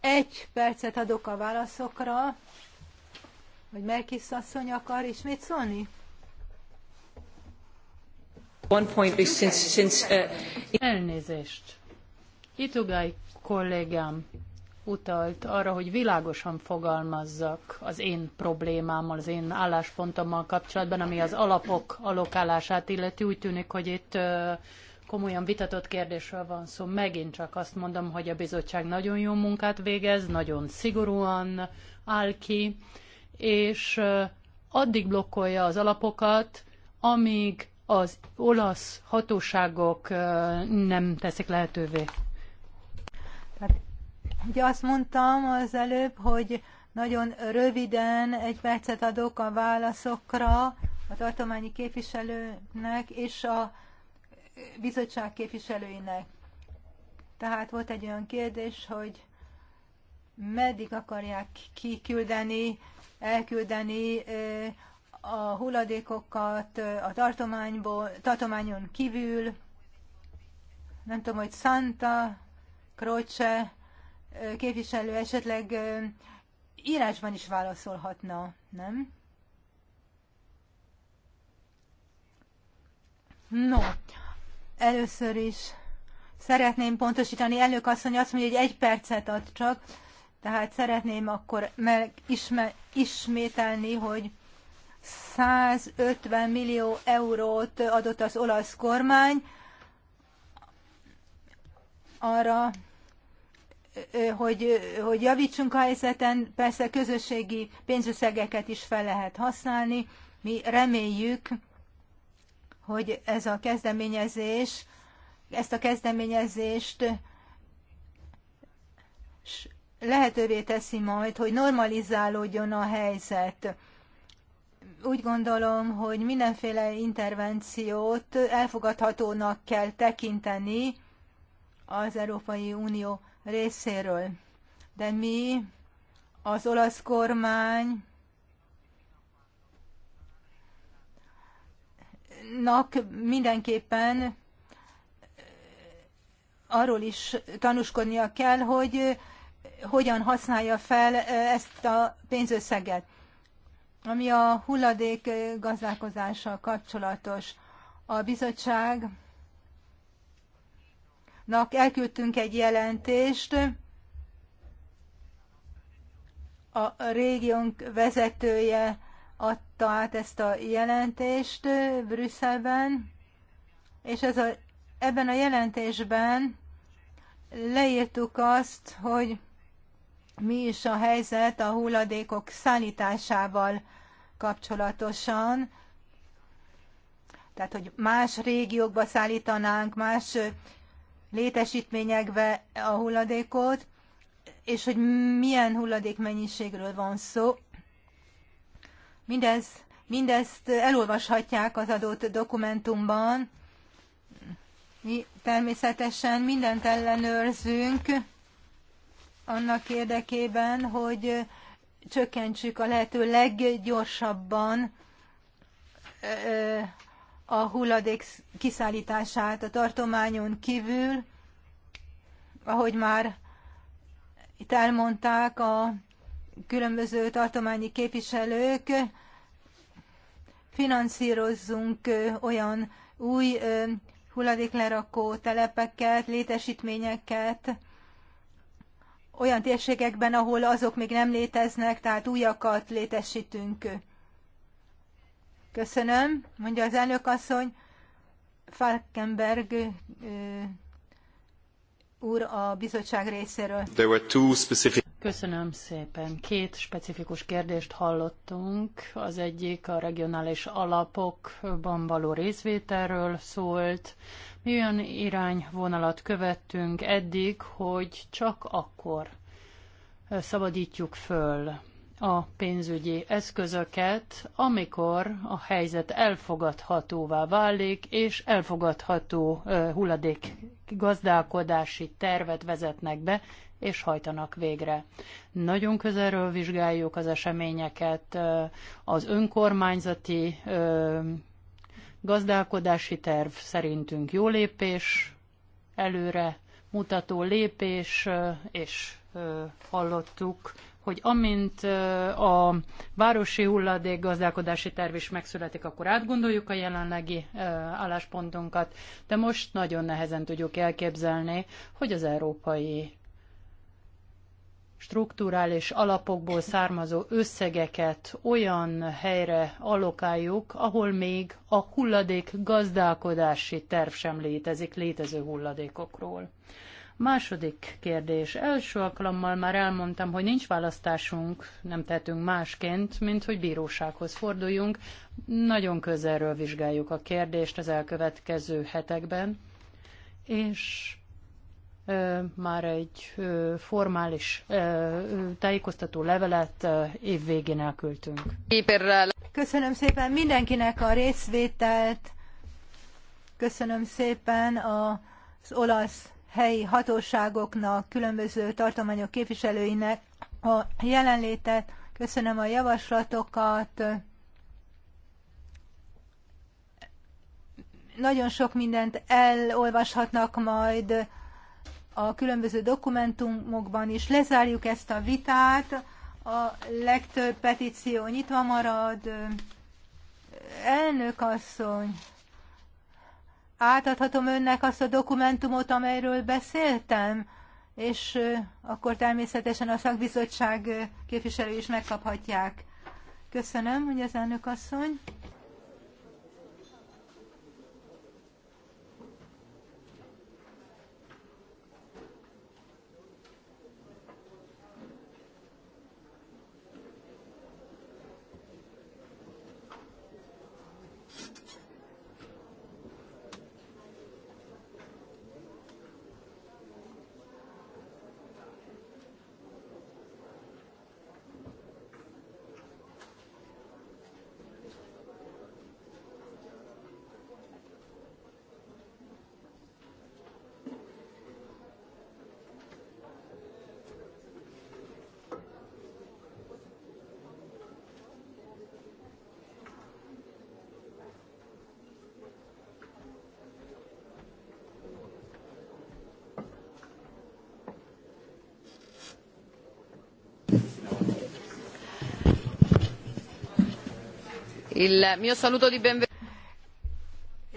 egy percet adok a válaszokra, hogy Merkis asszony akar ismét szólni? One uh, Elnézést. Itugai kollégám utalt arra, hogy világosan fogalmazzak az én problémámmal, az én álláspontommal kapcsolatban, ami az alapok alokálását illeti. Úgy tűnik, hogy itt komolyan vitatott kérdésről van szó. Megint csak azt mondom, hogy a bizottság nagyon jó munkát végez, nagyon szigorúan áll ki, és addig blokkolja az alapokat, amíg az olasz hatóságok nem teszik lehetővé. Tehát, ugye azt mondtam az előbb, hogy nagyon röviden egy percet adok a válaszokra a tartományi képviselőnek és a bizottság képviselőinek. Tehát volt egy olyan kérdés, hogy meddig akarják kiküldeni, elküldeni a hulladékokat a tartományból, tartományon kívül. Nem tudom, hogy Santa Croce képviselő esetleg írásban is válaszolhatna, nem? No, először is szeretném pontosítani, elnök asszony azt mondja, hogy egy percet ad csak, tehát szeretném akkor meg ismételni hogy 150 millió eurót adott az olasz kormány arra, hogy, hogy javítsunk a helyzeten, persze közösségi pénzösszegeket is fel lehet használni. Mi reméljük, hogy ez a kezdeményezés, ezt a kezdeményezést lehetővé teszi majd, hogy normalizálódjon a helyzet úgy gondolom, hogy mindenféle intervenciót elfogadhatónak kell tekinteni az Európai Unió részéről. De mi, az olasz kormány, nak mindenképpen arról is tanúskodnia kell, hogy hogyan használja fel eh, ezt a pénzösszeget. Ami a hulladék gazdálkozással kapcsolatos, a bizottságnak elküldtünk egy jelentést, a régiónk vezetője adta át ezt a jelentést Brüsszelben, és ez a, ebben a jelentésben leírtuk azt, hogy mi is a helyzet a hulladékok szállításával kapcsolatosan, tehát hogy más régiókba szállítanánk, más létesítményekbe a hulladékot, és hogy milyen hulladékmennyiségről van szó. Mindez, mindezt elolvashatják az adott dokumentumban. Mi természetesen mindent ellenőrzünk annak érdekében, hogy csökkentsük a lehető leggyorsabban a hulladék kiszállítását a tartományon kívül, ahogy már itt elmondták a különböző tartományi képviselők, finanszírozzunk olyan új hulladéklerakó telepeket, létesítményeket, olyan térségekben, ahol azok még nem léteznek, tehát újakat létesítünk. Köszönöm, mondja az elnök asszony. Falkenberg úr a bizottság részéről. There were two specific... Köszönöm szépen. Két specifikus kérdést hallottunk. Az egyik a regionális alapokban való részvételről szólt, mi olyan irányvonalat követtünk eddig, hogy csak akkor szabadítjuk föl a pénzügyi eszközöket, amikor a helyzet elfogadhatóvá válik, és elfogadható hulladék gazdálkodási tervet vezetnek be, és hajtanak végre. Nagyon közelről vizsgáljuk az eseményeket, az önkormányzati gazdálkodási terv szerintünk jó lépés, előre mutató lépés, és hallottuk, hogy amint a városi hulladék gazdálkodási terv is megszületik, akkor átgondoljuk a jelenlegi álláspontunkat, de most nagyon nehezen tudjuk elképzelni, hogy az európai strukturális alapokból származó összegeket olyan helyre allokáljuk, ahol még a hulladék gazdálkodási terv sem létezik létező hulladékokról. Második kérdés. Első alkalommal már elmondtam, hogy nincs választásunk, nem tehetünk másként, mint hogy bírósághoz forduljunk. Nagyon közelről vizsgáljuk a kérdést az elkövetkező hetekben, és már egy formális tájékoztató levelet év végén elküldtünk. Köszönöm szépen mindenkinek a részvételt, köszönöm szépen az olasz helyi hatóságoknak, különböző tartományok képviselőinek a jelenlétet, köszönöm a javaslatokat, nagyon sok mindent elolvashatnak majd a különböző dokumentumokban is. Lezárjuk ezt a vitát, a legtöbb petíció nyitva marad. Elnök asszony, átadhatom önnek azt a dokumentumot, amelyről beszéltem, és akkor természetesen a szakbizottság képviselői is megkaphatják. Köszönöm, hogy az elnök asszony.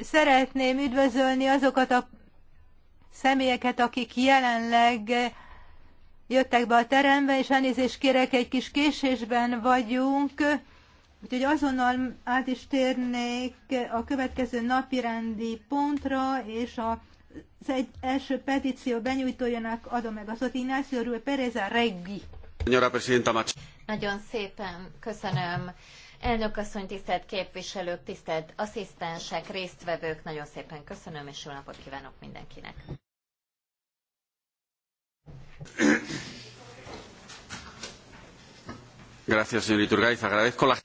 Szeretném üdvözölni azokat a személyeket, akik jelenleg jöttek be a terembe, és elnézést kérek, egy kis késésben vagyunk, úgyhogy azonnal át is térnék a következő napirendi pontra, és a az egy első petíció benyújtójának adom meg a szót Ignacio Rui Pereza Reggi. Nagyon szépen köszönöm. Elnök asszony, tisztelt képviselők, tisztelt asszisztensek, résztvevők, nagyon szépen köszönöm, és jó napot kívánok mindenkinek. Gracias, Iturgaiz. Agradezco la...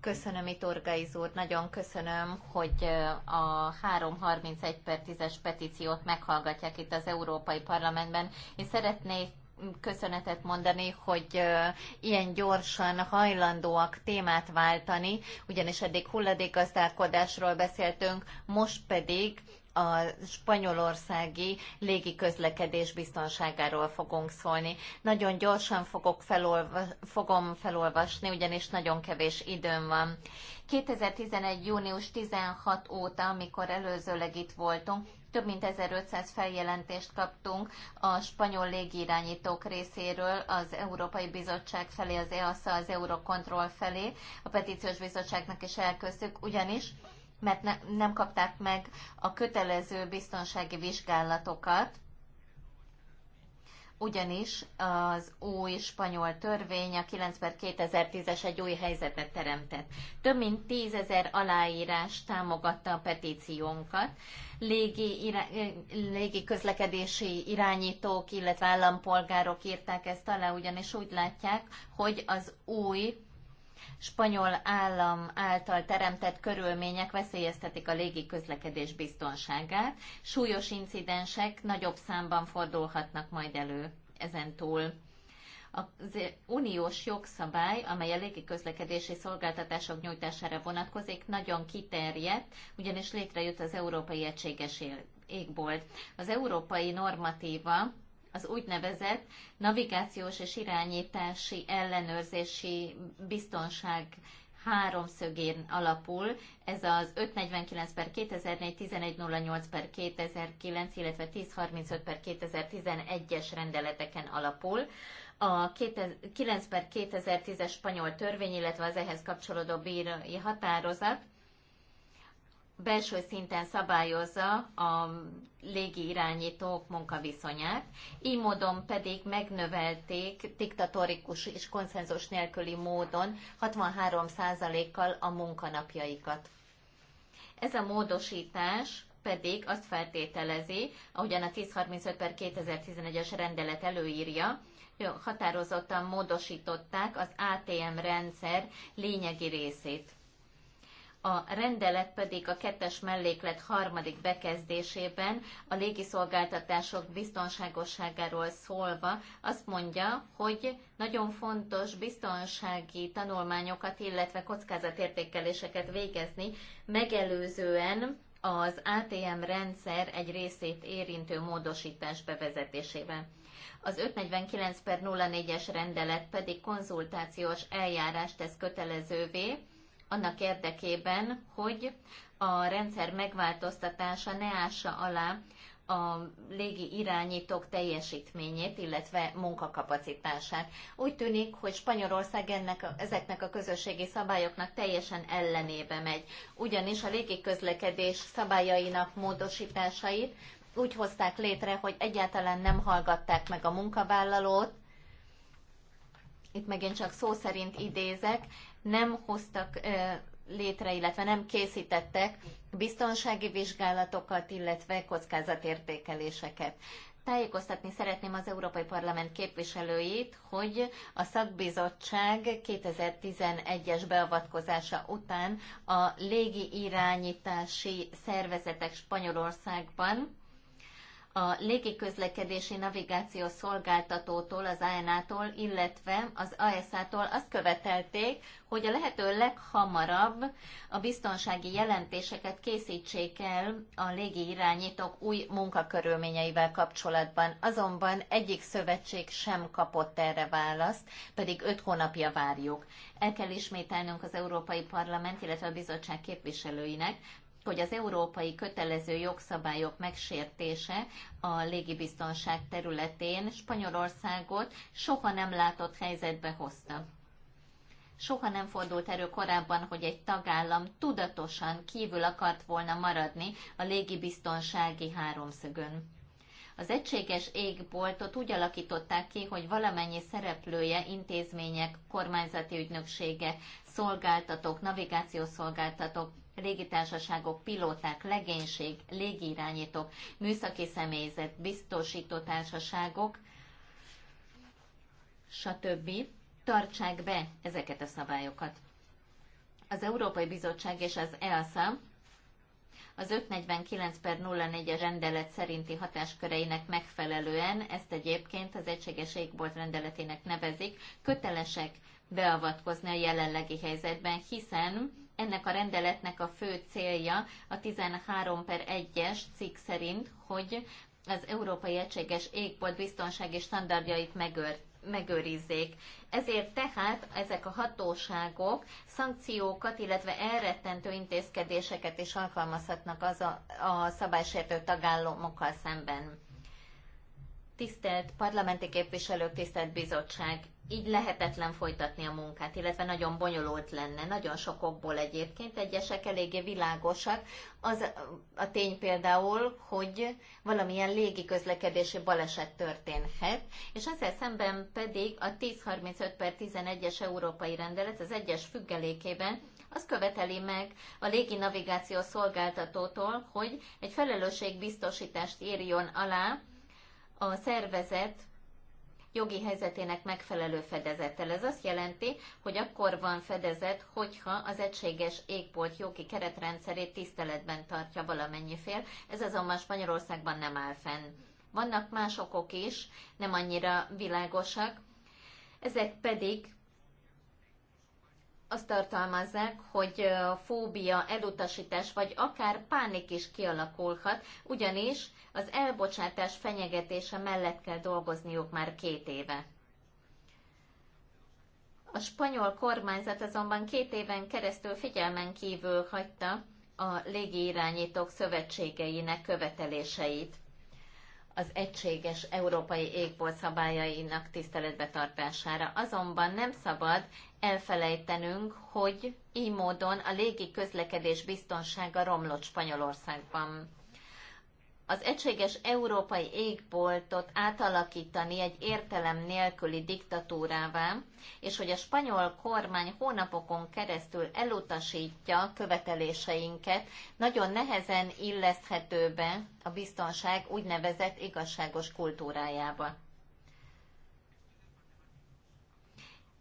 Köszönöm, Iturgaiz úr. Nagyon köszönöm, hogy eh, a 331 per 10-es petíciót meghallgatják itt az Európai Parlamentben. Én szeretnék köszönetet mondani, hogy ilyen gyorsan hajlandóak témát váltani, ugyanis eddig hulladékgazdálkodásról beszéltünk, most pedig a spanyolországi légiközlekedés biztonságáról fogunk szólni. Nagyon gyorsan fogok felolva- fogom felolvasni, ugyanis nagyon kevés időm van. 2011. június 16 óta, amikor előzőleg itt voltunk, több mint 1500 feljelentést kaptunk a spanyol légirányítók részéről az Európai Bizottság felé, az EASA, az Eurocontrol felé. A petíciós bizottságnak is elköztük, ugyanis mert ne, nem kapták meg a kötelező biztonsági vizsgálatokat, ugyanis az új spanyol törvény, a 9 2010-es egy új helyzetet teremtett. Több mint tízezer aláírás támogatta a petíciónkat. Légi, irá, légi közlekedési irányítók, illetve állampolgárok írták ezt alá, ugyanis úgy látják, hogy az új spanyol állam által teremtett körülmények veszélyeztetik a légiközlekedés biztonságát. Súlyos incidensek nagyobb számban fordulhatnak majd elő ezen túl. Az uniós jogszabály, amely a légiközlekedési szolgáltatások nyújtására vonatkozik, nagyon kiterjedt, ugyanis létrejött az Európai Egységes Égbolt. Az európai normatíva az úgynevezett navigációs és irányítási ellenőrzési biztonság háromszögén alapul, ez az 549 per 2004, 1108 per 2009, illetve 1035 per 2011-es rendeleteken alapul. A 9 per 2010-es spanyol törvény, illetve az ehhez kapcsolódó bírói határozat belső szinten szabályozza a légi irányítók munkaviszonyát, így módon pedig megnövelték diktatórikus és konszenzus nélküli módon 63%-kal a munkanapjaikat. Ez a módosítás pedig azt feltételezi, ahogyan a 1035 per 2011-es rendelet előírja, hogy határozottan módosították az ATM rendszer lényegi részét a rendelet pedig a kettes melléklet harmadik bekezdésében a légiszolgáltatások biztonságosságáról szólva azt mondja, hogy nagyon fontos biztonsági tanulmányokat, illetve kockázatértékeléseket végezni, megelőzően az ATM rendszer egy részét érintő módosítás bevezetésével. Az 549 per 04-es rendelet pedig konzultációs eljárást tesz kötelezővé, annak érdekében, hogy a rendszer megváltoztatása ne ássa alá a légi irányítók teljesítményét, illetve munkakapacitását. Úgy tűnik, hogy Spanyolország ennek, ezeknek a közösségi szabályoknak teljesen ellenébe megy, ugyanis a közlekedés szabályainak módosításait úgy hozták létre, hogy egyáltalán nem hallgatták meg a munkavállalót, itt megint csak szó szerint idézek, nem hoztak létre, illetve nem készítettek biztonsági vizsgálatokat, illetve kockázatértékeléseket. Tájékoztatni szeretném az Európai Parlament képviselőit, hogy a szakbizottság 2011-es beavatkozása után a légi irányítási szervezetek Spanyolországban a légiközlekedési navigáció szolgáltatótól, az ANA-tól, illetve az ASA-tól azt követelték, hogy a lehető leghamarabb a biztonsági jelentéseket készítsék el a irányítók új munkakörülményeivel kapcsolatban. Azonban egyik szövetség sem kapott erre választ, pedig öt hónapja várjuk. El kell ismételnünk az Európai Parlament, illetve a bizottság képviselőinek, hogy az európai kötelező jogszabályok megsértése a légibiztonság területén Spanyolországot soha nem látott helyzetbe hozta. Soha nem fordult erő korábban, hogy egy tagállam tudatosan kívül akart volna maradni a légibiztonsági háromszögön. Az egységes égboltot úgy alakították ki, hogy valamennyi szereplője, intézmények, kormányzati ügynöksége, szolgáltatók, navigációs szolgáltatók, légitársaságok, pilóták, legénység, légirányítók, műszaki személyzet, biztosító társaságok, stb. tartsák be ezeket a szabályokat. Az Európai Bizottság és az EASA az 549 per 04-es rendelet szerinti hatásköreinek megfelelően, ezt egyébként az Egységes Égbolt rendeletének nevezik, kötelesek beavatkozni a jelenlegi helyzetben, hiszen ennek a rendeletnek a fő célja a 13 per 1-es cikk szerint, hogy az Európai Egységes Égbolt biztonsági standardjait megőr, megőrizzék. Ezért tehát ezek a hatóságok szankciókat, illetve elrettentő intézkedéseket is alkalmazhatnak az a, a szabálysértő tagállamokkal szemben. Tisztelt parlamenti képviselők, tisztelt bizottság! így lehetetlen folytatni a munkát, illetve nagyon bonyolult lenne, nagyon sok okból egyébként, egyesek eléggé világosak. Az a tény például, hogy valamilyen légiközlekedési baleset történhet, és ezzel szemben pedig a 1035 per 11-es európai rendelet az egyes függelékében az követeli meg a légi navigáció szolgáltatótól, hogy egy felelősségbiztosítást írjon alá a szervezet jogi helyzetének megfelelő fedezettel. Ez azt jelenti, hogy akkor van fedezet, hogyha az egységes égbolt jogi keretrendszerét tiszteletben tartja valamennyi fél. Ez azonban Spanyolországban nem áll fenn. Vannak más okok is, nem annyira világosak, ezek pedig azt tartalmazzák, hogy fóbia, elutasítás vagy akár pánik is kialakulhat, ugyanis az elbocsátás fenyegetése mellett kell dolgozniuk már két éve. A spanyol kormányzat azonban két éven keresztül figyelmen kívül hagyta a irányítók szövetségeinek követeléseit az egységes európai égbolt szabályainak tiszteletbe tartására. Azonban nem szabad elfelejtenünk, hogy így módon a légi közlekedés biztonsága romlott Spanyolországban az egységes európai égboltot átalakítani egy értelem nélküli diktatúrává, és hogy a spanyol kormány hónapokon keresztül elutasítja követeléseinket, nagyon nehezen illeszthető be a biztonság úgynevezett igazságos kultúrájába.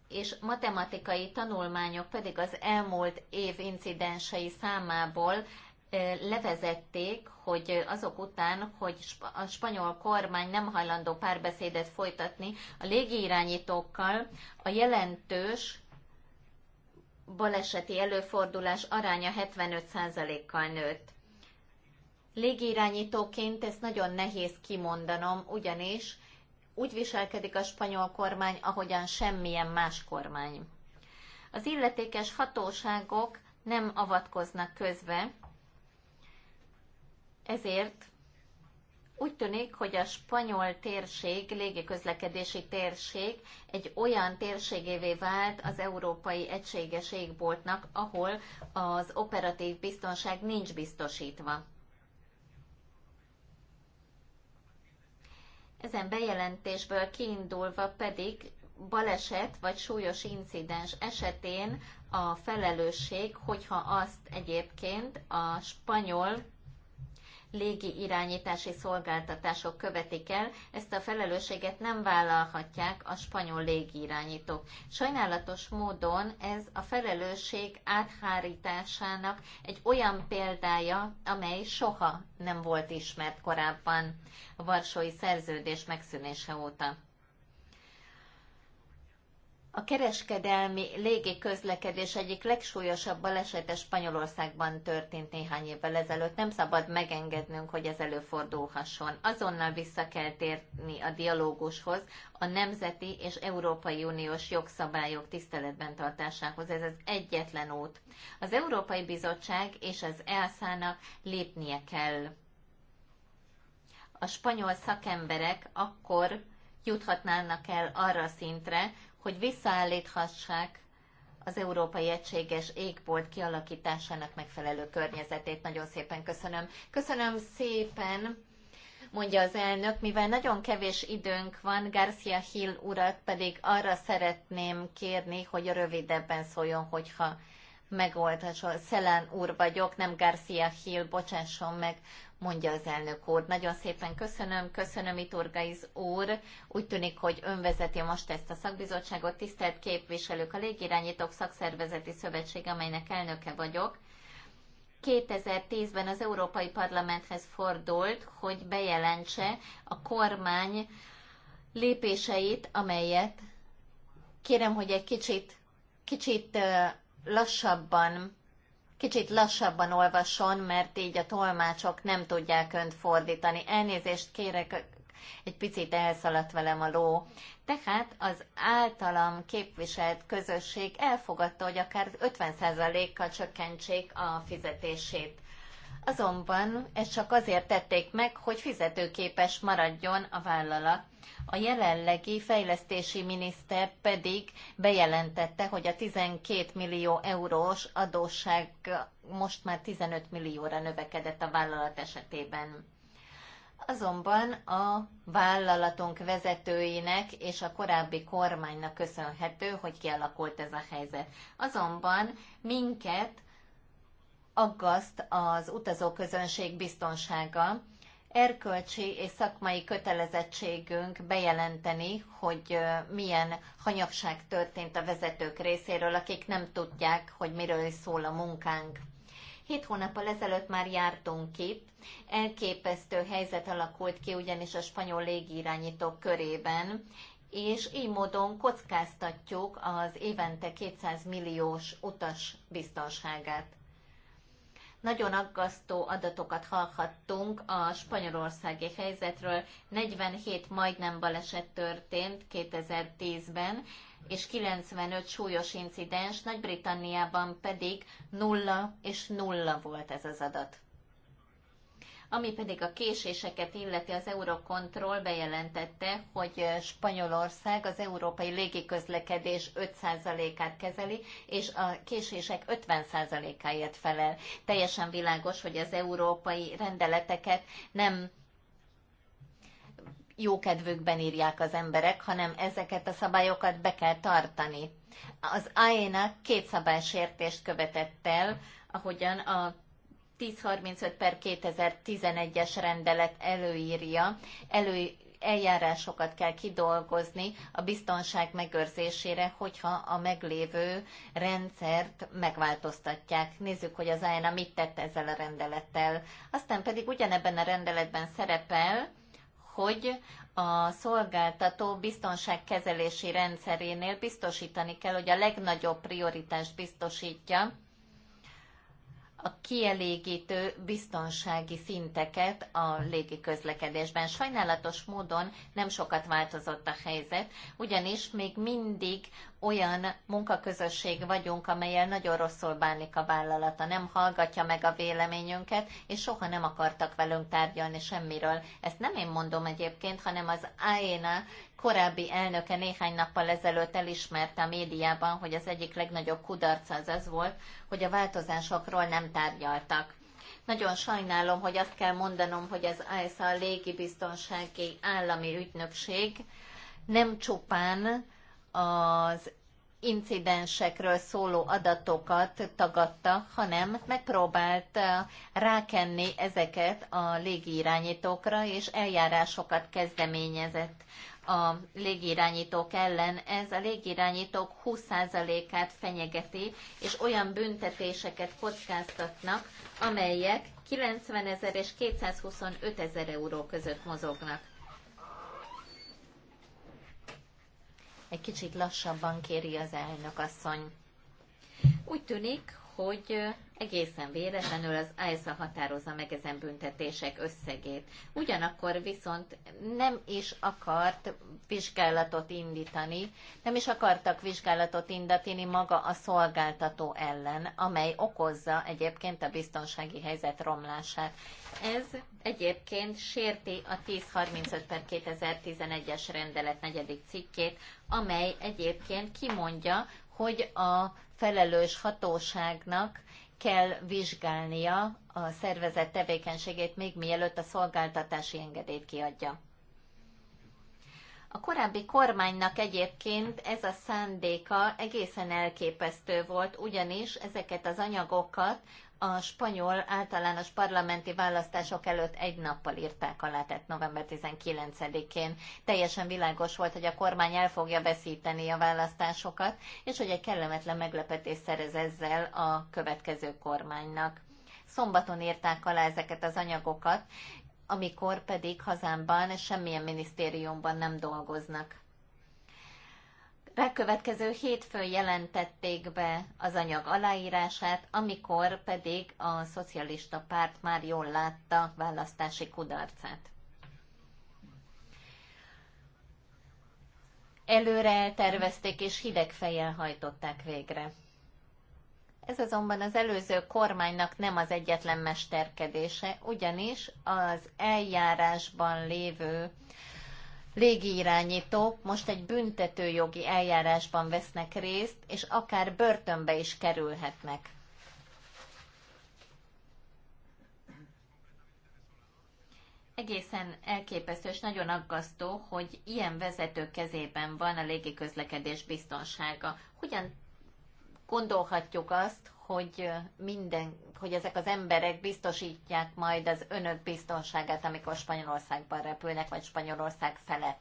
és matematikai tanulmányok pedig az elmúlt év incidensei számából levezették, hogy azok után, hogy a spanyol kormány nem hajlandó párbeszédet folytatni a légirányítókkal, a jelentős baleseti előfordulás aránya 75%-kal nőtt. Légirányítóként ezt nagyon nehéz kimondanom, ugyanis úgy viselkedik a spanyol kormány, ahogyan semmilyen más kormány. Az illetékes hatóságok nem avatkoznak közbe, ezért úgy tűnik, hogy a spanyol térség, légiközlekedési térség egy olyan térségévé vált az Európai Egységes Égboltnak, ahol az operatív biztonság nincs biztosítva. Ezen bejelentésből kiindulva pedig baleset vagy súlyos incidens esetén a felelősség, hogyha azt egyébként a spanyol légi irányítási szolgáltatások követik el, ezt a felelősséget nem vállalhatják a spanyol légi irányítók. Sajnálatos módon ez a felelősség áthárításának egy olyan példája, amely soha nem volt ismert korábban a Varsói Szerződés megszűnése óta. A kereskedelmi légi közlekedés egyik legsúlyosabb balesete Spanyolországban történt néhány évvel ezelőtt. Nem szabad megengednünk, hogy ez előfordulhasson. Azonnal vissza kell térni a dialógushoz, a nemzeti és Európai Uniós jogszabályok tiszteletben tartásához. Ez az egyetlen út. Az Európai Bizottság és az ELSZ-nak lépnie kell. A spanyol szakemberek akkor juthatnának el arra szintre, hogy visszaállíthassák az Európai Egységes Égbolt kialakításának megfelelő környezetét. Nagyon szépen köszönöm. Köszönöm szépen, mondja az elnök, mivel nagyon kevés időnk van, Garcia Hill urat pedig arra szeretném kérni, hogy rövidebben szóljon, hogyha megoldható. szelen úr vagyok, nem Garcia Hill, bocsásson meg, mondja az elnök úr. Nagyon szépen köszönöm, köszönöm itt Urgaiz úr. Úgy tűnik, hogy vezeti most ezt a szakbizottságot. Tisztelt képviselők, a Légirányítók Szakszervezeti Szövetség, amelynek elnöke vagyok. 2010-ben az Európai Parlamenthez fordult, hogy bejelentse a kormány lépéseit, amelyet kérem, hogy egy kicsit, kicsit lassabban, kicsit lassabban olvasson, mert így a tolmácsok nem tudják önt fordítani. Elnézést kérek, egy picit elszaladt velem a ló. Tehát az általam képviselt közösség elfogadta, hogy akár 50%-kal csökkentsék a fizetését. Azonban ezt csak azért tették meg, hogy fizetőképes maradjon a vállalat. A jelenlegi fejlesztési miniszter pedig bejelentette, hogy a 12 millió eurós adósság most már 15 millióra növekedett a vállalat esetében. Azonban a vállalatunk vezetőinek és a korábbi kormánynak köszönhető, hogy kialakult ez a helyzet. Azonban minket aggaszt az utazóközönség biztonsága. Erkölcsi és szakmai kötelezettségünk bejelenteni, hogy milyen hanyagság történt a vezetők részéről, akik nem tudják, hogy miről is szól a munkánk. Hét hónappal ezelőtt már jártunk itt, elképesztő helyzet alakult ki ugyanis a spanyol légirányítók körében, és így módon kockáztatjuk az évente 200 milliós utas biztonságát. Nagyon aggasztó adatokat hallhattunk a spanyolországi helyzetről. 47 majdnem baleset történt 2010-ben, és 95 súlyos incidens, Nagy-Britanniában pedig nulla és nulla volt ez az adat. Ami pedig a késéseket illeti, az Eurocontrol bejelentette, hogy eh, Spanyolország az európai légiközlekedés 5%-át kezeli, és a késések 50%-áért felel. Teljesen világos, hogy az európai rendeleteket nem jókedvükben írják az emberek, hanem ezeket a szabályokat be kell tartani. Az AENA e két szabálysértést követett el, ahogyan a 1035 per 2011-es rendelet előírja, elő, eljárásokat kell kidolgozni a biztonság megőrzésére, hogyha a meglévő rendszert megváltoztatják. Nézzük, hogy az ANA mit tett ezzel a rendelettel. Aztán pedig ugyanebben a rendeletben szerepel, hogy a szolgáltató biztonságkezelési rendszerénél biztosítani kell, hogy a legnagyobb prioritást biztosítja a kielégítő biztonsági szinteket a légiközlekedésben. Sajnálatos módon nem sokat változott a helyzet, ugyanis még mindig olyan munkaközösség vagyunk, amelyel nagyon rosszul bánik a vállalata, nem hallgatja meg a véleményünket, és soha nem akartak velünk tárgyalni semmiről. Ezt nem én mondom egyébként, hanem az AENA e korábbi elnöke néhány nappal ezelőtt elismerte a médiában, hogy az egyik legnagyobb kudarca az az volt, hogy a változásokról nem tárgyaltak. Nagyon sajnálom, hogy azt kell mondanom, hogy az ASA a e légibiztonsági állami ügynökség nem csupán az incidensekről szóló adatokat tagadta, hanem megpróbált eh, rákenni ezeket a légirányítókra, és eljárásokat kezdeményezett a légirányítók ellen. Ez a légirányítók 20%-át fenyegeti, és olyan büntetéseket kockáztatnak, amelyek 90 ezer és 225 ezer euró között mozognak. Egy kicsit lassabban kéri az elnök asszony. Úgy tűnik, hogy egészen véletlenül az ISA határozza meg ezen büntetések összegét. Ugyanakkor viszont nem is akart vizsgálatot indítani, nem is akartak vizsgálatot indítani maga a szolgáltató ellen, amely okozza egyébként a biztonsági helyzet romlását. Ez egyébként sérti a 1035 per 2011-es rendelet negyedik cikkét, amely egyébként kimondja, hogy a felelős hatóságnak kell vizsgálnia a szervezet tevékenységét még mielőtt a szolgáltatási engedélyt kiadja. A korábbi kormánynak egyébként ez a szándéka egészen elképesztő volt, ugyanis ezeket az anyagokat a spanyol általános parlamenti választások előtt egy nappal írták alá, tehát november 19-én. Teljesen világos volt, hogy a kormány el fogja veszíteni a választásokat, és hogy egy kellemetlen meglepetés szerez ezzel a következő kormánynak. Szombaton írták alá ezeket az anyagokat, amikor pedig hazámban semmilyen minisztériumban nem dolgoznak. Rákövetkező hétfőn jelentették be az anyag aláírását, amikor pedig a szocialista párt már jól látta választási kudarcát. Előre eltervezték és hideg fejjel hajtották végre. Ez azonban az előző kormánynak nem az egyetlen mesterkedése, ugyanis az eljárásban lévő légirányítók most egy büntetőjogi eljárásban vesznek részt, és akár börtönbe is kerülhetnek. Egészen elképesztő és nagyon aggasztó, hogy ilyen vezető kezében van a légiközlekedés biztonsága. Hogyan gondolhatjuk azt, hogy, minden, hogy ezek az emberek biztosítják majd az önök biztonságát, amikor Spanyolországban repülnek, vagy Spanyolország felett.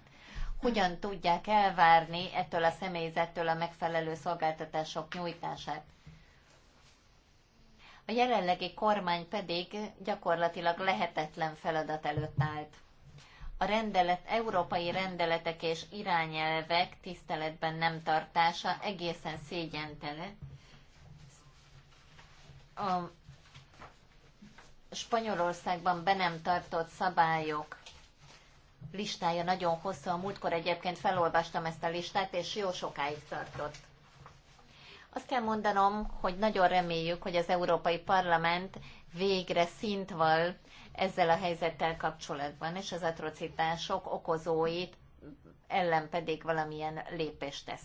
Hogyan tudják elvárni ettől a személyzettől a megfelelő szolgáltatások nyújtását? A jelenlegi kormány pedig gyakorlatilag lehetetlen feladat előtt állt. A rendelet, európai rendeletek és irányelvek tiszteletben nem tartása egészen szégyentele, a Spanyolországban be nem tartott szabályok listája nagyon hosszú. A múltkor egyébként felolvastam ezt a listát, és jó sokáig tartott. Azt kell mondanom, hogy nagyon reméljük, hogy az Európai Parlament végre szint val ezzel a helyzettel kapcsolatban, és az atrocitások okozóit ellen pedig valamilyen lépést tesz.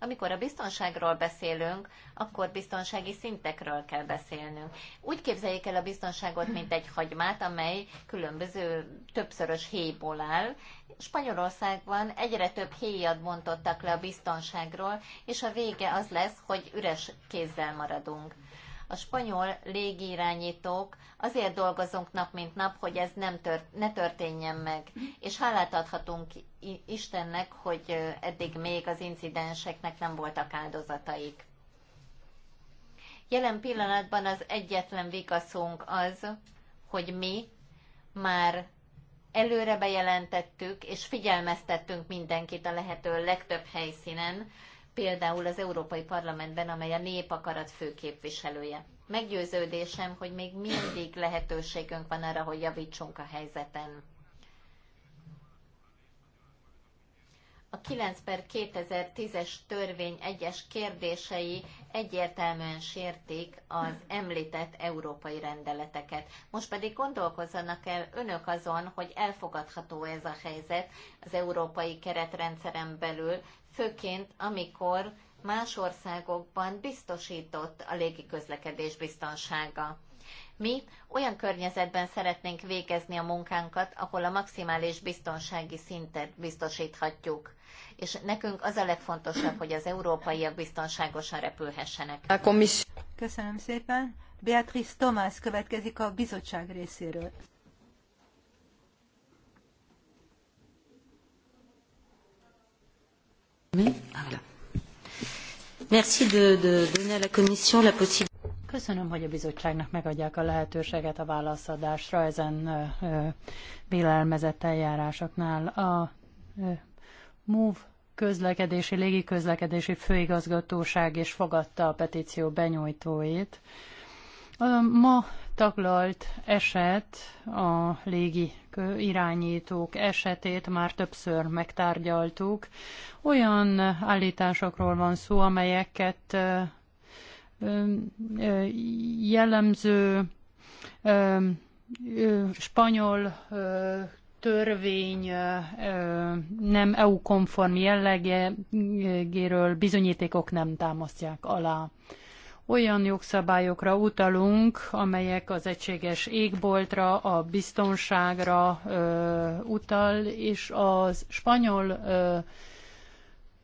Amikor a biztonságról beszélünk, akkor biztonsági szintekről kell beszélnünk. Úgy képzeljék el a biztonságot, mint egy hagymát, amely különböző többszörös héjból áll. Spanyolországban egyre több héjat bontottak le a biztonságról, és a vége az lesz, hogy üres kézzel maradunk. A spanyol légirányítók azért dolgozunk nap mint nap, hogy ez nem tört, ne történjen meg. És hálát adhatunk Istennek, hogy eddig még az incidenseknek nem voltak áldozataik. Jelen pillanatban az egyetlen vigaszunk az, hogy mi már előre bejelentettük és figyelmeztettünk mindenkit a lehető legtöbb helyszínen, például az Európai Parlamentben, amely a népakarat főképviselője. Meggyőződésem, hogy még mindig lehetőségünk van arra, hogy javítsunk a helyzeten. A 9 per 2010-es törvény egyes kérdései egyértelműen sértik az említett európai rendeleteket. Most pedig gondolkozzanak el önök azon, hogy elfogadható ez a helyzet az európai keretrendszeren belül, főként amikor más országokban biztosított a légiközlekedés biztonsága. Mi olyan környezetben szeretnénk végezni a munkánkat, ahol a maximális biztonsági szintet biztosíthatjuk. És nekünk az a legfontosabb, hogy az európaiak biztonságosan repülhessenek. Köszönöm szépen. Beatrice Tomás következik a bizottság részéről. Köszönöm, hogy a bizottságnak megadják a lehetőséget a válaszadásra ezen vélelmezett eljárásoknál. A MOVE közlekedési, légiközlekedési főigazgatóság is fogadta a petíció benyújtóit. Ma taglalt eset, a légi irányítók esetét már többször megtárgyaltuk. Olyan állításokról van szó, amelyeket jellemző spanyol törvény nem EU-konform jellegéről bizonyítékok nem támasztják alá olyan jogszabályokra utalunk, amelyek az egységes égboltra, a biztonságra ö, utal, és az spanyol ö,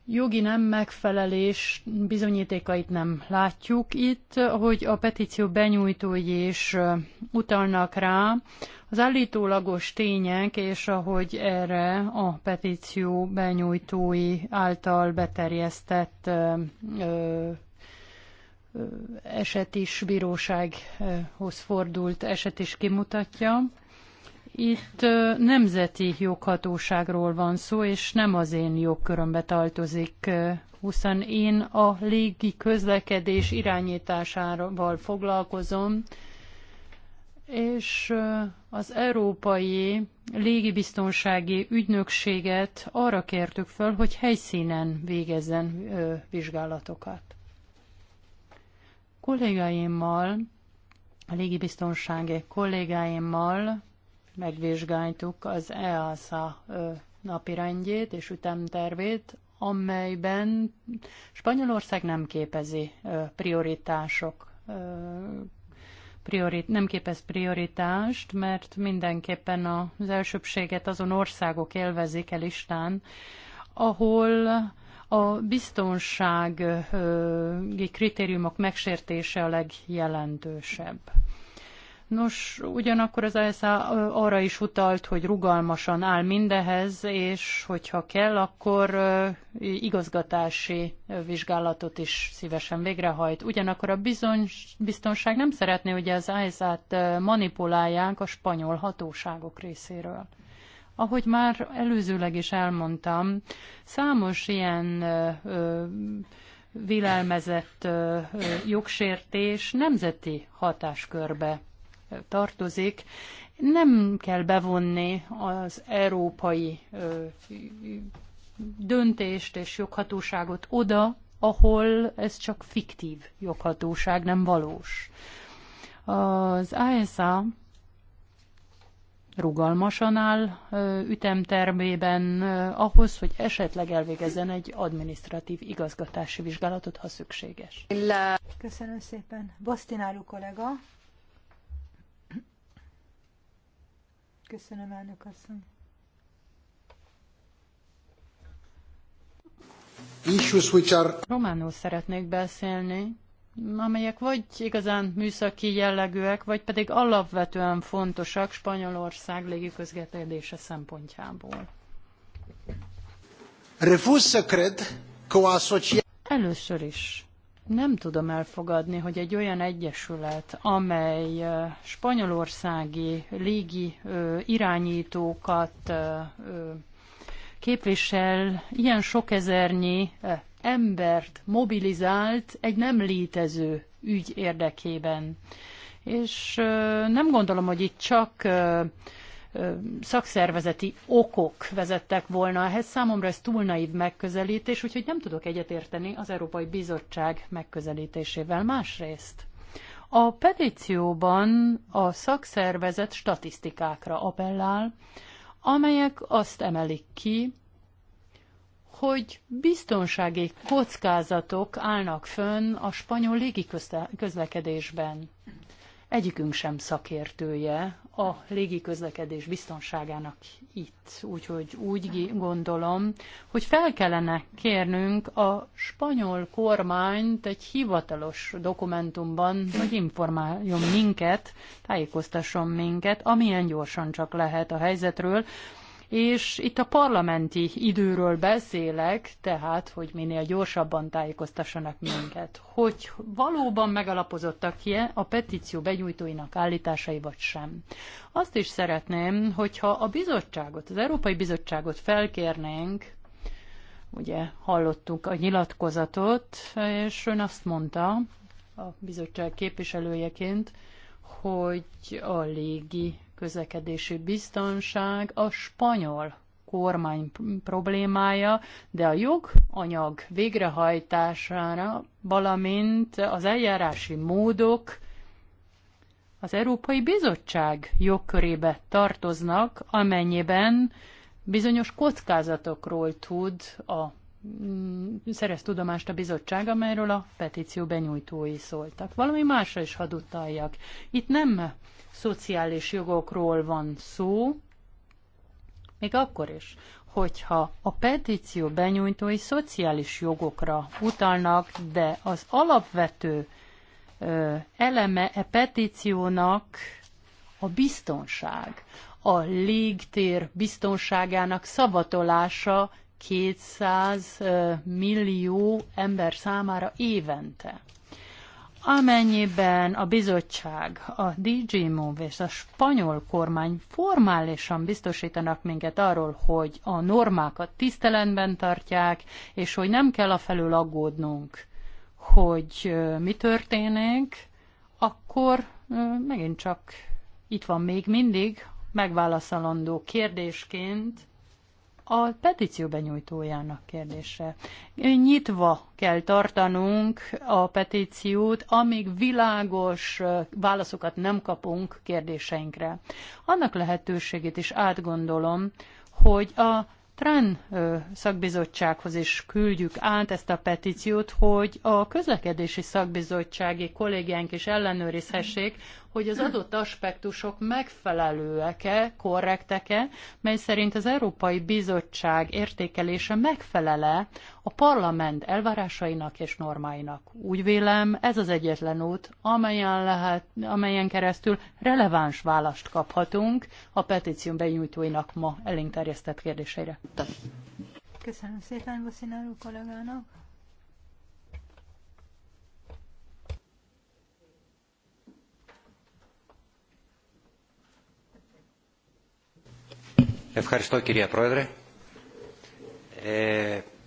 jogi nem megfelelés bizonyítékait nem látjuk itt, hogy a petíció benyújtói is utalnak rá. Az állítólagos tények, és ahogy erre a petíció benyújtói által beterjesztett ö, ö, eset is bírósághoz fordult eset is kimutatja. Itt nemzeti joghatóságról van szó, és nem az én jogkörömbe tartozik, hiszen én a légi közlekedés irányításával foglalkozom, és az Európai Légibiztonsági Ügynökséget arra kértük föl, hogy helyszínen végezzen vizsgálatokat kollégáimmal, a légibiztonsági kollégáimmal megvizsgáltuk az EASA napirendjét és ütemtervét, amelyben Spanyolország nem képezi prioritások priorit, nem képez prioritást, mert mindenképpen az elsőbséget azon országok élvezik el listán, ahol a biztonsági kritériumok megsértése a legjelentősebb. Nos, ugyanakkor az ESA arra is utalt, hogy rugalmasan áll mindehez, és hogyha kell, akkor igazgatási vizsgálatot is szívesen végrehajt. Ugyanakkor a biztonság nem szeretné, hogy az ESA-t manipulálják a spanyol hatóságok részéről. Ahogy már előzőleg is elmondtam, számos ilyen ö, ö, jogsértés nemzeti hatáskörbe tartozik. Nem kell bevonni az európai döntést és joghatóságot oda, ahol ez csak fiktív joghatóság, nem valós. Az ASA rugalmasan áll ütemtermében ahhoz, hogy esetleg elvégezzen egy administratív igazgatási vizsgálatot, ha szükséges. Köszönöm szépen. Bosztináló kollega. Köszönöm, elnök asszony. Issues which are... Románul szeretnék beszélni, amelyek vagy igazán műszaki jellegűek, vagy pedig alapvetően fontosak Spanyolország légiközgetedése szempontjából. Először is nem tudom elfogadni, hogy egy olyan egyesület, amely spanyolországi légi irányítókat képvisel, ilyen sok ezernyi embert mobilizált egy nem létező ügy érdekében. És nem gondolom, hogy itt csak szakszervezeti okok vezettek volna ehhez. Számomra ez túl naív megközelítés, úgyhogy nem tudok egyetérteni az Európai Bizottság megközelítésével másrészt. A petícióban a szakszervezet statisztikákra appellál, amelyek azt emelik ki, hogy biztonsági kockázatok állnak fönn a spanyol légiközlekedésben. Egyikünk sem szakértője a légiközlekedés biztonságának itt, úgyhogy úgy gondolom, hogy fel kellene kérnünk a spanyol kormányt egy hivatalos dokumentumban, hogy informáljon minket, tájékoztasson minket, amilyen gyorsan csak lehet a helyzetről, és itt a parlamenti időről beszélek, tehát, hogy minél gyorsabban tájékoztassanak minket, hogy valóban megalapozottak-e a petíció benyújtóinak állításai vagy sem. Azt is szeretném, hogyha a bizottságot, az Európai Bizottságot felkérnénk, ugye hallottuk a nyilatkozatot, és ön azt mondta, a bizottság képviselőjeként, hogy a légi közlekedési biztonság a spanyol kormány problémája, de a joganyag végrehajtására, valamint az eljárási módok az Európai Bizottság jogkörébe tartoznak, amennyiben bizonyos kockázatokról tud a Mm, szerez tudomást a bizottság, amelyről a petíció benyújtói szóltak. Valami másra is hadd utaljak. Itt nem szociális jogokról van szó, még akkor is, hogyha a petíció benyújtói szociális jogokra utalnak, de az alapvető ö, eleme e petíciónak a biztonság, a légtér biztonságának szavatolása 200 millió ember számára évente. Amennyiben a bizottság, a DG Move és a spanyol kormány formálisan biztosítanak minket arról, hogy a normákat tiszteletben tartják, és hogy nem kell a felül aggódnunk, hogy mi történik, akkor megint csak itt van még mindig megválaszolandó kérdésként a petíció benyújtójának kérdése. Nyitva kell tartanunk a petíciót, amíg világos válaszokat nem kapunk kérdéseinkre. Annak lehetőségét is átgondolom, hogy a TRAN szakbizottsághoz is küldjük át ezt a petíciót, hogy a közlekedési szakbizottsági kollégiánk is ellenőrizhessék, hogy az adott aspektusok megfelelőek-e, korrektek-e, mely szerint az Európai Bizottság értékelése megfelele a parlament elvárásainak és normáinak. Úgy vélem, ez az egyetlen út, amelyen, lehet, amelyen keresztül releváns választ kaphatunk a petíció benyújtóinak ma elénk terjesztett kérdéseire. Köszönöm szépen Bosszináró kollégának.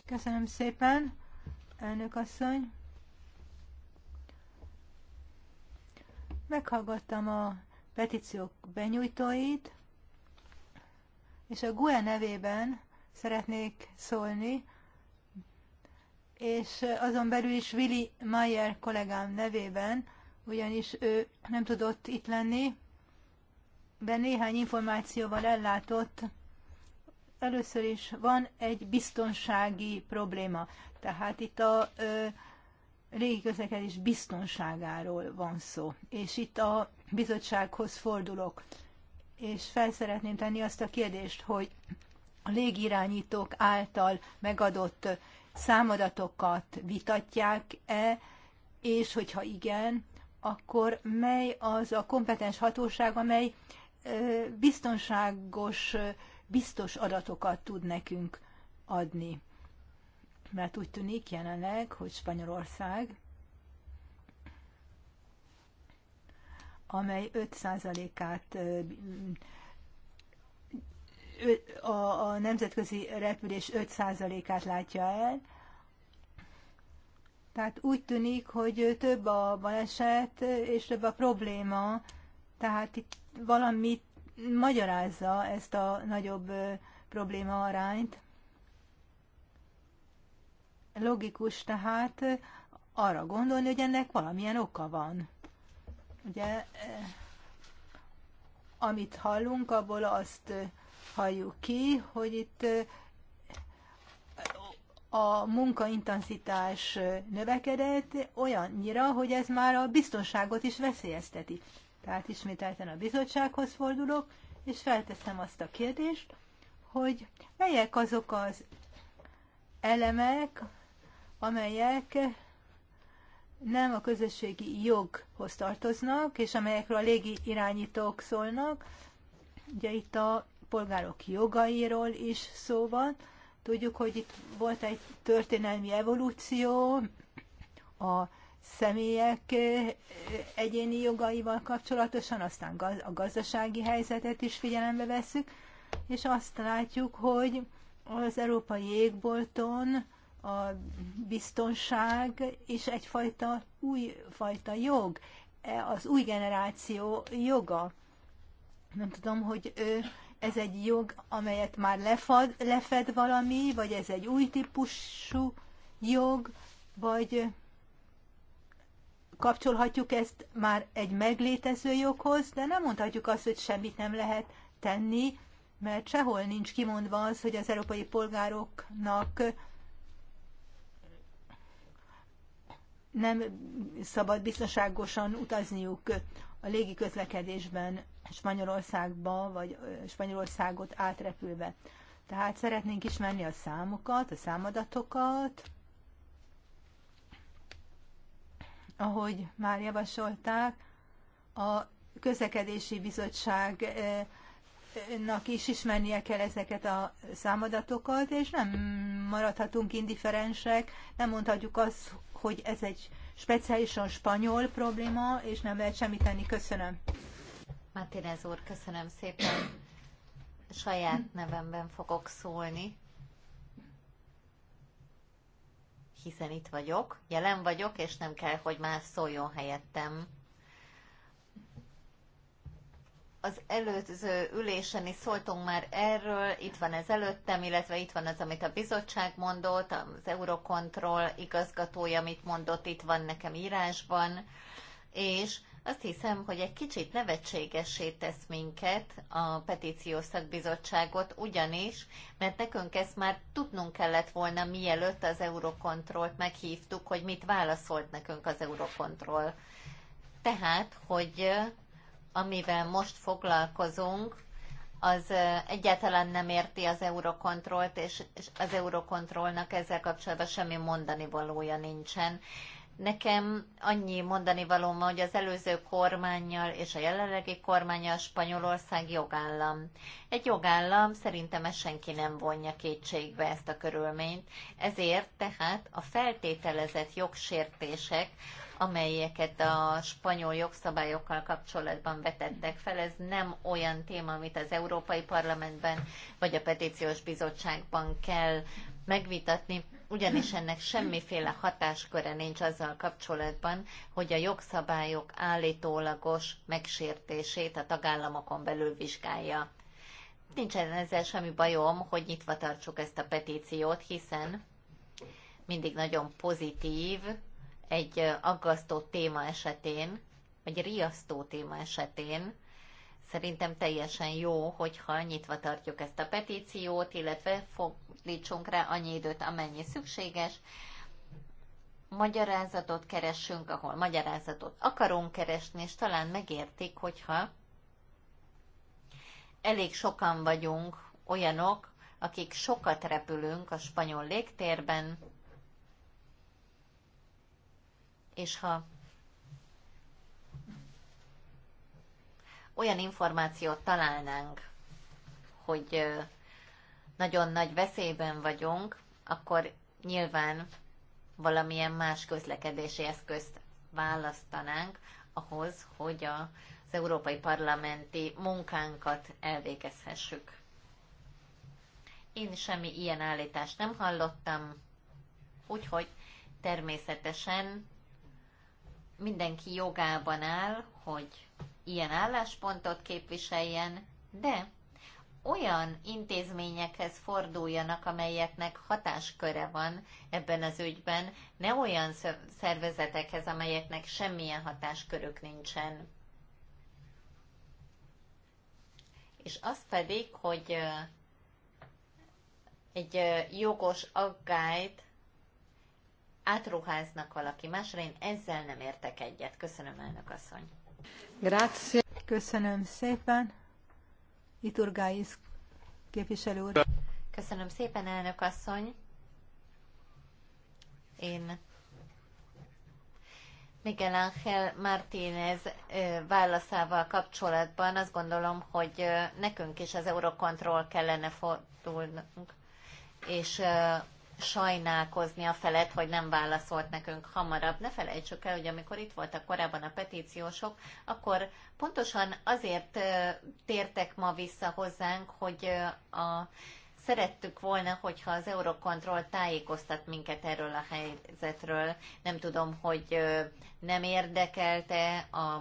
Köszönöm szépen, elnök asszony. Meghallgattam a petíciók benyújtóit, és a GUE nevében szeretnék szólni, és azon belül is Willy Mayer kollégám nevében, ugyanis ő nem tudott itt lenni, ben néhány információval ellátott. Először is van egy biztonsági probléma. Tehát itt a ö, közlekedés biztonságáról van szó. És itt a bizottsághoz fordulok. És felszeretném tenni azt a kérdést, hogy a légirányítók által megadott számadatokat vitatják-e, és hogyha igen, akkor mely az a kompetens hatóság, amely biztonságos, biztos adatokat tud nekünk adni. Mert úgy tűnik jelenleg, hogy Spanyolország, amely 5%-át a, nemzetközi repülés 5%-át látja el. Tehát úgy tűnik, hogy több a baleset és több a probléma, tehát itt valamit magyarázza ezt a nagyobb probléma arányt. Logikus tehát arra gondolni, hogy ennek valamilyen oka van. Ugye, amit hallunk, abból azt halljuk ki, hogy itt a munkaintenzitás növekedett olyannyira, hogy ez már a biztonságot is veszélyezteti. Tehát ismételten a bizottsághoz fordulok, és felteszem azt a kérdést, hogy melyek azok az elemek, amelyek nem a közösségi joghoz tartoznak, és amelyekről a légi irányítók szólnak. Ugye itt a polgárok jogairól is szó van. Tudjuk, hogy itt volt egy történelmi evolúció, a személyek egyéni jogaival kapcsolatosan, aztán a gazdasági helyzetet is figyelembe veszük, és azt látjuk, hogy az európai égbolton a biztonság és egyfajta újfajta jog, e, az új generáció joga. Nem tudom, hogy ő, ez egy jog, amelyet már lefad, lefed valami, vagy ez egy új típusú jog, vagy kapcsolhatjuk ezt már egy meglétező joghoz, de nem mondhatjuk azt, hogy semmit nem lehet tenni, mert sehol nincs kimondva az, hogy az európai polgároknak nem szabad biztonságosan utazniuk a légi közlekedésben Spanyolországba, vagy Spanyolországot átrepülve. Tehát szeretnénk ismerni a számokat, a számadatokat, ahogy már javasolták, a közlekedési bizottságnak is ismernie kell ezeket a számadatokat, és nem maradhatunk indiferensek, nem mondhatjuk azt, hogy ez egy speciálisan spanyol probléma, és nem lehet semmit tenni. Köszönöm. Martínez úr, köszönöm szépen. Saját nevemben fogok szólni. hiszen itt vagyok, jelen vagyok, és nem kell, hogy más szóljon helyettem. Az előző ülésen is szóltunk már erről, itt van ez előttem, illetve itt van az, amit a bizottság mondott, az Eurocontrol igazgatója, amit mondott, itt van nekem írásban, és azt hiszem, hogy egy kicsit nevetségesé tesz minket a petíciós szakbizottságot, ugyanis, mert nekünk ezt már tudnunk kellett volna, mielőtt az Eurokontrollt meghívtuk, hogy mit válaszolt nekünk az Eurokontroll. Tehát, hogy amivel most foglalkozunk, az egyáltalán nem érti az Eurokontrollt, és az Eurokontrollnak ezzel kapcsolatban semmi mondani valója nincsen. Nekem annyi mondani való, hogy az előző kormányjal és a jelenlegi kormányjal Spanyolország jogállam. Egy jogállam szerintem ezt senki nem vonja kétségbe ezt a körülményt, ezért tehát a feltételezett jogsértések, amelyeket a spanyol jogszabályokkal kapcsolatban vetettek fel. Ez nem olyan téma, amit az Európai Parlamentben vagy a Petíciós Bizottságban kell megvitatni, ugyanis ennek semmiféle hatásköre nincs azzal kapcsolatban, hogy a jogszabályok állítólagos megsértését a tagállamokon belül vizsgálja. Nincsen ezzel semmi bajom, hogy nyitva tartsuk ezt a petíciót, hiszen mindig nagyon pozitív egy aggasztó téma esetén, vagy riasztó téma esetén, szerintem teljesen jó, hogyha nyitva tartjuk ezt a petíciót, illetve fordítsunk rá annyi időt, amennyi szükséges. Magyarázatot keressünk, ahol magyarázatot akarunk keresni, és talán megértik, hogyha elég sokan vagyunk olyanok, akik sokat repülünk a spanyol légtérben, és ha olyan információt találnánk, hogy nagyon nagy veszélyben vagyunk, akkor nyilván valamilyen más közlekedési eszközt választanánk ahhoz, hogy a, az európai parlamenti munkánkat elvégezhessük. Én semmi ilyen állítást nem hallottam, úgyhogy természetesen mindenki jogában áll, hogy ilyen álláspontot képviseljen, de olyan intézményekhez forduljanak, amelyeknek hatásköre van ebben az ügyben, ne olyan szervezetekhez, amelyeknek semmilyen hatáskörük nincsen. És az pedig, hogy egy jogos aggályt átruháznak valaki másra, én ezzel nem értek egyet. Köszönöm, elnök asszony. Grazie. Köszönöm szépen. Iturgáis képviselő úr. Köszönöm szépen, elnök asszony. Én Miguel Ángel Martínez válaszával kapcsolatban azt gondolom, hogy nekünk is az Eurocontrol kellene fordulnunk, és sajnálkozni a felett, hogy nem válaszolt nekünk hamarabb. Ne felejtsük el, hogy amikor itt voltak korábban a petíciósok, akkor pontosan azért tértek ma vissza hozzánk, hogy a szerettük volna, hogyha az Eurocontrol tájékoztat minket erről a helyzetről. Nem tudom, hogy nem érdekelte a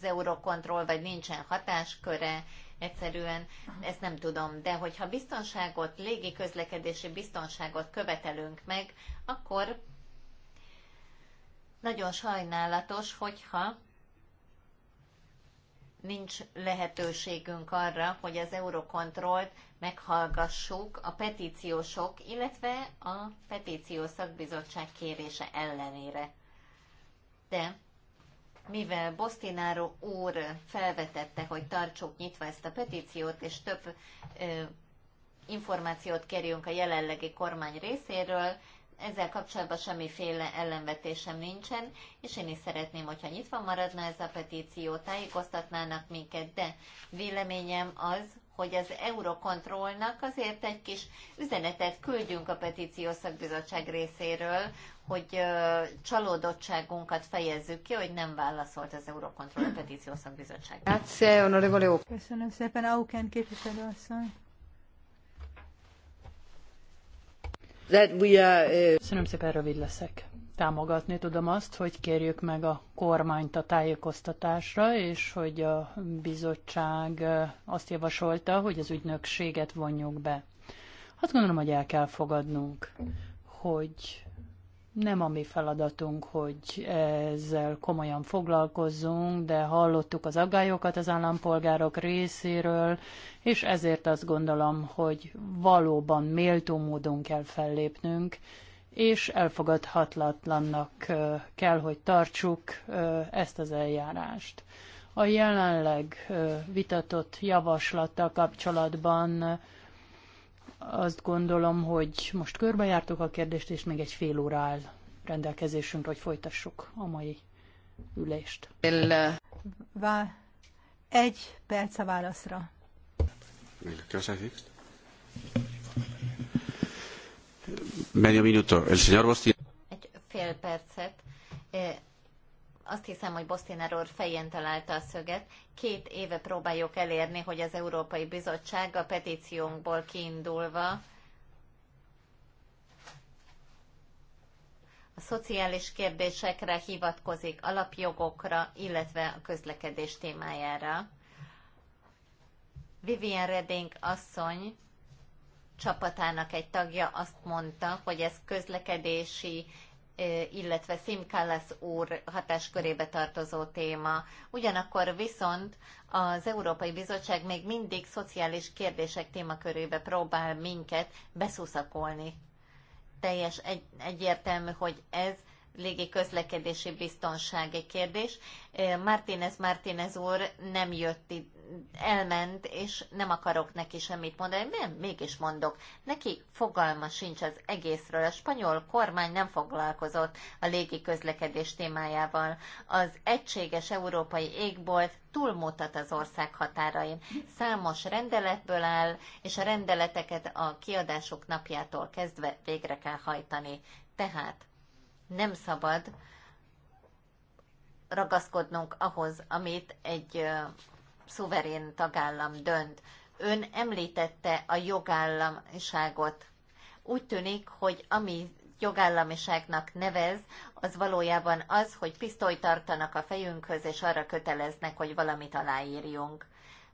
az Eurocontrol, vagy nincsen hatásköre, Egyszerűen ezt nem tudom, de hogyha biztonságot, légi közlekedési biztonságot követelünk meg, akkor nagyon sajnálatos, hogyha nincs lehetőségünk arra, hogy az Eurokontrollt meghallgassuk a petíciósok, illetve a petíció szakbizottság kérése ellenére. De mivel Bosztináró úr felvetette, hogy tartsuk nyitva ezt a petíciót, és több ö, információt kérjünk a jelenlegi kormány részéről, ezzel kapcsolatban semmiféle ellenvetésem nincsen, és én is szeretném, hogyha nyitva maradna ez a petíció, tájékoztatnának minket, de véleményem az, hogy az Eurocontrolnak azért egy kis üzenetet küldjünk a petíciós szakbizottság részéről, hogy csalódottságunkat fejezzük ki, hogy nem válaszolt az Eurocontrol a petíciós szakbizottság. Köszönöm szépen, Auken képviselőasszony. That we are, uh... Köszönöm szépen, rövid leszek támogatni tudom azt, hogy kérjük meg a kormányt a tájékoztatásra, és hogy a bizottság azt javasolta, hogy az ügynökséget vonjuk be. Azt gondolom, hogy el kell fogadnunk, hogy nem a mi feladatunk, hogy ezzel komolyan foglalkozzunk, de hallottuk az aggályokat az állampolgárok részéről, és ezért azt gondolom, hogy valóban méltó módon kell fellépnünk, és elfogadhatatlannak kell, hogy tartsuk ezt az eljárást. A jelenleg vitatott javaslattal kapcsolatban azt gondolom, hogy most körbejártuk a kérdést, és még egy fél óra áll rendelkezésünkre, hogy folytassuk a mai ülést. Vá, egy perc a válaszra. Köszönjük. Medio minuto. El señor Egy fél percet. Azt hiszem, hogy Bostiner úr fején találta a szöget. Két éve próbáljuk elérni, hogy az Európai Bizottság a petíciónkból kiindulva a szociális kérdésekre hivatkozik, alapjogokra, illetve a közlekedés témájára. Vivian Reding asszony csapatának egy tagja azt mondta, hogy ez közlekedési, illetve Simkallasz úr hatáskörébe tartozó téma. Ugyanakkor viszont az Európai Bizottság még mindig szociális kérdések témakörébe próbál minket beszuszakolni. Teljes egy, egyértelmű, hogy ez légi közlekedési biztonsági kérdés. Martínez Martínez úr nem jött itt elment, és nem akarok neki semmit mondani, nem, mégis mondok. Neki fogalma sincs az egészről. A spanyol kormány nem foglalkozott a légi közlekedés témájával. Az egységes európai égbolt túlmutat az ország határain. Számos rendeletből áll, és a rendeleteket a kiadások napjától kezdve végre kell hajtani. Tehát nem szabad ragaszkodnunk ahhoz, amit egy szuverén tagállam dönt. Ön említette a jogállamiságot. Úgy tűnik, hogy ami jogállamiságnak nevez, az valójában az, hogy pisztolyt tartanak a fejünkhöz, és arra köteleznek, hogy valamit aláírjunk.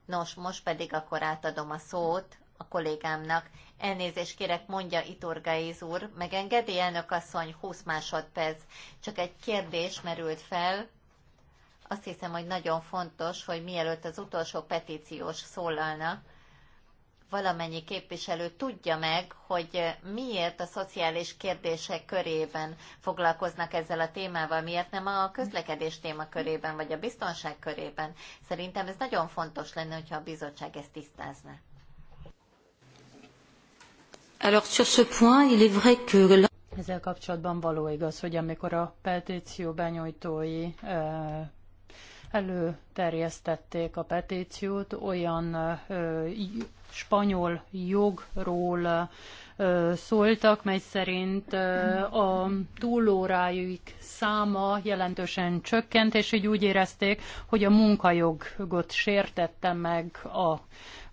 Nos, most pedig akkor átadom a szót a kollégámnak. Elnézést kérek, mondja Gáiz úr, megengedi elnök asszony 20 másodperc. Csak egy kérdés merült fel, azt hiszem, hogy nagyon fontos, hogy mielőtt az utolsó petíciós szólalna, valamennyi képviselő tudja meg, hogy miért a szociális kérdések körében foglalkoznak ezzel a témával, miért nem a közlekedés téma körében vagy a biztonság körében. Szerintem ez nagyon fontos lenne, hogyha a bizottság ezt tisztázna. ezzel kapcsolatban való igaz, hogy amikor a petíció benyújtói eh, előterjesztették a petíciót olyan spanyol jogról szóltak, mely szerint a túlórájuk száma jelentősen csökkent, és így úgy érezték, hogy a munkajogot sértette meg a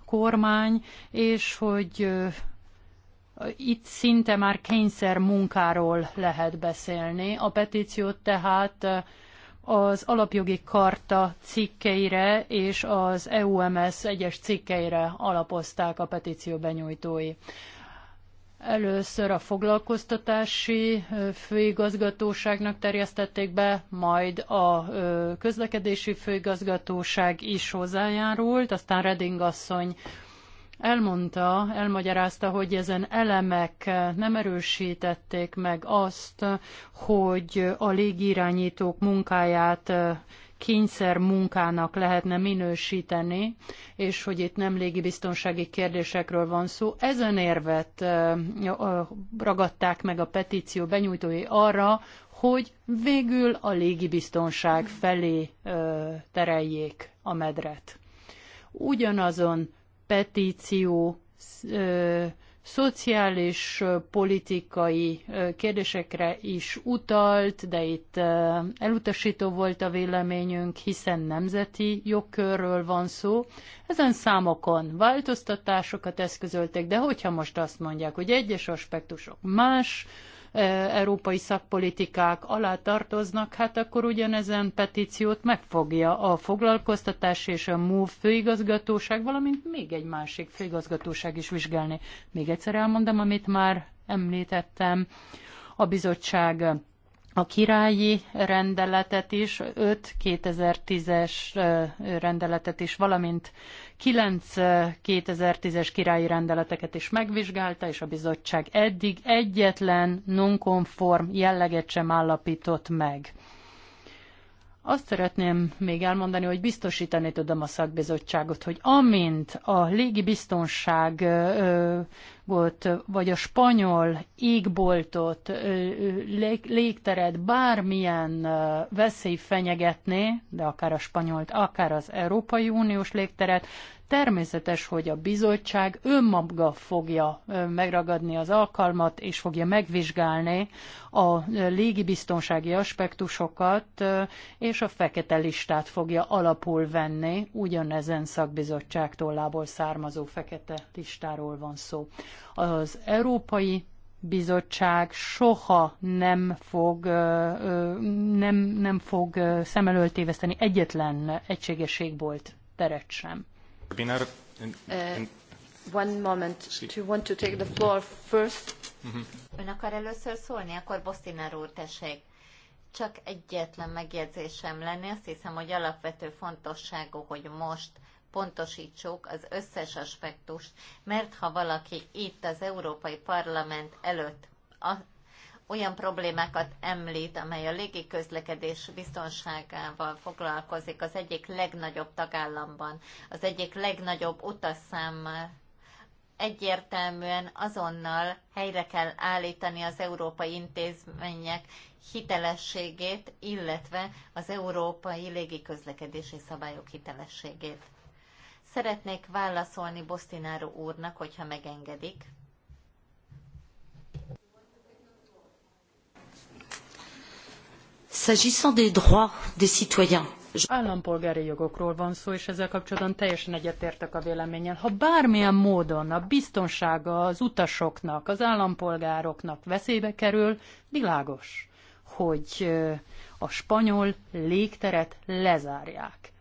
kormány, és hogy itt szinte már kényszer munkáról lehet beszélni. A petíciót tehát az alapjogi karta cikkeire és az EUMS egyes cikkeire alapozták a petíció benyújtói. Először a foglalkoztatási főigazgatóságnak terjesztették be, majd a közlekedési főigazgatóság is hozzájárult, aztán Reding asszony elmondta, elmagyarázta, hogy ezen elemek nem erősítették meg azt, hogy a légirányítók munkáját kényszer munkának lehetne minősíteni, és hogy itt nem légibiztonsági kérdésekről van szó. Ezen érvet ragadták meg a petíció benyújtói arra, hogy végül a légibiztonság felé tereljék a medret. Ugyanazon petíció ö, szociális politikai kérdésekre is utalt, de itt elutasító volt a véleményünk, hiszen nemzeti jogkörről van szó. Ezen számokon változtatásokat eszközöltek, de hogyha most azt mondják, hogy egyes aspektusok más, E, európai szakpolitikák alá tartoznak, hát akkor ugyanezen petíciót megfogja a foglalkoztatás és a MOVE főigazgatóság, valamint még egy másik főigazgatóság is vizsgálni. Még egyszer elmondom, amit már említettem. A bizottság a királyi rendeletet is, 5 2010-es rendeletet is, valamint 9 2010-es királyi rendeleteket is megvizsgálta, és a bizottság eddig egyetlen nonkonform jelleget sem állapított meg. Azt szeretném még elmondani, hogy biztosítani tudom a szakbizottságot, hogy amint a légibiztonság volt vagy a spanyol égboltot, légteret bármilyen veszély fenyegetné, de akár a spanyolt, akár az Európai Uniós légteret, Természetes, hogy a bizottság önmaga fogja megragadni az alkalmat, és fogja megvizsgálni a légibiztonsági aspektusokat, és a fekete listát fogja alapul venni, ugyanezen szakbizottság tollából származó fekete listáról van szó. Az Európai bizottság soha nem fog, nem, nem fog szem előtt téveszteni egyetlen egységes égbolt teret sem. Binar, in, in... Eh, one moment. Do you want to take the floor first? Mhm. Ön akar először szólni? Akkor Bosztinár úr, tessék. Csak egyetlen megjegyzésem lenne. Azt hiszem, hogy alapvető fontosságú, hogy most pontosítsuk az összes aspektust, mert ha valaki itt az Európai Parlament előtt olyan problémákat említ, amely a légiközlekedés biztonságával foglalkozik az egyik legnagyobb tagállamban, az egyik legnagyobb utasszámmal. Egyértelműen azonnal helyre kell állítani az európai intézmények hitelességét, illetve az európai légiközlekedési szabályok hitelességét. Szeretnék válaszolni Bosztináró úrnak, hogyha megengedik. S'agissant des droits des citoyens, Állampolgári jogokról van szó, és ezzel kapcsolatban teljesen egyetértek a véleményen. Ha bármilyen módon a biztonsága az utasoknak, az állampolgároknak veszélybe kerül, világos, hogy a spanyol légteret lezárják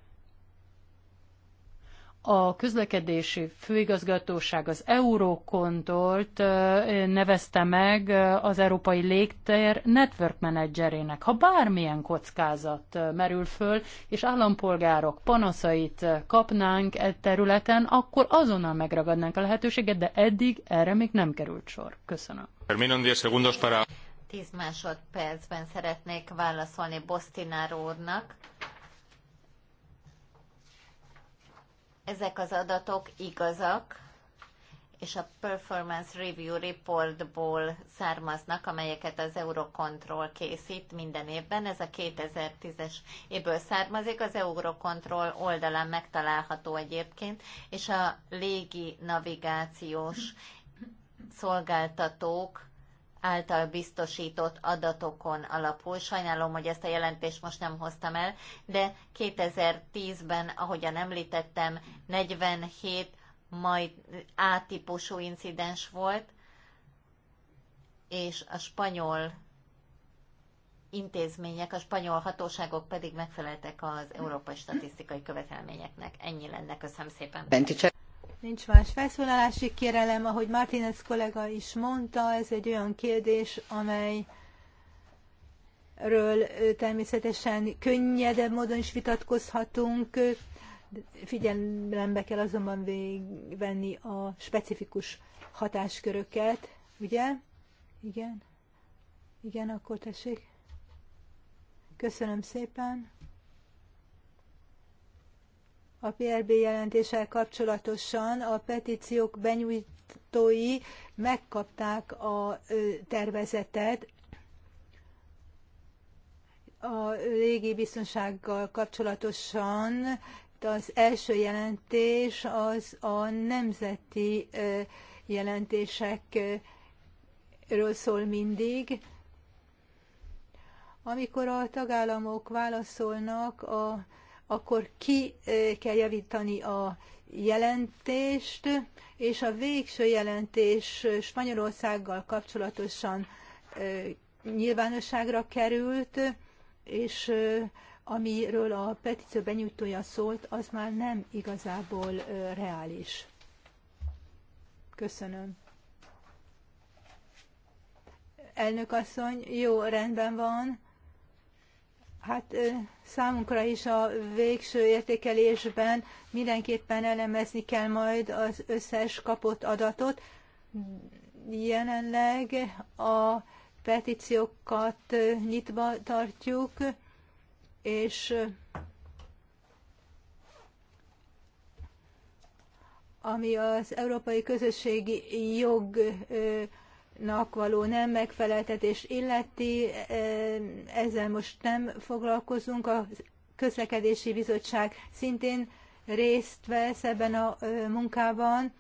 a közlekedési főigazgatóság az Eurókontolt nevezte meg az Európai Légtér Network Managerének. Ha bármilyen kockázat merül föl, és állampolgárok panaszait kapnánk e területen, akkor azonnal megragadnánk a lehetőséget, de eddig erre még nem került sor. Köszönöm. Terminon másodpercben szeretnék válaszolni Bostinár úrnak ezek az adatok igazak, és a Performance Review Reportból származnak, amelyeket az Eurocontrol készít minden évben. Ez a 2010-es évből származik, az Eurocontrol oldalán megtalálható egyébként, és a légi navigációs szolgáltatók által biztosított adatokon alapul. Sajnálom, hogy ezt a jelentést most nem hoztam el, de 2010-ben, ahogyan említettem, 47 majd A-típusú incidens volt, és a spanyol intézmények, a spanyol hatóságok pedig megfeleltek az európai statisztikai követelményeknek. Ennyi lenne, köszönöm szépen. Nincs más felszólalási kérelem, ahogy Martínez kollega is mondta, ez egy olyan kérdés, amely ről természetesen könnyedebb módon is vitatkozhatunk. Figyelembe kell azonban venni a specifikus hatásköröket, ugye? Igen? Igen, akkor tessék. Köszönöm szépen a PRB jelentéssel kapcsolatosan a petíciók benyújtói megkapták a tervezetet, a régi biztonsággal kapcsolatosan az első jelentés az a nemzeti jelentésekről szól mindig. Amikor a tagállamok válaszolnak a akkor ki kell javítani a jelentést, és a végső jelentés Spanyolországgal kapcsolatosan nyilvánosságra került, és amiről a petíció benyújtója szólt, az már nem igazából reális. Köszönöm. Elnök asszony, jó, rendben van. Hát számunkra is a végső értékelésben mindenképpen elemezni kell majd az összes kapott adatot. Jelenleg a petíciókat nyitva tartjuk, és ami az európai közösségi jog nak való nem megfeleltetés illeti, e, ezzel most nem foglalkozunk. A közlekedési bizottság szintén részt vesz ebben a e, munkában.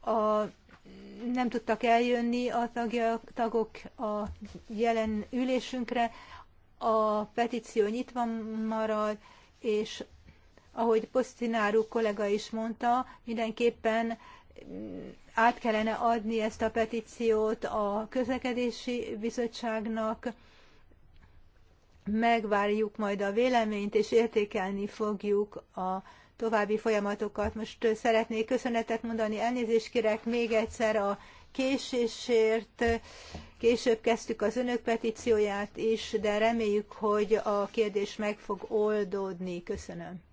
A, nem tudtak eljönni a tagja, tagok a jelen ülésünkre. A petíció nyitva marad, és ahogy Posztináru kollega is mondta, mindenképpen át kellene adni ezt a petíciót a közlekedési bizottságnak, megvárjuk majd a véleményt, és értékelni fogjuk a további folyamatokat. Most szeretnék köszönetet mondani, elnézést kérek még egyszer a késésért. Később kezdtük az önök petícióját is, de reméljük, hogy a kérdés meg fog oldódni. Köszönöm.